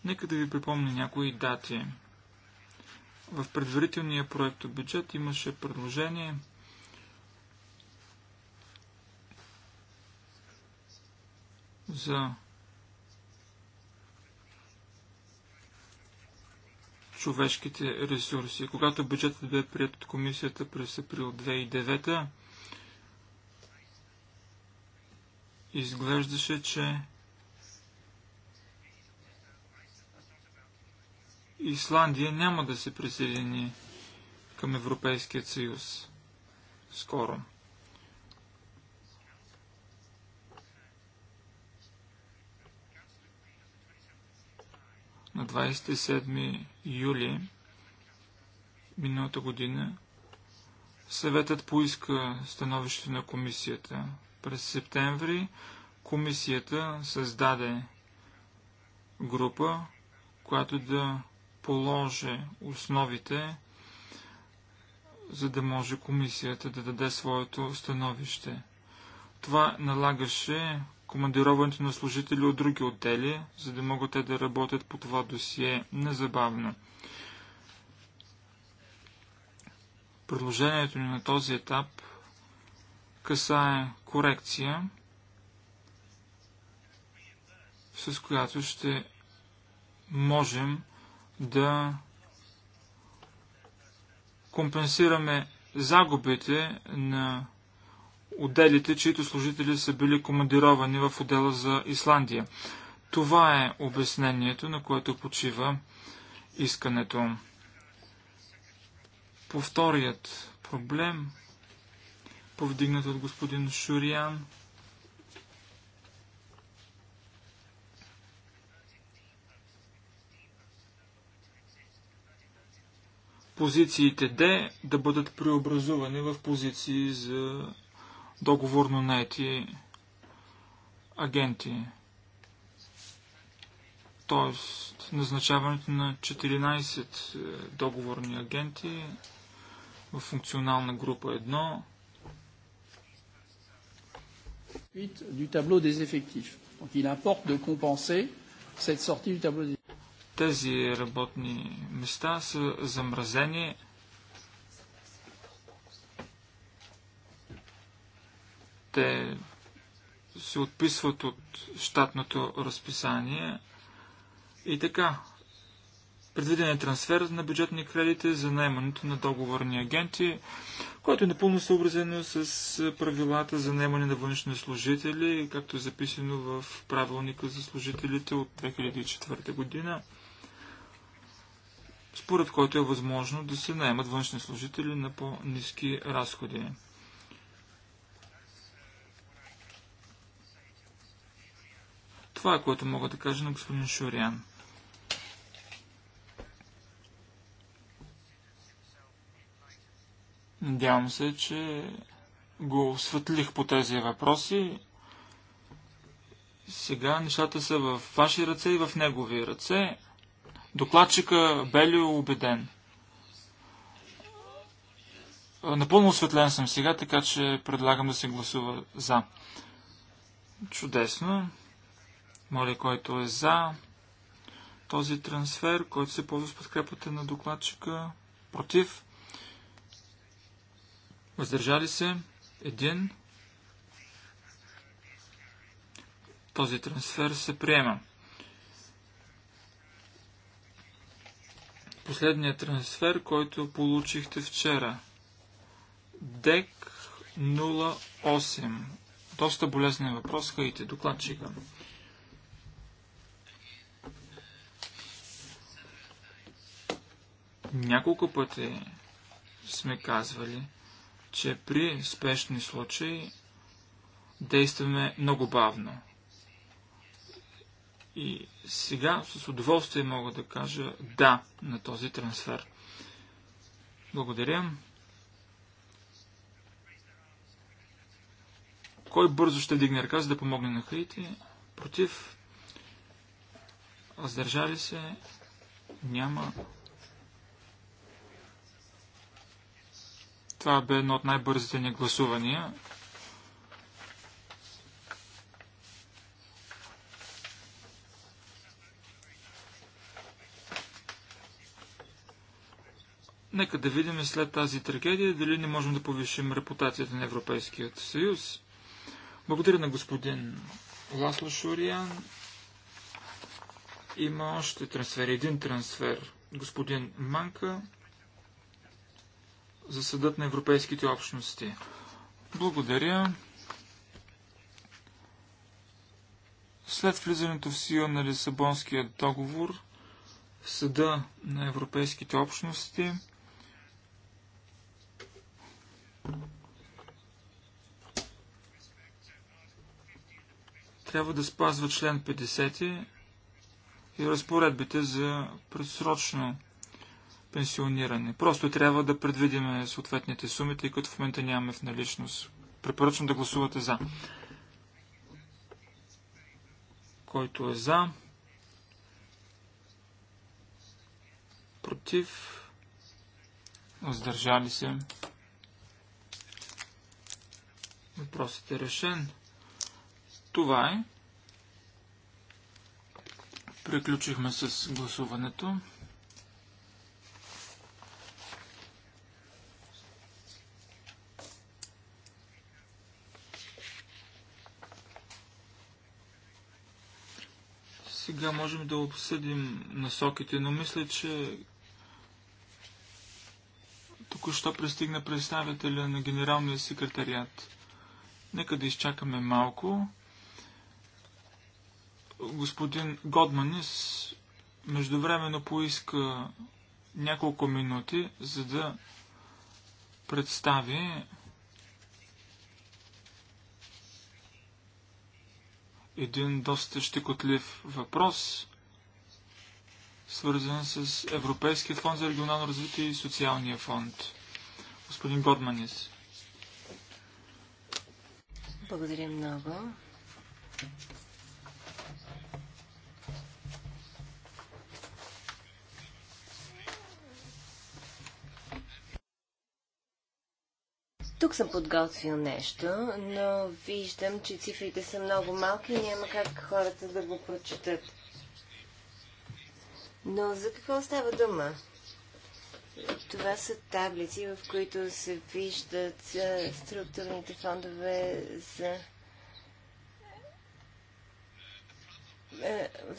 Speaker 4: нека да ви припомня някои дати. В предварителния проект бюджет имаше предложение за човешките ресурси. Когато бюджетът бе прият от комисията през април 2009 изглеждаше, че Исландия няма да се присъедини към Европейския съюз скоро. На 27 юли миналата година съветът поиска становището на комисията през септември комисията създаде група, която да положи основите, за да може комисията да даде своето становище. Това налагаше командироването на служители от други отдели, за да могат те да работят по това досие незабавно. Предложението ни на този етап касае корекция, с която ще можем да компенсираме загубите на отделите, чието служители са били командировани в отдела за Исландия. Това е обяснението, на което почива искането. По вторият проблем повдигнат от господин Шуриан. Позициите Д да бъдат преобразувани в позиции за договорно наети агенти. Тоест, назначаването на 14 е, договорни агенти
Speaker 1: в функционална група du tableau des effectifs. Donc il importe de compenser cette sortie du tableau des
Speaker 4: Тези работни места са замразени. Те се отписват от щатното разписание. И така, Предвиден е трансфер на бюджетни кредити за наемането на договорни агенти, което е напълно съобразено с правилата за наемане на външни служители, както е записано в правилника за служителите от 2004 година, според който е възможно да се наемат външни служители на по-низки разходи. Това е което мога да кажа на господин Шуриан. Надявам се, че го осветлих по тези въпроси. Сега нещата са в ваши ръце и в негови ръце. Докладчика Бели е убеден. Напълно осветлен съм сега, така че предлагам да се гласува за. Чудесно. Моля, който е за този трансфер, който се ползва с подкрепата на докладчика, против, Въздържали се. Един. Този трансфер се приема. Последният трансфер, който получихте вчера. ДЕК 08. Доста болезнен въпрос. Хайте, докладчика. Няколко пъти сме казвали, че при спешни случаи действаме много бавно. И сега с удоволствие мога да кажа да на този трансфер. Благодаря. Кой бързо ще дигне ръка, за да помогне на Хаити? Против? Въздържали се? Няма. Това бе едно от най-бързите ни гласувания. Нека да видим след тази трагедия дали не можем да повишим репутацията на Европейският съюз. Благодаря на господин Ласло Шуриан. Има още трансфер. Един трансфер. Господин Манка за Съдът на Европейските общности. Благодаря. След влизането в сила на Лисабонския договор, Съда на Европейските общности трябва да спазва член 50 и разпоредбите за предсрочно пенсиониране. Просто трябва да предвидим съответните суми, тъй като в момента нямаме в наличност. Препоръчвам да гласувате за. Който е за. Против. Въздържали се. Въпросът е решен. Това е. Приключихме с гласуването. Сега можем да обсъдим насоките, но мисля, че току-що пристигна представителя на генералния секретариат. Нека да изчакаме малко. Господин Годманис междувременно поиска няколко минути, за да представи един доста щекотлив въпрос, свързан с Европейския фонд за регионално развитие и социалния фонд. Господин Бодманис.
Speaker 3: Благодаря много. Тук съм подготвил нещо, но виждам, че цифрите са много малки и няма как хората да го прочитат. Но за какво става дума? Това са таблици, в които се виждат структурните фондове за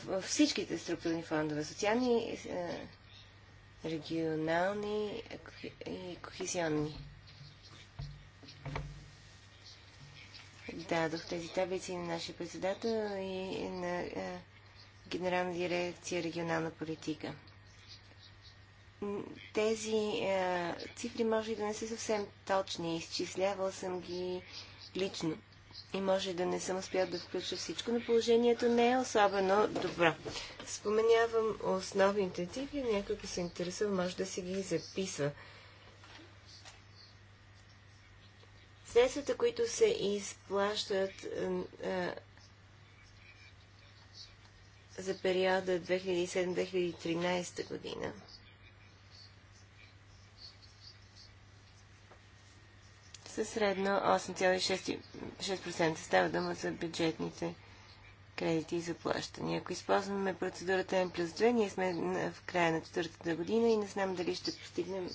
Speaker 3: във всичките структурни фондове, социални, регионални и кохезионни. дадох тези таблици на нашия председател и на е, Генерална дирекция регионална политика. Тези е, цифри може и да не са съвсем точни. Изчислявал съм ги лично. И може да не съм успял да включа всичко, но положението не е особено добро. Споменявам основните цифри, някой, се интересува, може да си ги записва. средствата, които се изплащат е, е, за периода 2007-2013 година, са средно 8,6%. Става дума за бюджетните кредити и заплащания. Ако използваме процедурата М плюс 2, ние сме в края на четвъртата година и не знам дали ще постигнем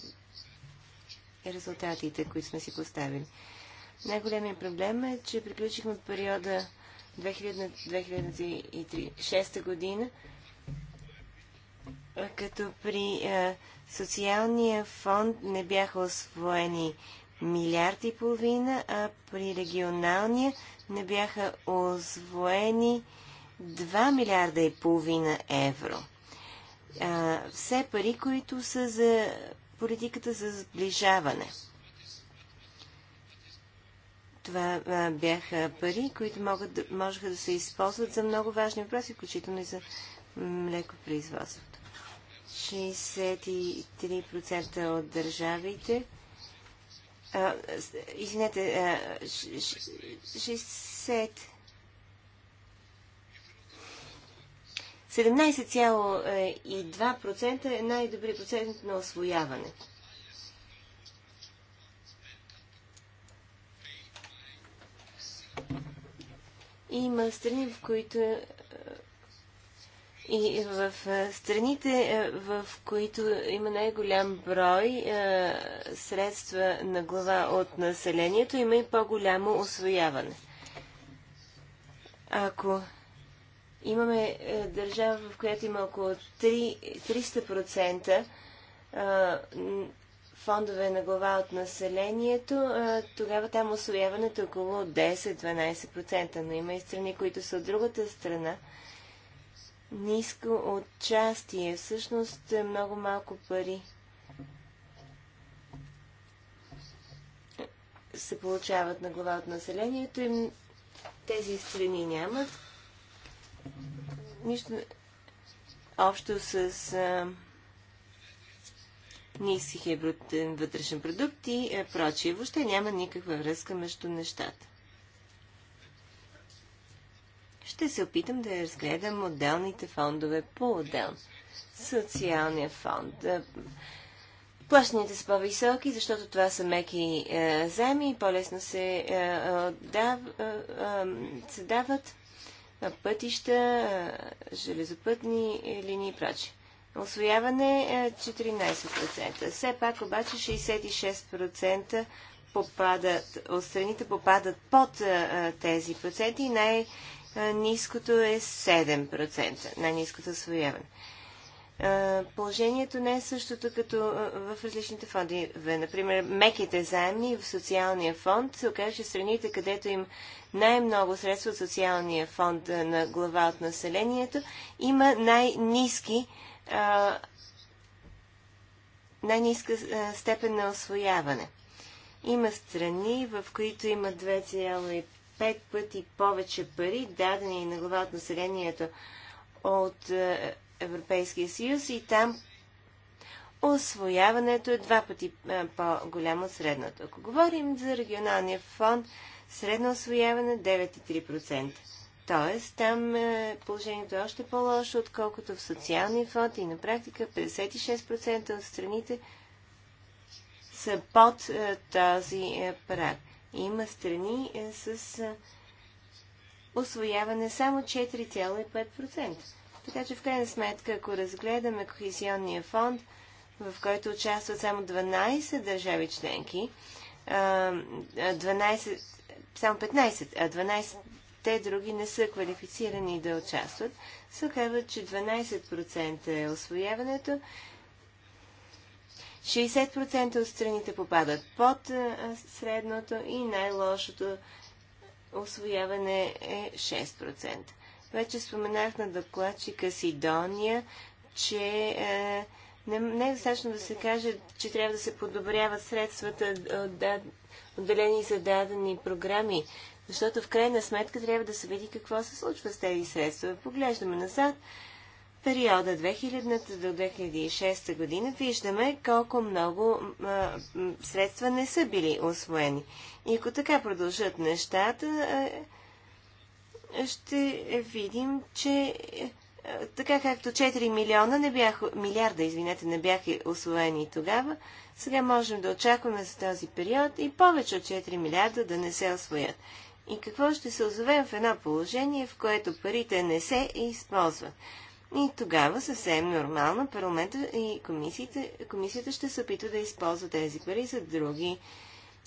Speaker 3: резултатите, които сме си поставили. Най-големият проблем е, че приключихме периода 2006 година, като при е, социалния фонд не бяха освоени милиарди и половина, а при регионалния не бяха освоени 2 милиарда и половина евро. Е, все пари, които са за политиката за сближаване. Това бяха пари, които могат, можеха да се използват за много важни въпроси, включително и за млекопроизводството. 63% от държавите а, извинете, 60 17,2% е, е най-добри процент на освояването. Има страни, в които е, и в е, страните, е, в които има най-голям брой средства на глава от населението, има и по-голямо освояване. Ако имаме държава, в която има около 3, 300% фондове на глава от населението, тогава там освояването е около 10-12%, но има и страни, които са от другата страна. Ниско участие, всъщност е много малко пари се получават на глава от населението и тези страни нямат нищо общо с ниски хибрутен вътрешен продукт и е, прочие. Въобще няма никаква връзка между нещата. Ще се опитам да разгледам отделните фондове по-отделно. Социалния фонд. Е, Плащаните са по-високи, защото това са меки е, заеми и по-лесно се, е, дав, е, е, се дават пътища, железопътни линии и прочие освояване 14%. Е, Все пак обаче 66% попадат, от страните попадат под е, е, тези проценти и най-низкото е 7%, най низкото освояване. положението не е същото като в различните фонди. Например, меките заемни в социалния фонд се окаже, че страните, където им най-много средства от социалния фонд на глава от населението, има най-низки а, най-низка степен на освояване. Има страни, в които има 2,5 пъти повече пари, дадени на глава от населението от Европейския съюз и там освояването е два пъти по-голямо от средното. Ако говорим за регионалния фонд, средно освояване 9,3%. Тоест, там е, положението е още по-лошо, отколкото в социалния фонд и на практика 56% от страните са под е, този е, праг. Има страни с освояване само 4,5%. Така че в крайна сметка, ако разгледаме Кохезионния фонд, в който участват само 12 държави членки, 12, само 15, а 12 те други не са квалифицирани да участват, се казва, че 12% е освояването, 60% от страните попадат под средното и най-лошото освояване е 6%. Вече споменах на докладчика Сидония, че е, не, не е достатъчно да се каже, че трябва да се подобряват средствата, отделени за дадени програми. Защото в крайна сметка трябва да се види какво се случва с тези средства. Поглеждаме назад. Периода 2000 до 2006 година виждаме колко много а, средства не са били освоени. И ако така продължат нещата, а, е, ще видим, че а, е, така както 4 милиона не бяха, милиарда, извинете, не бяха освоени тогава, сега можем да очакваме за този период и повече от 4 милиарда да не се освоят. И какво ще се озове в едно положение, в което парите не се използват? И тогава съвсем нормално парламента и комисията ще се опитва да използва тези пари за други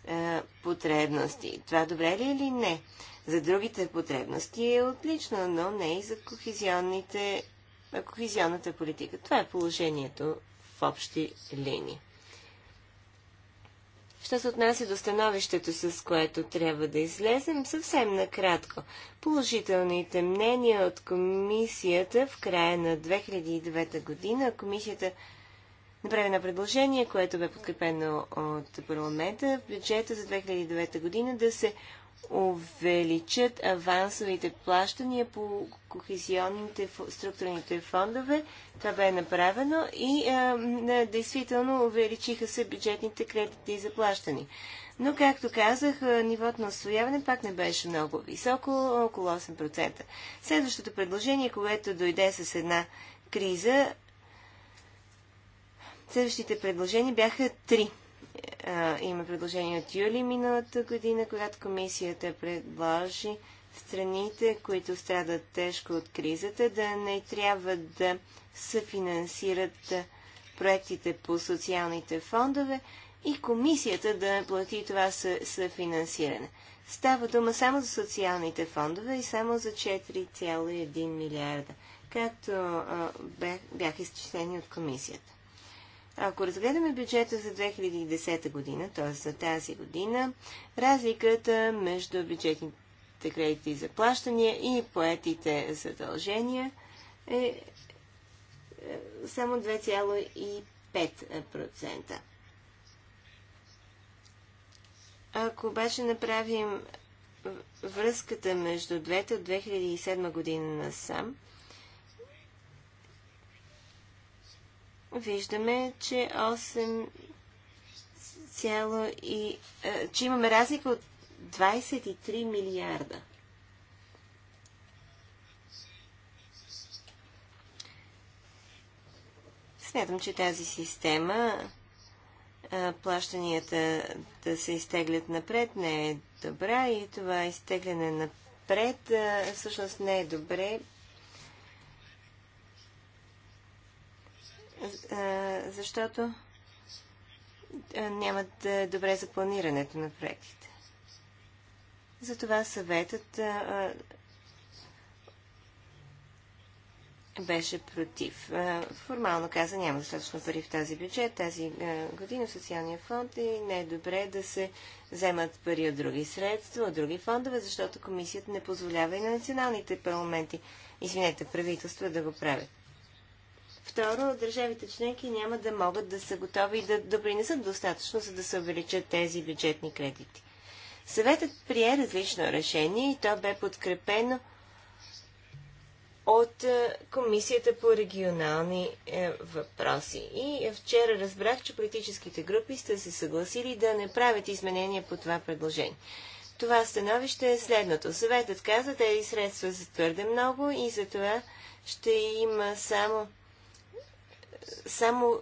Speaker 3: е, потребности. Това добре ли е или не? За другите потребности е отлично, но не и за кохезионните, кохезионната политика. Това е положението в общи линии. Що се отнася до становището, с което трябва да излезем, съвсем накратко. Положителните мнения от комисията в края на 2009 година. Комисията направи на предложение, което бе подкрепено от парламента в бюджета за 2009 година да се увеличат авансовите плащания по кохезионните структурните фондове. Това бе направено и а, действително увеличиха се бюджетните кредити и заплащани. Но, както казах, нивото на освояване пак не беше много високо, около 8%. Следващото предложение, което дойде с една криза, следващите предложения бяха 3 има предложение от юли миналата година, когато комисията предложи страните, които страдат тежко от кризата, да не трябва да съфинансират проектите по социалните фондове и комисията да плати това съфинансиране. Става дума само за социалните фондове и само за 4,1 милиарда, както бях изчислени от комисията. Ако разгледаме бюджета за 2010 година, т.е. за тази година, разликата между бюджетните кредити за плащания и поетите задължения е, е само 2,5%. Ако обаче направим връзката между двете от 2007 година насам, сам, виждаме, че 8 цяло и, а, е, че имаме разлика от 23 милиарда. Смятам, че тази система е, плащанията да се изтеглят напред не е добра и това изтегляне напред е, всъщност не е добре Е, защото е, нямат е добре за планирането на проектите. Затова съветът беше против. Формално каза, няма достатъчно пари в тази бюджет. Тази година социалния фонд и не е добре да се вземат пари от други средства, от други фондове, защото комисията не позволява и на националните парламенти, извинете, правителства да го правят. Второ, държавите членки няма да могат да са готови и да принесат достатъчно, за да се увеличат тези бюджетни кредити. Съветът прие различно решение и то бе подкрепено от е, Комисията по регионални е, въпроси. И е, вчера разбрах, че политическите групи сте се съгласили да не правят изменения по това предложение. Това становище е следното. Съветът каза, тези средства са твърде много и за това ще има само само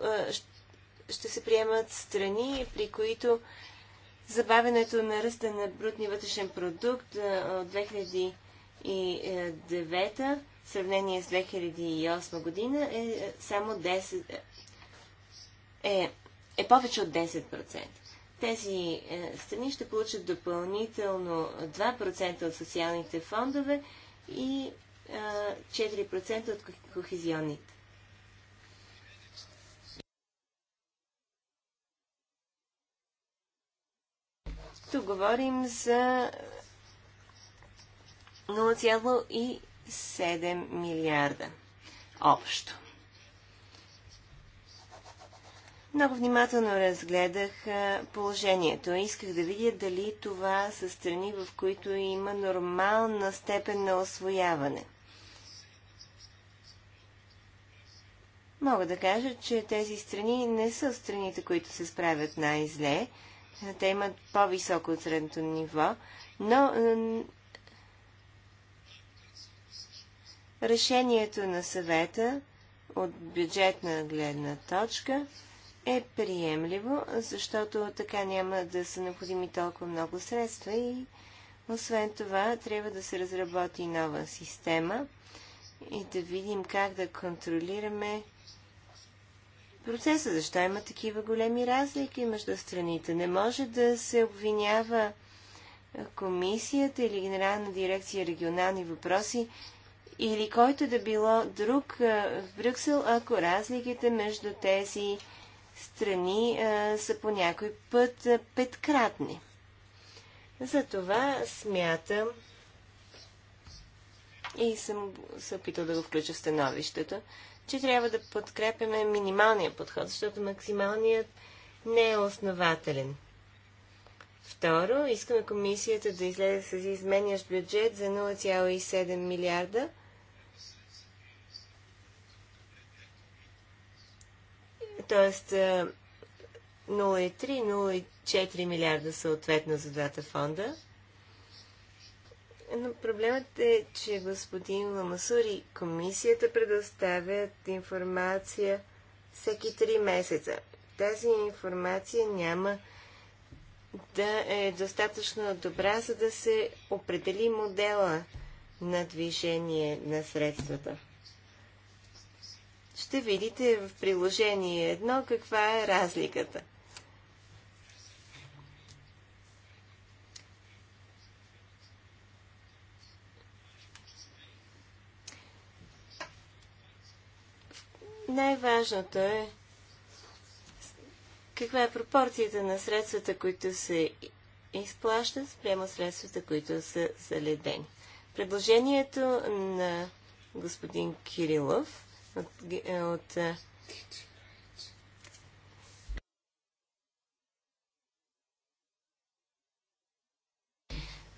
Speaker 3: ще се приемат страни, при които забавянето на ръста на брутния вътрешен продукт от 2009 в сравнение с 2008 година е, е само 10 е, е повече от 10%. Тези е, страни ще получат допълнително 2% от социалните фондове и е, 4% от кохезионните. Тук говорим за 0,7 милиарда общо. Много внимателно разгледах положението. Исках да видя дали това са страни, в които има нормална степен на освояване. Мога да кажа, че тези страни не са страните, които се справят най-зле. Те имат по-високо от средното ниво, но решението на съвета от бюджетна гледна точка е приемливо, защото така няма да са необходими толкова много средства и освен това трябва да се разработи нова система и да видим как да контролираме процеса. Защо има такива големи разлики между страните? Не може да се обвинява комисията или Генерална дирекция регионални въпроси или който да било друг в Брюксел, ако разликите между тези страни са по някой път петкратни. Затова смятам и съм се опитал да го включа в становището, че трябва да подкрепяме минималния подход, защото максималният не е основателен. Второ, искаме комисията да излезе с изменящ бюджет за 0,7 милиарда. Тоест 0,3-0,4 милиарда съответно за двата фонда. Но проблемът е, че господин Ламасури комисията предоставя информация всеки три месеца. Тази информация няма да е достатъчно добра, за да се определи модела на движение на средствата. Ще видите в приложение едно каква е разликата. най-важното е каква е пропорцията на средствата, които се изплащат спрямо средствата, които са заледени. Предложението на господин Кирилов от, от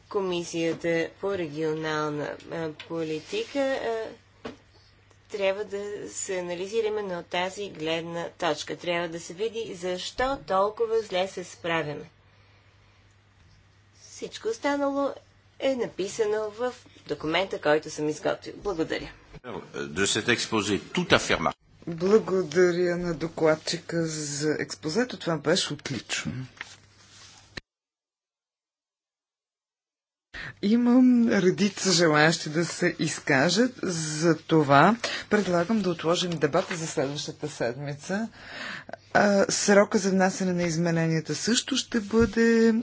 Speaker 3: Комисията по регионална политика трябва да се анализира именно от тази гледна точка. Трябва да се види защо толкова зле се справяме. Всичко останало е написано в документа, който съм изготвил. Благодаря.
Speaker 2: Благодаря на докладчика за експозето. Това беше отлично. Имам редица желаящи да се изкажат, за това предлагам да отложим дебата за следващата седмица. Срока за внасяне на измененията също ще бъде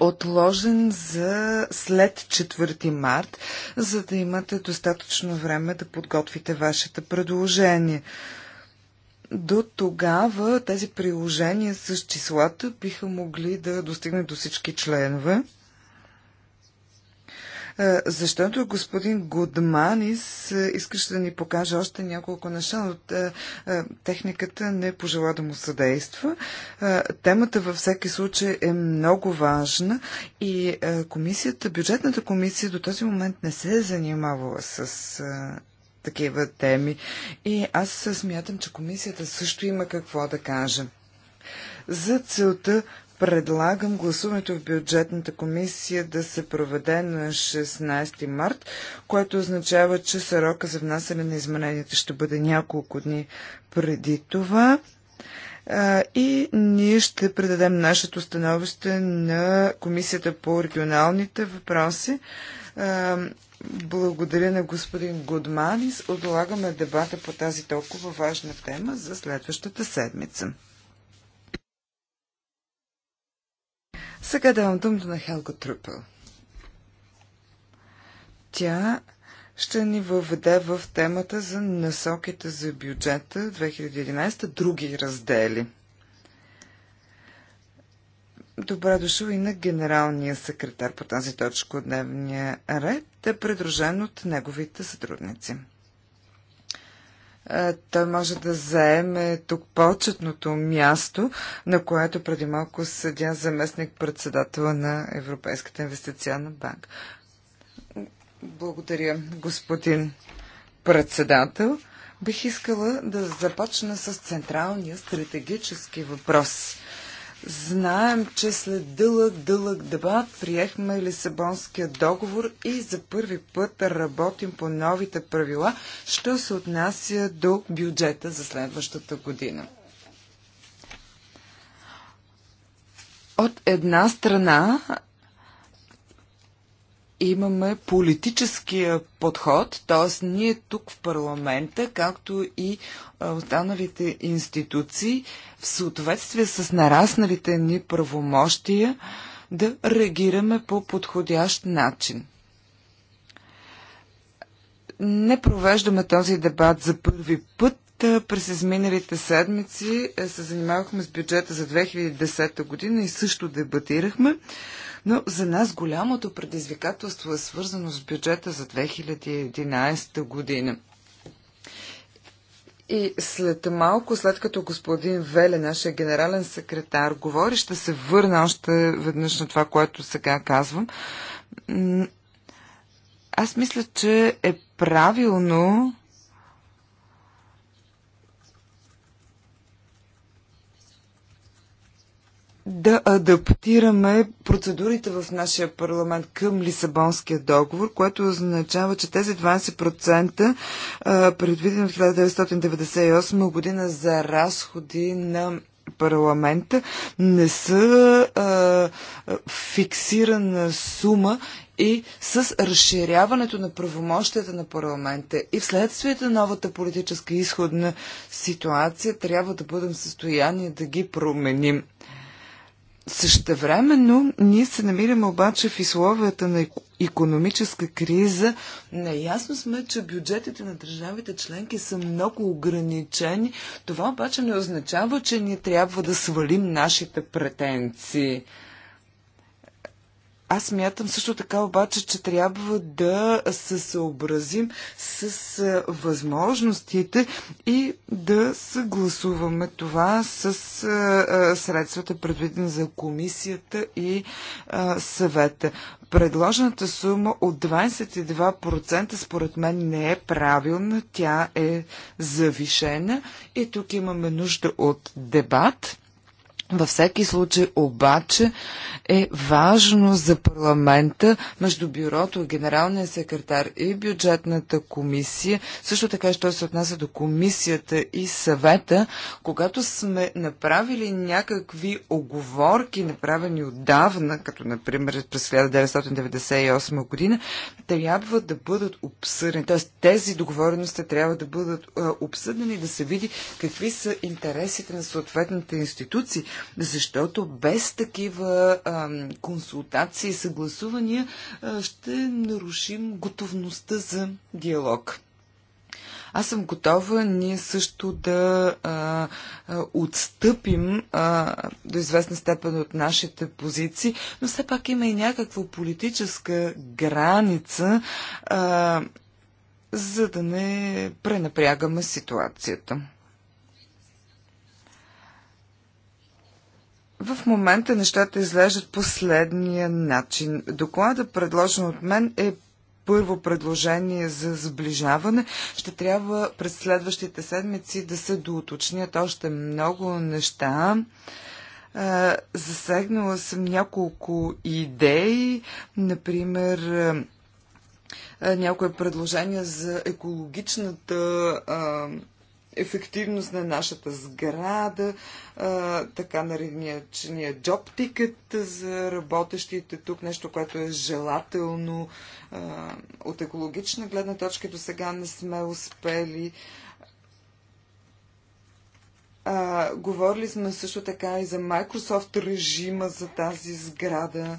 Speaker 2: отложен за след 4 март, за да имате достатъчно време да подготвите вашите предложения. До тогава тези приложения с числата биха могли да достигнат до всички членове. Е, защото господин Гудманис е, искаше да ни покаже още няколко неща, но е, техниката не пожела да му съдейства. Темата във всеки случай е много важна и комисията, бюджетната комисия до този момент не се е занимавала с такива теми. И аз смятам, че комисията също има какво да каже. За целта Предлагам гласуването в бюджетната комисия да се проведе на 16 март, което означава, че срока за внасяне на измененията ще бъде няколко дни преди това и ние ще предадем нашето становище на Комисията по регионалните въпроси. Благодаря на господин Гудманис. Отлагаме дебата по тази толкова важна тема за следващата седмица. Сега давам думата на Хелга Трупел. Тя ще ни въведе в темата за насоките за бюджета 2011, други раздели. Добре дошъл и на генералния секретар по тази точка от дневния ред, е придружен от неговите сътрудници. Е, той може да заеме тук почетното място, на което преди малко съдя заместник председател на Европейската инвестиционна банка. Благодаря, господин председател. Бих искала да започна с централния стратегически въпрос. Знаем, че след дълъг, дълъг дебат приехме Лисабонския договор и за първи път работим по новите правила, що се отнася до бюджета за следващата година. От една страна имаме политическия подход, т.е. ние тук в парламента, както и останалите институции, в съответствие с нарасналите ни правомощия, да реагираме по подходящ начин. Не провеждаме този дебат за първи път. През изминалите седмици е, се занимавахме с бюджета за 2010 година и също дебатирахме. Но за нас голямото предизвикателство е свързано с бюджета за 2011 година. И след малко, след като господин Веле, нашия генерален секретар, говори, ще се върна още веднъж на това, което сега казвам. Аз мисля, че е правилно да адаптираме процедурите в нашия парламент към Лисабонския договор, което означава, че тези 20% предвидени от 1998 година за разходи на парламента не са а, фиксирана сума и с разширяването на правомощията на парламента и вследствие на новата политическа изходна ситуация трябва да бъдем в състояние да ги променим. Същевременно ние се намираме обаче в условията на економическа криза. Наясно сме, че бюджетите на държавите членки са много ограничени. Това обаче не означава, че ние трябва да свалим нашите претенции. Аз мятам също така обаче, че трябва да се съобразим с възможностите и да съгласуваме това с средствата, предвидени за комисията и съвета. Предложената сума от 22% според мен не е правилна, тя е завишена и тук имаме нужда от дебат във всеки случай обаче е важно за парламента между бюрото, генералния секретар и бюджетната комисия, също така, що се отнася до комисията и съвета, когато сме направили някакви оговорки, направени отдавна, като например през 1998 година, трябва да бъдат обсъдени. Т.е. тези договорености трябва да бъдат обсъдени, да се види какви са интересите на съответните институции защото без такива а, консултации и съгласувания а, ще нарушим готовността за диалог. Аз съм готова ние също да а, а, отстъпим а, до известна степен от нашите позиции, но все пак има и някаква политическа граница, а, за да не пренапрягаме ситуацията. В момента нещата излежат последния начин. Доклада, предложен от мен, е първо предложение за сближаване. Ще трябва през следващите седмици да се доуточнят още много неща. Е, засегнала съм няколко идеи, например е, някои предложения за екологичната е, ефективност на нашата сграда, а, така наречения чиния джоб тикет за работещите тук, нещо, което е желателно а, от екологична гледна точка до сега не сме успели. А, говорили сме също така и за Microsoft режима за тази сграда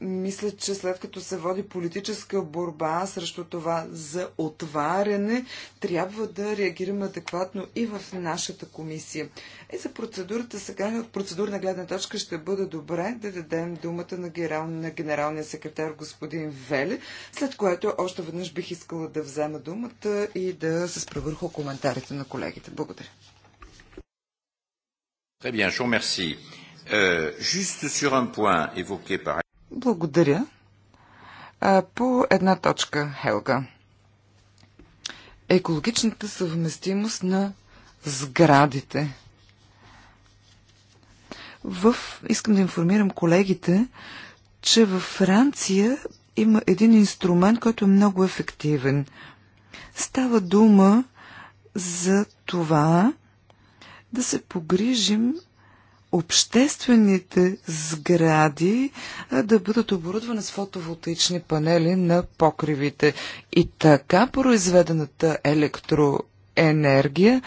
Speaker 2: мисля, че след като се води политическа борба срещу това за отваряне, трябва да реагираме адекватно и в нашата комисия. И за процедурата сега, от процедурна гледна точка, ще бъде добре да дадем думата на, генерал, на генералния секретар господин Вели, след което още веднъж бих искала да взема думата и да се спра върху коментарите на колегите. Благодаря.
Speaker 1: Très bien, je vous remercie. Euh, juste sur un point évoqué par
Speaker 2: благодаря. По една точка, Хелга. Екологичната съвместимост на сградите. В... Искам да информирам колегите, че във Франция има един инструмент, който е много ефективен. Става дума за това да се погрижим обществените сгради да бъдат оборудвани с фотоволтаични панели на покривите. И така произведената електроенергия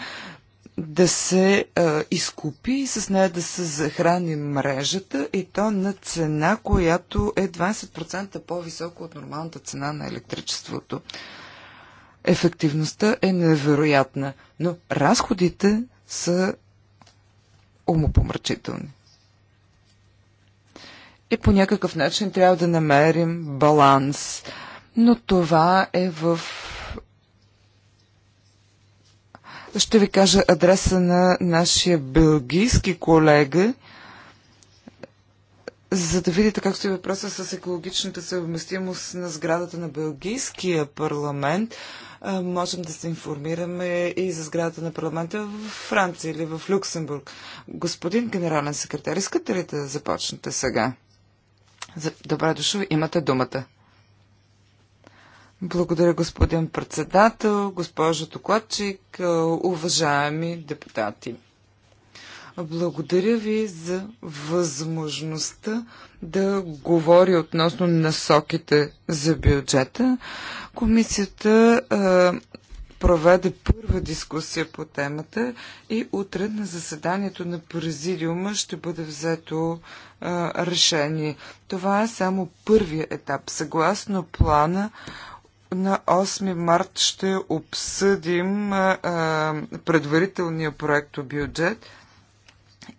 Speaker 2: да се а, изкупи и с нея да се захрани мрежата и то на цена, която е 20% по-висока от нормалната цена на електричеството. Ефективността е невероятна, но разходите са умопомрачителни. И по някакъв начин трябва да намерим баланс. Но това е в ще ви кажа адреса на нашия белгийски колега, за да видите как стои въпроса с екологичната съвместимост на сградата на Белгийския парламент можем да се информираме и за сградата на парламента в Франция или в Люксембург. Господин генерален секретар, искате ли да започнете сега? Добре дошъл, имате думата. Благодаря, господин председател, госпожо докладчик, уважаеми депутати. Благодаря ви за възможността да говори относно насоките за бюджета. Комисията а, проведе първа дискусия по темата и утре на заседанието на президиума ще бъде взето а, решение. Това е само първия етап. Съгласно плана, на 8 март ще обсъдим а, предварителния проект бюджет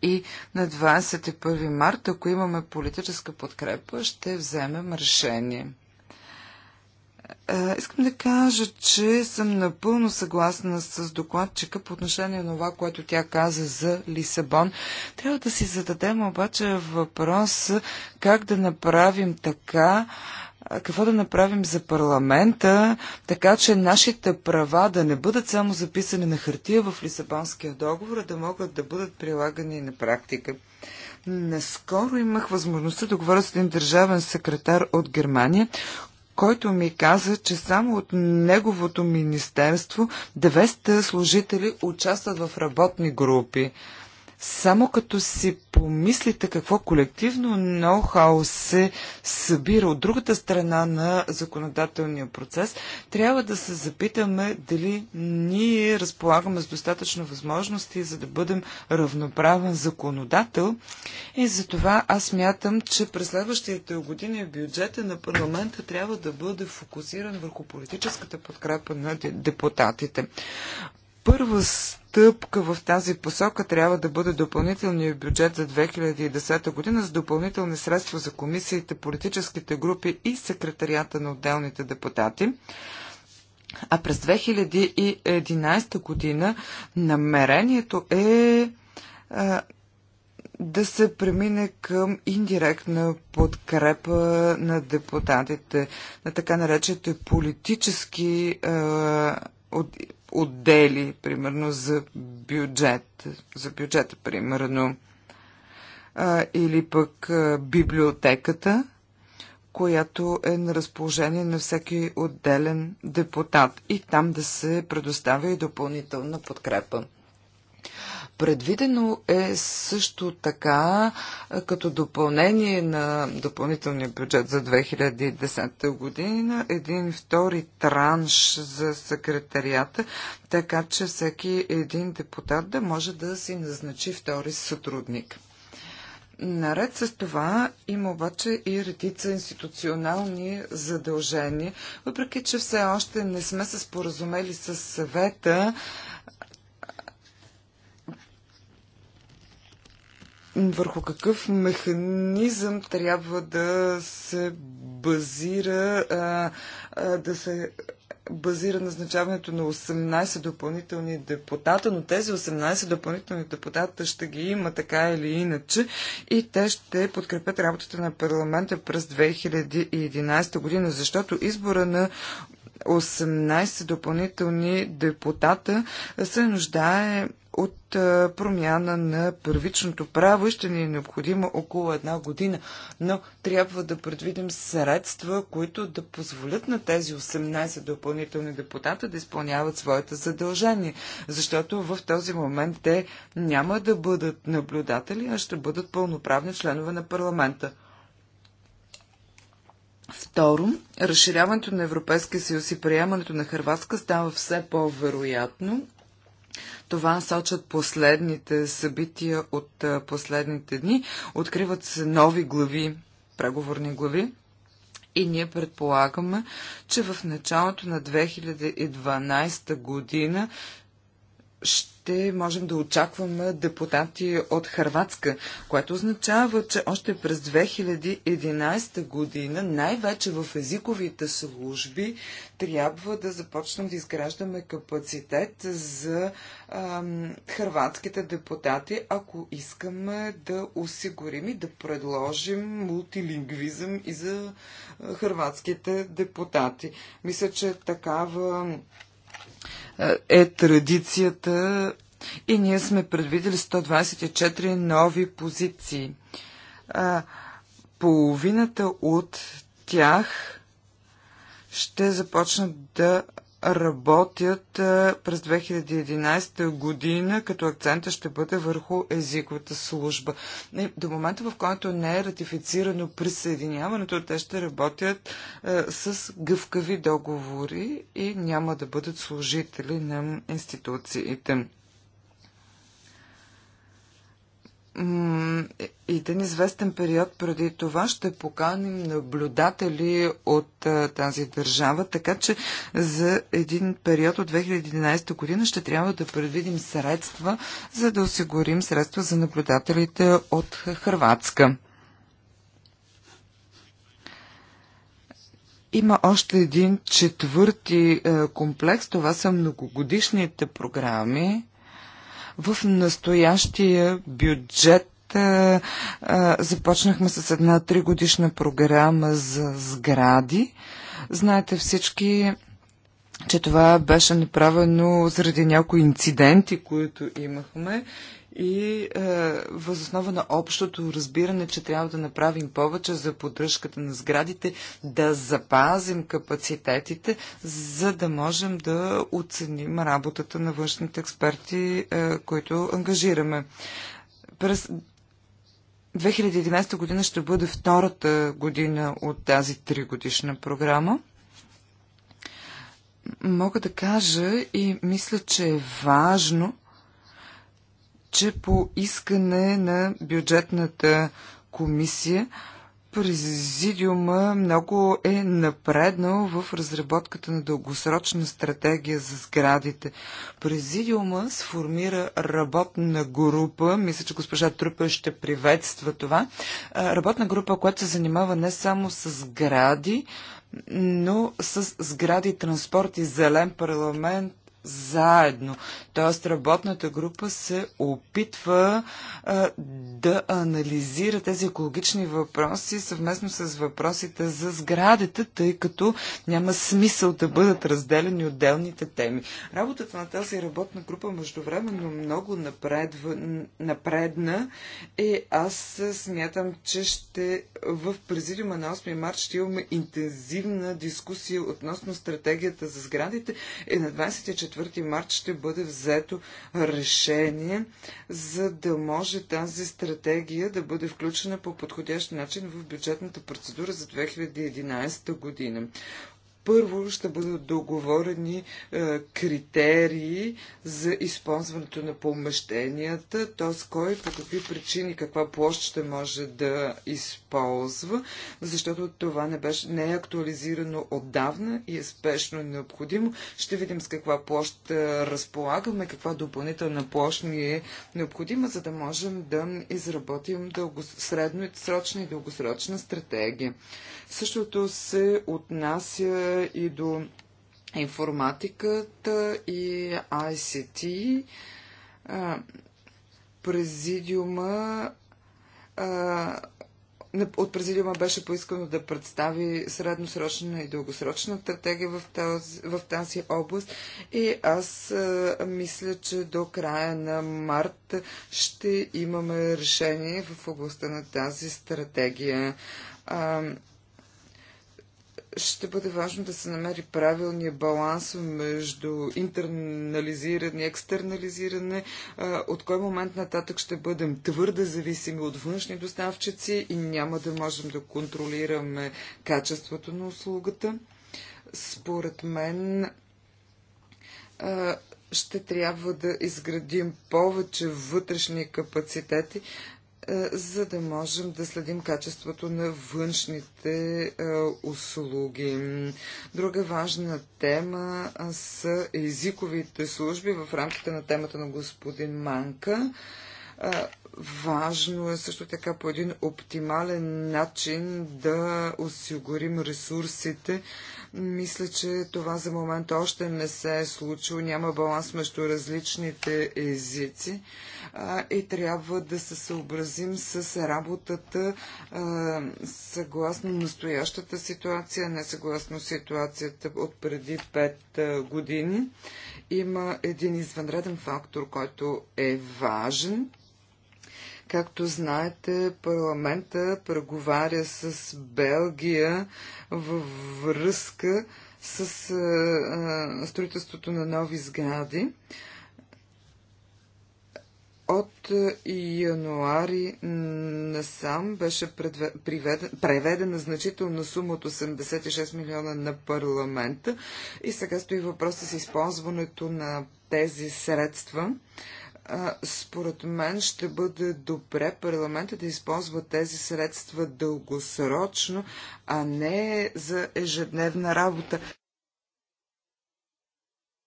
Speaker 2: и на 21 марта, ако имаме политическа подкрепа, ще вземем решение. Е, искам да кажа, че съм напълно съгласна с докладчика по отношение на това, което тя каза за Лисабон. Трябва да си зададем обаче въпрос как да направим така, какво да направим за парламента, така че нашите права да не бъдат само записани на хартия в Лисабонския договор, а да могат да бъдат прилагани на практика. Наскоро имах възможността да говоря с един държавен секретар от Германия, който ми каза, че само от неговото министерство 200 служители участват в работни групи. Само като си помислите какво колективно ноу-хау се събира от другата страна на законодателния процес, трябва да се запитаме дали ние разполагаме с достатъчно възможности, за да бъдем равноправен законодател. И за това аз мятам, че през следващите години бюджета на парламента трябва да бъде фокусиран върху политическата подкрепа на депутатите първа стъпка в тази посока трябва да бъде допълнителният бюджет за 2010 година с допълнителни средства за комисиите, политическите групи и секретарията на отделните депутати. А през 2011 година намерението е а, да се премине към индиректна подкрепа на депутатите, на така наречените политически а, от, отдели, примерно за бюджет, за бюджета, примерно, а, или пък а, библиотеката, която е на разположение на всеки отделен депутат и там да се предоставя и допълнителна подкрепа. Предвидено е също така като допълнение на допълнителния бюджет за 2010 година един втори транш за секретарията, така че всеки един депутат да може да си назначи втори сътрудник. Наред с това има обаче и редица институционални задължения, въпреки че все още не сме се споразумели с съвета върху какъв механизъм трябва да се базира, да се базира назначаването на 18 допълнителни депутата, но тези 18 допълнителни депутата ще ги има така или иначе и те ще подкрепят работата на парламента през 2011 година, защото избора на 18 допълнителни депутата се нуждае от е, промяна на първичното право и ще ни е необходимо около една година. Но трябва да предвидим средства, които да позволят на тези 18 допълнителни депутата да изпълняват своите задължения, защото в този момент те няма да бъдат наблюдатели, а ще бъдат пълноправни членове на парламента. Второ, разширяването на Европейския съюз и приемането на Хрватска става все по-вероятно това сочат последните събития от последните дни. Откриват се нови глави, преговорни глави. И ние предполагаме, че в началото на 2012 година ще ще можем да очакваме депутати от Харватска, което означава, че още през 2011 година, най-вече в езиковите служби, трябва да започнем да изграждаме капацитет за ам, харватските депутати, ако искаме да осигурим и да предложим мултилингвизъм и за харватските депутати. Мисля, че такава е традицията и ние сме предвидели 124 нови позиции. Половината от тях ще започнат да работят през 2011 година, като акцента ще бъде върху езиковата служба. До момента, в който не е ратифицирано присъединяването, те ще работят с гъвкави договори и няма да бъдат служители на институциите. един известен период преди това ще поканим наблюдатели от тази държава, така че за един период от 2011 година ще трябва да предвидим средства, за да осигурим средства за наблюдателите от Хрватска. Има още един четвърти комплекс, това са многогодишните програми в настоящия бюджет започнахме с една тригодишна програма за сгради. Знаете всички, че това беше направено заради някои инциденти, които имахме и е, възоснова на общото разбиране, че трябва да направим повече за поддръжката на сградите, да запазим капацитетите, за да можем да оценим работата на външните експерти, е, които ангажираме. През 2011 година ще бъде втората година от тази тригодишна програма. Мога да кажа и мисля, че е важно че по искане на бюджетната комисия Президиума много е напреднал в разработката на дългосрочна стратегия за сградите. Президиума сформира работна група, мисля, че госпожа Трупа ще приветства това, работна група, която се занимава не само с сгради, но с сгради, транспорт и зелен парламент, заедно. Тоест работната група се опитва а, да анализира тези екологични въпроси съвместно с въпросите за сградите, тъй като няма смисъл да бъдат разделени отделните теми. Работата на тази работна група междувременно много напредва, напредна и аз смятам, че ще в президиума на 8 марта ще имаме интензивна дискусия относно стратегията за сградите и на 24 4 март ще бъде взето решение, за да може тази стратегия да бъде включена по подходящ начин в бюджетната процедура за 2011 година. Първо ще бъдат договорени е, критерии за използването на помещенията, т.е. кой по какви причини, каква площ ще може да използва, защото това не, беше, не е актуализирано отдавна и е спешно необходимо. Ще видим с каква площ е, разполагаме, каква допълнителна площ ни е необходима, за да можем да изработим дългос... средно и срочна и дългосрочна стратегия. Същото се отнася и до информатиката и ICT. Президиума от президиума беше поискано да представи средносрочна и дългосрочна стратегия в тази, в тази област и аз а, мисля, че до края на март ще имаме решение в областта на тази стратегия. А, ще бъде важно да се намери правилния баланс между интернализиране и екстернализиране, от кой момент нататък ще бъдем твърде зависими от външни доставчици и няма да можем да контролираме качеството на услугата. Според мен ще трябва да изградим повече вътрешни капацитети, е, за да можем да следим качеството на външните е, услуги. Друга важна тема са езиковите служби в рамките на темата на господин Манка. Е, важно е също така по един оптимален начин да осигурим ресурсите мисля, че това за момент още не се е случило. Няма баланс между различните езици а, и трябва да се съобразим с работата а, съгласно настоящата ситуация, не съгласно ситуацията от преди 5 години. Има един извънреден фактор, който е важен Както знаете, парламента преговаря с Белгия във връзка с а, а, строителството на нови сгради. От януари насам беше преведена, преведена значителна сума от 86 милиона на парламента и сега стои въпроса с използването на тези средства. А, според мен ще бъде добре парламента да използва тези средства дългосрочно, а не за ежедневна работа.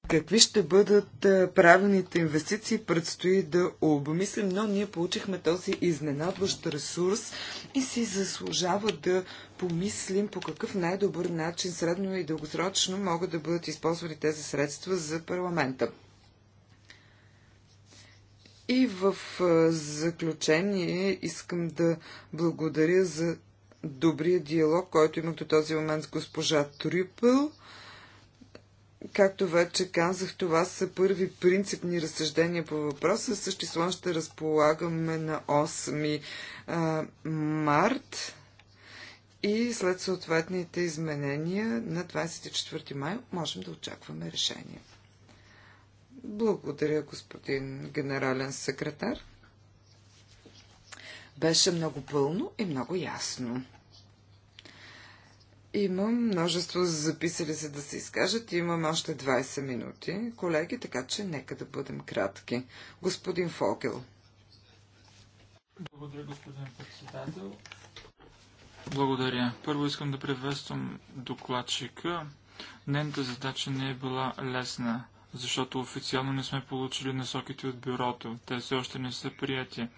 Speaker 2: Какви ще бъдат правилните инвестиции, предстои да обмислим, но ние получихме този изненадващ ресурс и си заслужава да помислим по какъв най-добър начин средно и дългосрочно могат да бъдат използвани тези средства за парламента. И в заключение искам да благодаря за добрия диалог, който имах до този момент с госпожа Трюпел. Както вече казах, това са първи принципни разсъждения по въпроса. Същество ще разполагаме на 8 март и след съответните изменения на 24 май можем да очакваме решение. Благодаря, господин генерален секретар. Беше много пълно и много ясно. Имам множество записали се да се изкажат имам още 20 минути, колеги, така че нека да бъдем кратки. Господин Фогел.
Speaker 4: Благодаря, господин председател. Благодаря. Първо искам да приветствам докладчика. Нената задача не е била лесна защото официално не сме получили насоките от бюрото. Те все още не са прияти.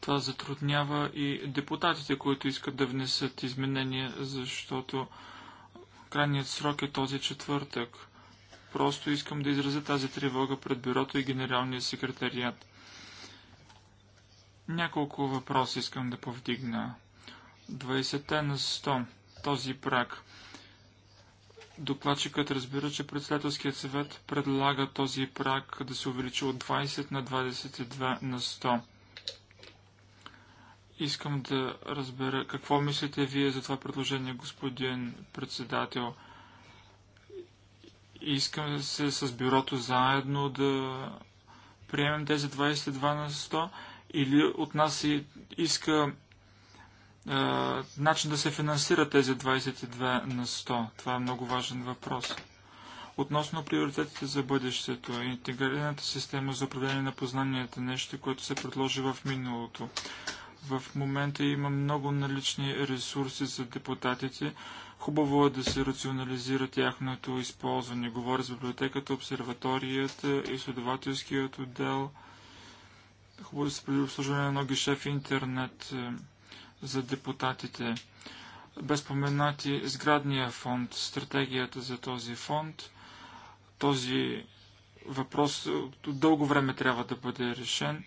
Speaker 4: Това затруднява и депутатите, които искат да внесат изменения, защото крайният срок е този четвъртък. Просто искам да изразя тази тревога пред бюрото и генералния секретарият. Няколко въпроса искам да повдигна. 20 на 100. Този прак. Докладчикът разбира, че председателският съвет предлага този прак да се увеличи от 20 на 22 на 100. Искам да разбера какво мислите вие за това предложение, господин председател. Искам да се с бюрото заедно да приемем тези 22 на 100 или от нас иска начин да се финансира тези 22 на 100? Това е много важен въпрос. Относно приоритетите за бъдещето, интегрираната система за управление на познанията, нещо, което се предложи в миналото. В момента има много налични ресурси за депутатите. Хубаво е да се рационализира тяхното използване. Говоря с библиотеката, обсерваторията, изследователският отдел. Хубаво е да се предложи обслужване на ноги шеф в интернет за депутатите. Без споменати сградния фонд, стратегията за този фонд. Този въпрос от дълго време трябва да бъде решен.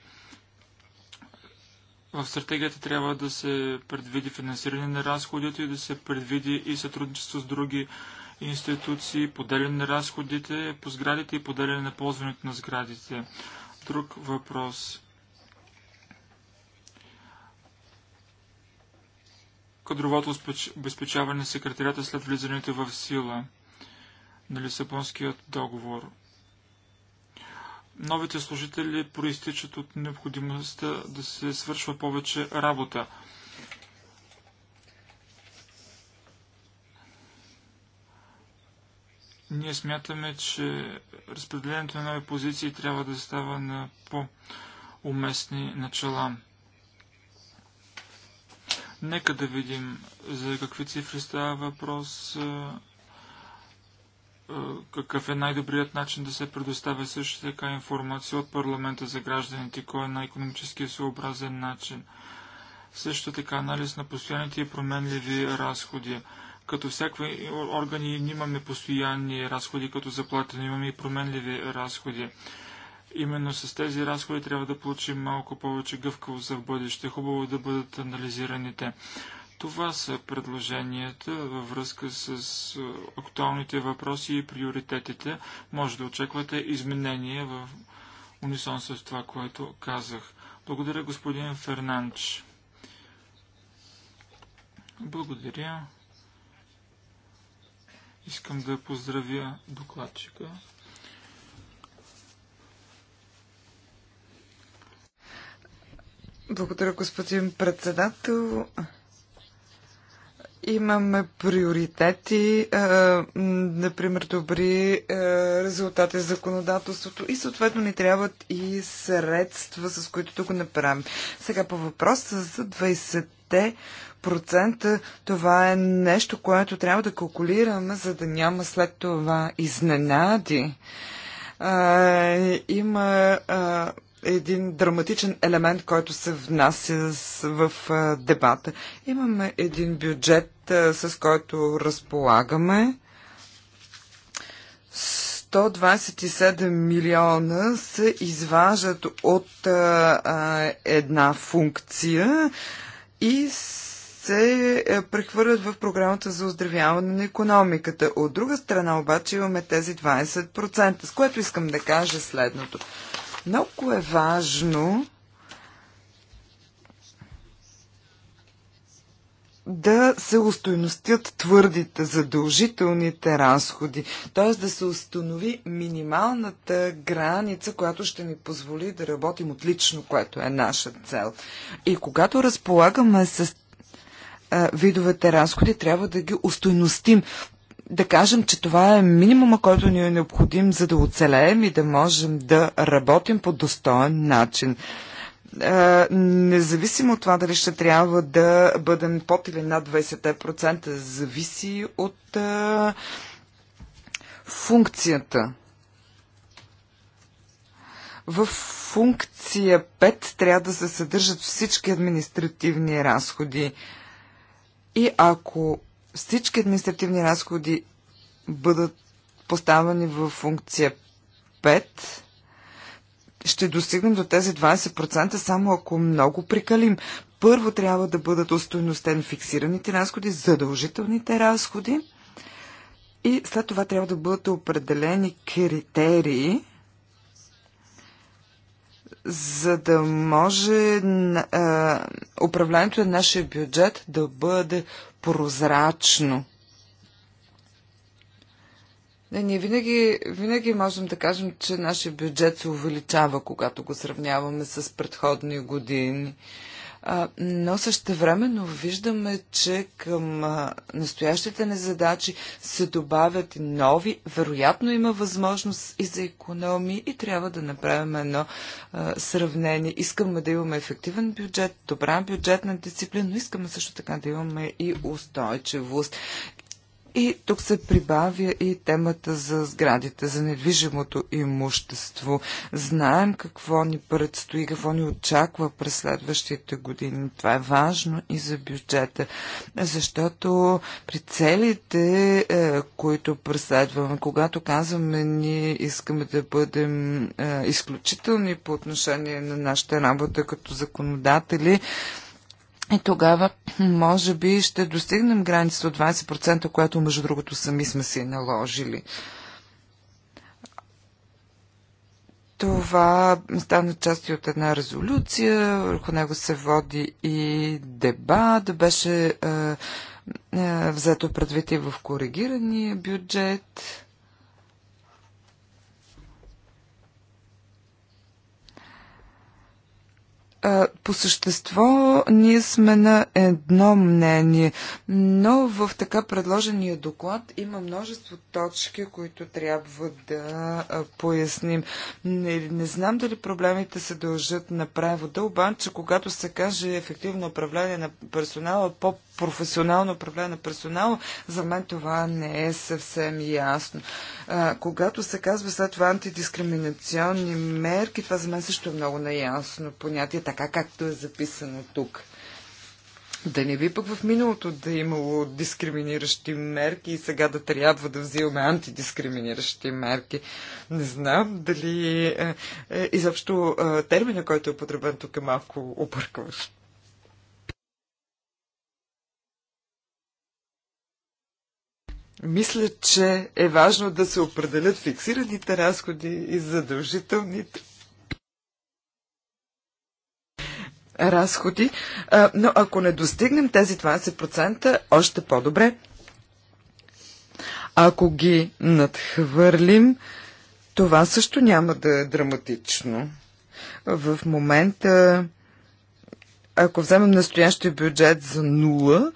Speaker 4: В стратегията трябва да се предвиди финансиране на разходите и да се предвиди и сътрудничество с други институции, поделяне на разходите по сградите и поделяне на ползването на сградите. Друг въпрос кадровото обезпечаване на секретарията след влизането в сила на Лисабонският договор. Новите служители проистичат от необходимостта да се свършва повече работа. Ние смятаме, че разпределението на нови позиции трябва да става на по-уместни начала. Нека да видим за какви цифри става въпрос, какъв е най-добрият начин да се предоставя също така информация от парламента за гражданите, кой е най-економически съобразен начин. Също така анализ на постоянните и променливи разходи. Като всякакви органи имаме постоянни разходи, като заплата, но имаме и променливи разходи. Именно с тези разходи трябва да получим малко повече гъвкавост за в бъдеще. Хубаво е да бъдат анализирани те. Това са предложенията във връзка с актуалните въпроси и приоритетите. Може да очаквате изменения в унисон с това, което казах. Благодаря, господин Фернанч. Благодаря. Искам да поздравя докладчика.
Speaker 2: Благодаря, господин председател. Имаме приоритети, е, например, добри е, резултати за законодателството и съответно ни трябват и средства, с които тук направим. Сега по въпроса за 20-те процента, това е нещо, което трябва да калкулираме, за да няма след това изненади. Е, има. Е, един драматичен елемент, който се внася в дебата. Имаме един бюджет, с който разполагаме. 127 милиона се изважат от а, една функция и се прехвърлят в програмата за оздравяване на економиката. От друга страна обаче имаме тези 20%, с което искам да кажа следното. Много е важно да се устойностят твърдите задължителните разходи, т.е. да се установи минималната граница, която ще ни позволи да работим отлично, което е наша цел. И когато разполагаме с видовете разходи, трябва да ги устойностим да кажем, че това е минимума, който ни е необходим, за да оцелеем и да можем да работим по достоен начин. Е, независимо от това дали ще трябва да бъдем под или над 20%, зависи от е, функцията. В функция 5 трябва да се съдържат всички административни разходи. И ако всички административни разходи бъдат поставени в функция 5, ще достигнем до тези 20% само ако много прикалим. Първо трябва да бъдат устойностени фиксираните разходи, задължителните разходи и след това трябва да бъдат определени критерии, за да може а, управлението на нашия бюджет да бъде прозрачно. Не, ние винаги, винаги можем да кажем, че нашия бюджет се увеличава, когато го сравняваме с предходни години но същевременно виждаме, че към настоящите ни задачи се добавят и нови. Вероятно има възможност и за економии и трябва да направим едно сравнение. Искаме да имаме ефективен бюджет, добра бюджетна дисциплина, но искаме също така да имаме и устойчивост. И тук се прибавя и темата за сградите, за недвижимото имущество. Знаем какво ни предстои, какво ни очаква през следващите години. Това е важно и за бюджета, защото при целите, е, които преследваме, когато казваме, ние искаме да бъдем е, изключителни по отношение на нашата работа като законодатели, и тогава, може би, ще достигнем границата от 20%, което, между другото, сами сме си наложили. Това стана част и от една резолюция, върху него се води и дебат, беше е, е, взето предвид и в коригирания бюджет. по същество ние сме на едно мнение, но в така предложения доклад има множество точки, които трябва да поясним. Не, не знам дали проблемите се дължат на превода, обаче когато се каже ефективно управление на персонала, по професионално управление на персонала, за мен това не е съвсем ясно. А, когато се казва след това антидискриминационни мерки, това за мен също е много неясно понятие, така както е записано тук. Да не би пък в миналото да е имало дискриминиращи мерки и сега да трябва да взимаме антидискриминиращи мерки. Не знам дали е, е, изобщо е, термина, който е употребен тук е малко объркващ. Мисля, че е важно да се определят фиксираните разходи и задължителните разходи, но ако не достигнем тези 20%, още по-добре. Ако ги надхвърлим, това също няма да е драматично. В момента, ако вземем настоящия бюджет за нула,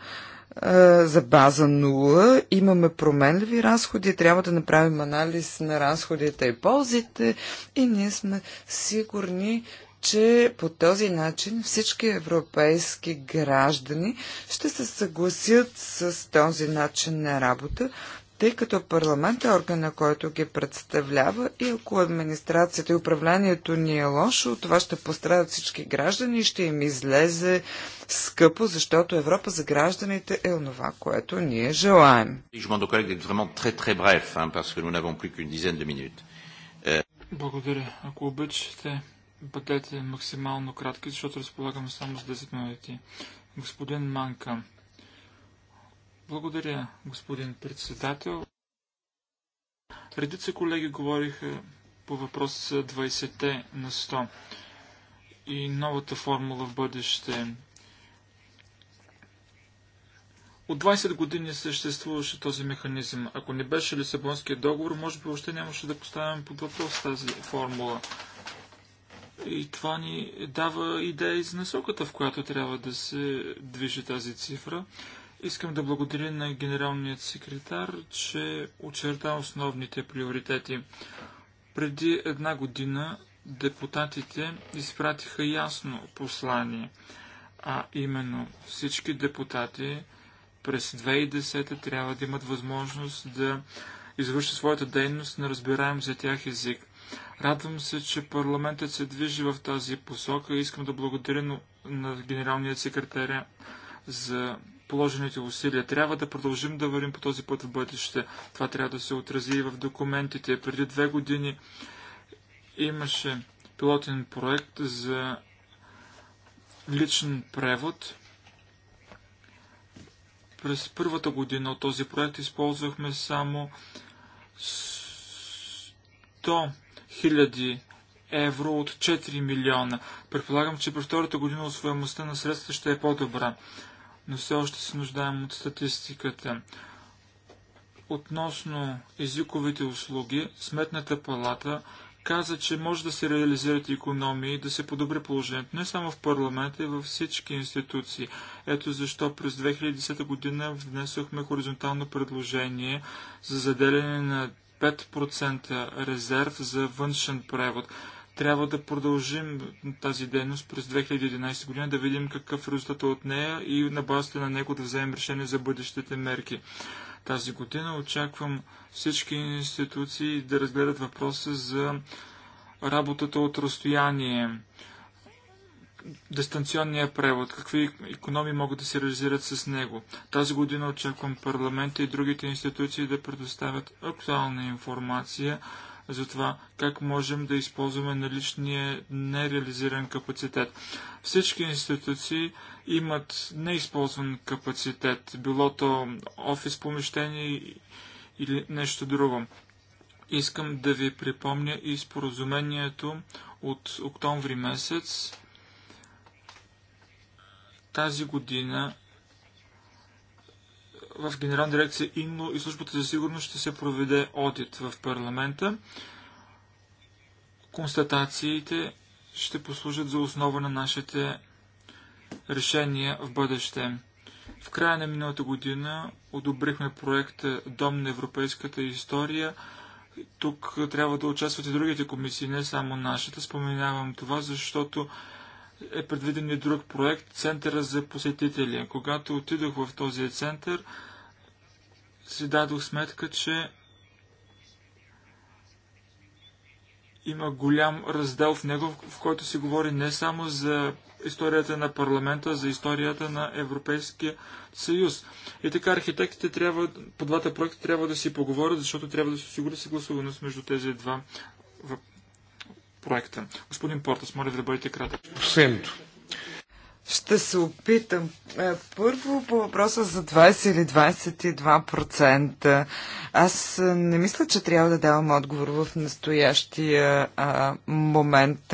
Speaker 2: за база 0 имаме променливи разходи, трябва да направим анализ на разходите и ползите и ние сме сигурни, че по този начин всички европейски граждани ще се съгласят с този начин на работа тъй като парламент е органа, който ги представлява и ако администрацията и управлението ни е лошо, това ще пострадат всички граждани и ще им излезе скъпо, защото Европа за гражданите е онова,
Speaker 4: което ние желаем.
Speaker 1: Euh,
Speaker 4: Благодаря. Ако обичате, бъдете максимално кратки, защото разполагам само с 10 минути. Господин Манка, благодаря, господин председател. Редица колеги говориха по въпрос 20 на 100 и новата формула в бъдеще. От 20 години съществуваше този механизъм. Ако не беше Лисабонския договор, може би още нямаше да поставим под въпрос тази формула. И това ни дава идея за насоката, в която трябва да се движи тази цифра. Искам да благодаря на генералният секретар, че очерта основните приоритети. Преди една година депутатите изпратиха ясно послание, а именно всички депутати през 2010 трябва да имат възможност да извършат своята дейност на разбираем за тях език. Радвам се, че парламентът се движи в тази посока и искам да благодаря на генералния секретаря за положените усилия. Трябва да продължим да вървим по този път в бъдеще. Това трябва да се отрази и в документите. Преди две години имаше пилотен проект за личен превод. През първата година от този проект използвахме само 100 000 евро от 4 милиона. Предполагам, че през втората година освоемостта на средства ще е по-добра но все още се нуждаем от статистиката. Относно езиковите услуги, Сметната палата каза, че може да се реализират економии и да се подобри положението не само в парламента, и във всички институции. Ето защо през 2010 година внесохме хоризонтално предложение за заделяне на 5% резерв за външен превод. Трябва да продължим тази дейност през 2011 година, да видим какъв е от нея и на базата на него да вземем решение за бъдещите мерки. Тази година очаквам всички институции да разгледат въпроса за работата от разстояние, дистанционния превод, какви економии могат да се реализират с него. Тази година очаквам парламента и другите институции да предоставят актуална информация за това как можем да използваме наличния нереализиран капацитет. Всички институции имат неизползван капацитет, било то офис помещение или нещо друго. Искам да ви припомня и споразумението от октомври месец тази година в Генерална дирекция ино и службата за сигурност ще се проведе одит в парламента. Констатациите ще послужат за основа на нашите решения в бъдеще. В края на миналата година одобрихме проекта Дом на европейската история. Тук трябва да участват и другите комисии, не само нашата. Споменавам това, защото е предвиден и друг проект, Центъра за посетители. Когато отидох в този център, си дадох сметка, че има голям раздел в него, в който се говори не само за историята на парламента, за историята на Европейския съюз. И така архитектите трябва, по двата проекта трябва да си поговорят, защото трябва да се осигури съгласуваност между тези два проекта. Господин Портас, моля ви да бъдете кратък.
Speaker 2: Ще се опитам. Е, първо по въпроса за 20 или 22%. Аз е, не мисля, че трябва да давам отговор в настоящия а, момент.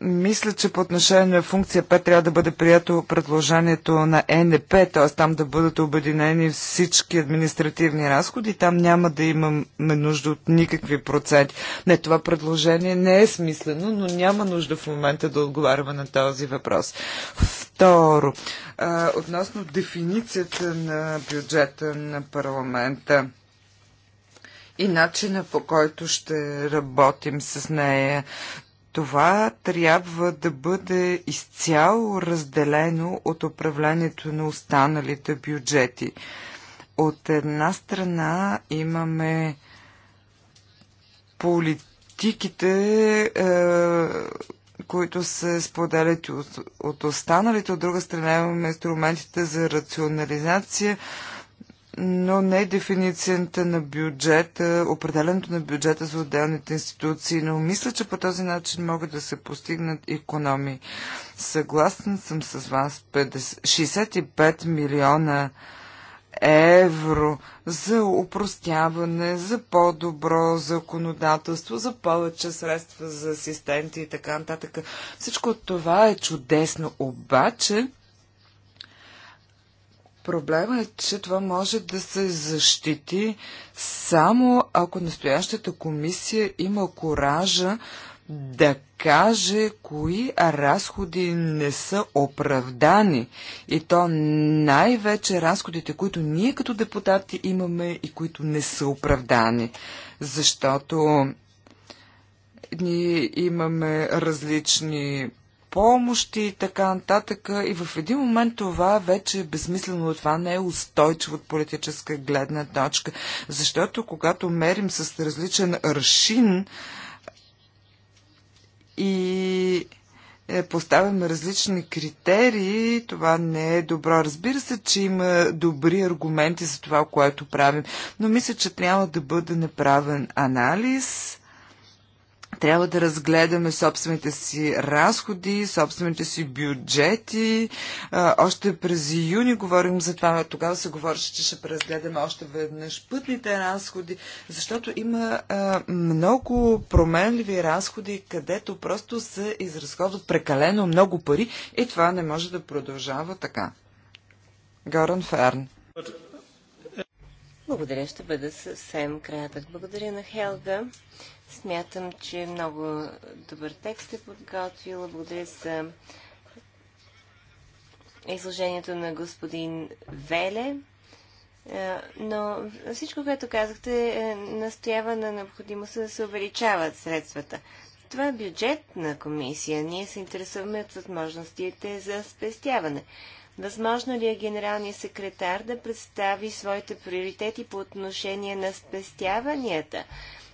Speaker 2: Мисля, че по отношение на функция 5 трябва да бъде прието предложението на НП, т.е. там да бъдат обединени всички административни разходи. Там няма да имаме нужда от никакви проценти. Не, това предложение не е смислено, но няма нужда в момента да отговаряме на този въпрос. Второ, а, относно дефиницията на бюджета на парламента и начина по който ще работим с нея. Това трябва да бъде изцяло разделено от управлението на останалите бюджети. От една страна имаме политиките, е, които се споделят от, от останалите, от друга страна имаме инструментите за рационализация, но не дефиницията на бюджета, определенето на бюджета за отделните институции, но мисля, че по този начин могат да се постигнат економии. Съгласен съм с вас, 50, 65 милиона евро за упростяване, за по-добро законодателство, за повече средства за асистенти и така нататък. Всичко това е чудесно, обаче Проблема е, че това може да се защити само ако настоящата комисия има коража да каже кои разходи не са оправдани. И то най-вече разходите, които ние като депутати имаме и които не са оправдани. Защото ние имаме различни помощи и така нататък. И в един момент това вече е безмислено. Това не е устойчиво от политическа гледна точка. Защото когато мерим с различен ръшин и е, поставяме различни критерии, това не е добро. Разбира се, че има добри аргументи за това, което правим, но мисля, че трябва да бъде направен анализ трябва да разгледаме собствените си разходи, собствените си бюджети. Още през юни говорим за това, тогава се говореше, че ще преразгледаме още веднъж пътните разходи, защото има много променливи разходи, където просто се изразходват прекалено много пари и това не може да продължава така. Горан Ферн.
Speaker 3: Благодаря, ще бъда съвсем кратък. Благодаря на Хелга Смятам, че е много добър текст е подготвила. Благодаря за изложението на господин Веле. Е, но всичко, което казахте, е, настоява на необходимостта да се увеличават средствата. Това е бюджетна комисия. Ние се интересуваме от възможностите за спестяване. Възможно ли е генералният секретар да представи своите приоритети по отношение на спестяванията?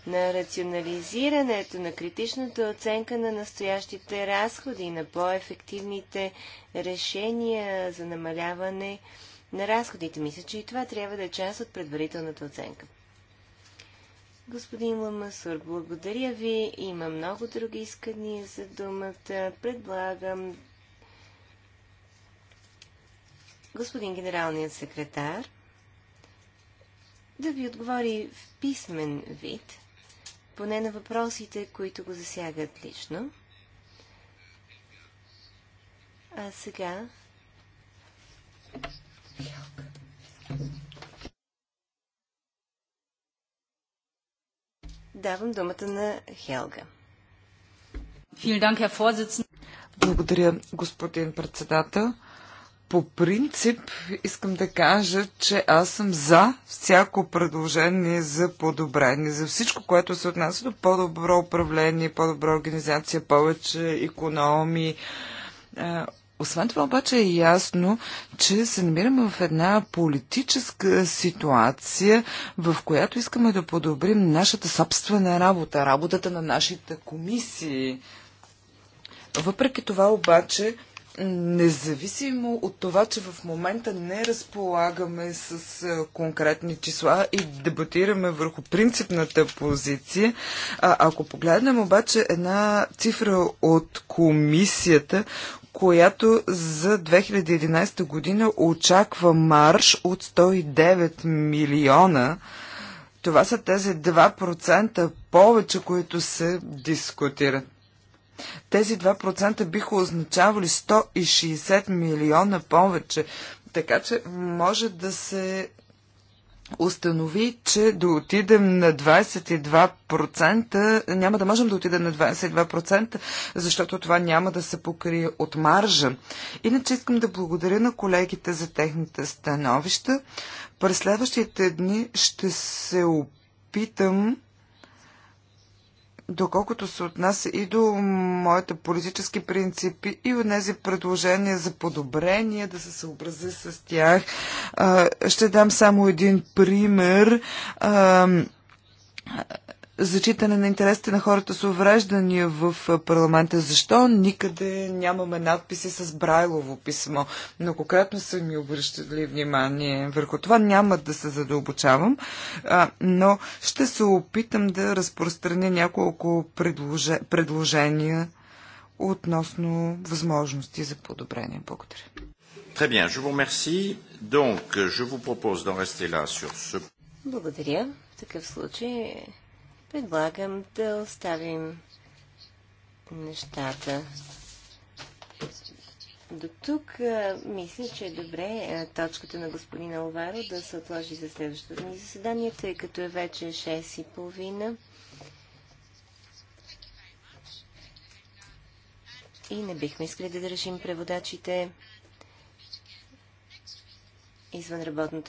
Speaker 3: на рационализирането, на критичната оценка на настоящите разходи, на по-ефективните решения за намаляване на разходите. Мисля, че и това трябва да е част от предварителната оценка. Господин Ламасур, благодаря ви. Има много други искания за думата. Предлагам господин генералният секретар да ви отговори в писмен вид поне на въпросите, които го засягат лично. А сега... Давам думата на Хелга.
Speaker 2: Благодаря, господин председател по принцип искам да кажа, че аз съм за всяко предложение за подобрение, за всичко, което се отнася до по-добро управление, по-добра организация, повече економии. Освен това обаче е ясно, че се намираме в една политическа ситуация, в която искаме да подобрим нашата собствена работа, работата на нашите комисии. Въпреки това обаче Независимо от това, че в момента не разполагаме с конкретни числа и дебатираме върху принципната позиция, а, ако погледнем обаче една цифра от комисията, която за 2011 година очаква марш от 109 милиона, това са тези 2% повече, които се дискутират. Тези 2% биха означавали 160 милиона повече. Така че може да се установи, че да отидем на 22%, няма да можем да отидем на 22%, защото това няма да се покрие от маржа. Иначе искам да благодаря на колегите за техните становища. През следващите дни ще се опитам доколкото се отнася и до моите политически принципи и от тези предложения за подобрение, да се съобрази с тях. Ще дам само един пример зачитане на интересите на хората с увреждания в парламента. Защо никъде нямаме надписи с Брайлово писмо? Многократно са ми обръщали внимание върху това. Няма да се задълбочавам, а, но ще се опитам да разпространя няколко предложе, предложения относно възможности за подобрение. Благодаря.
Speaker 1: Très bien, je vous remercie. Donc, je vous propose d'en rester là sur ce...
Speaker 3: Благодаря. В такъв случай Предлагам да оставим нещата до тук мисля, че е добре точката на господина Оваро да се отложи за следващото ни заседание, тъй като е вече 6.30. и И не бихме искали да държим преводачите извън
Speaker 4: работната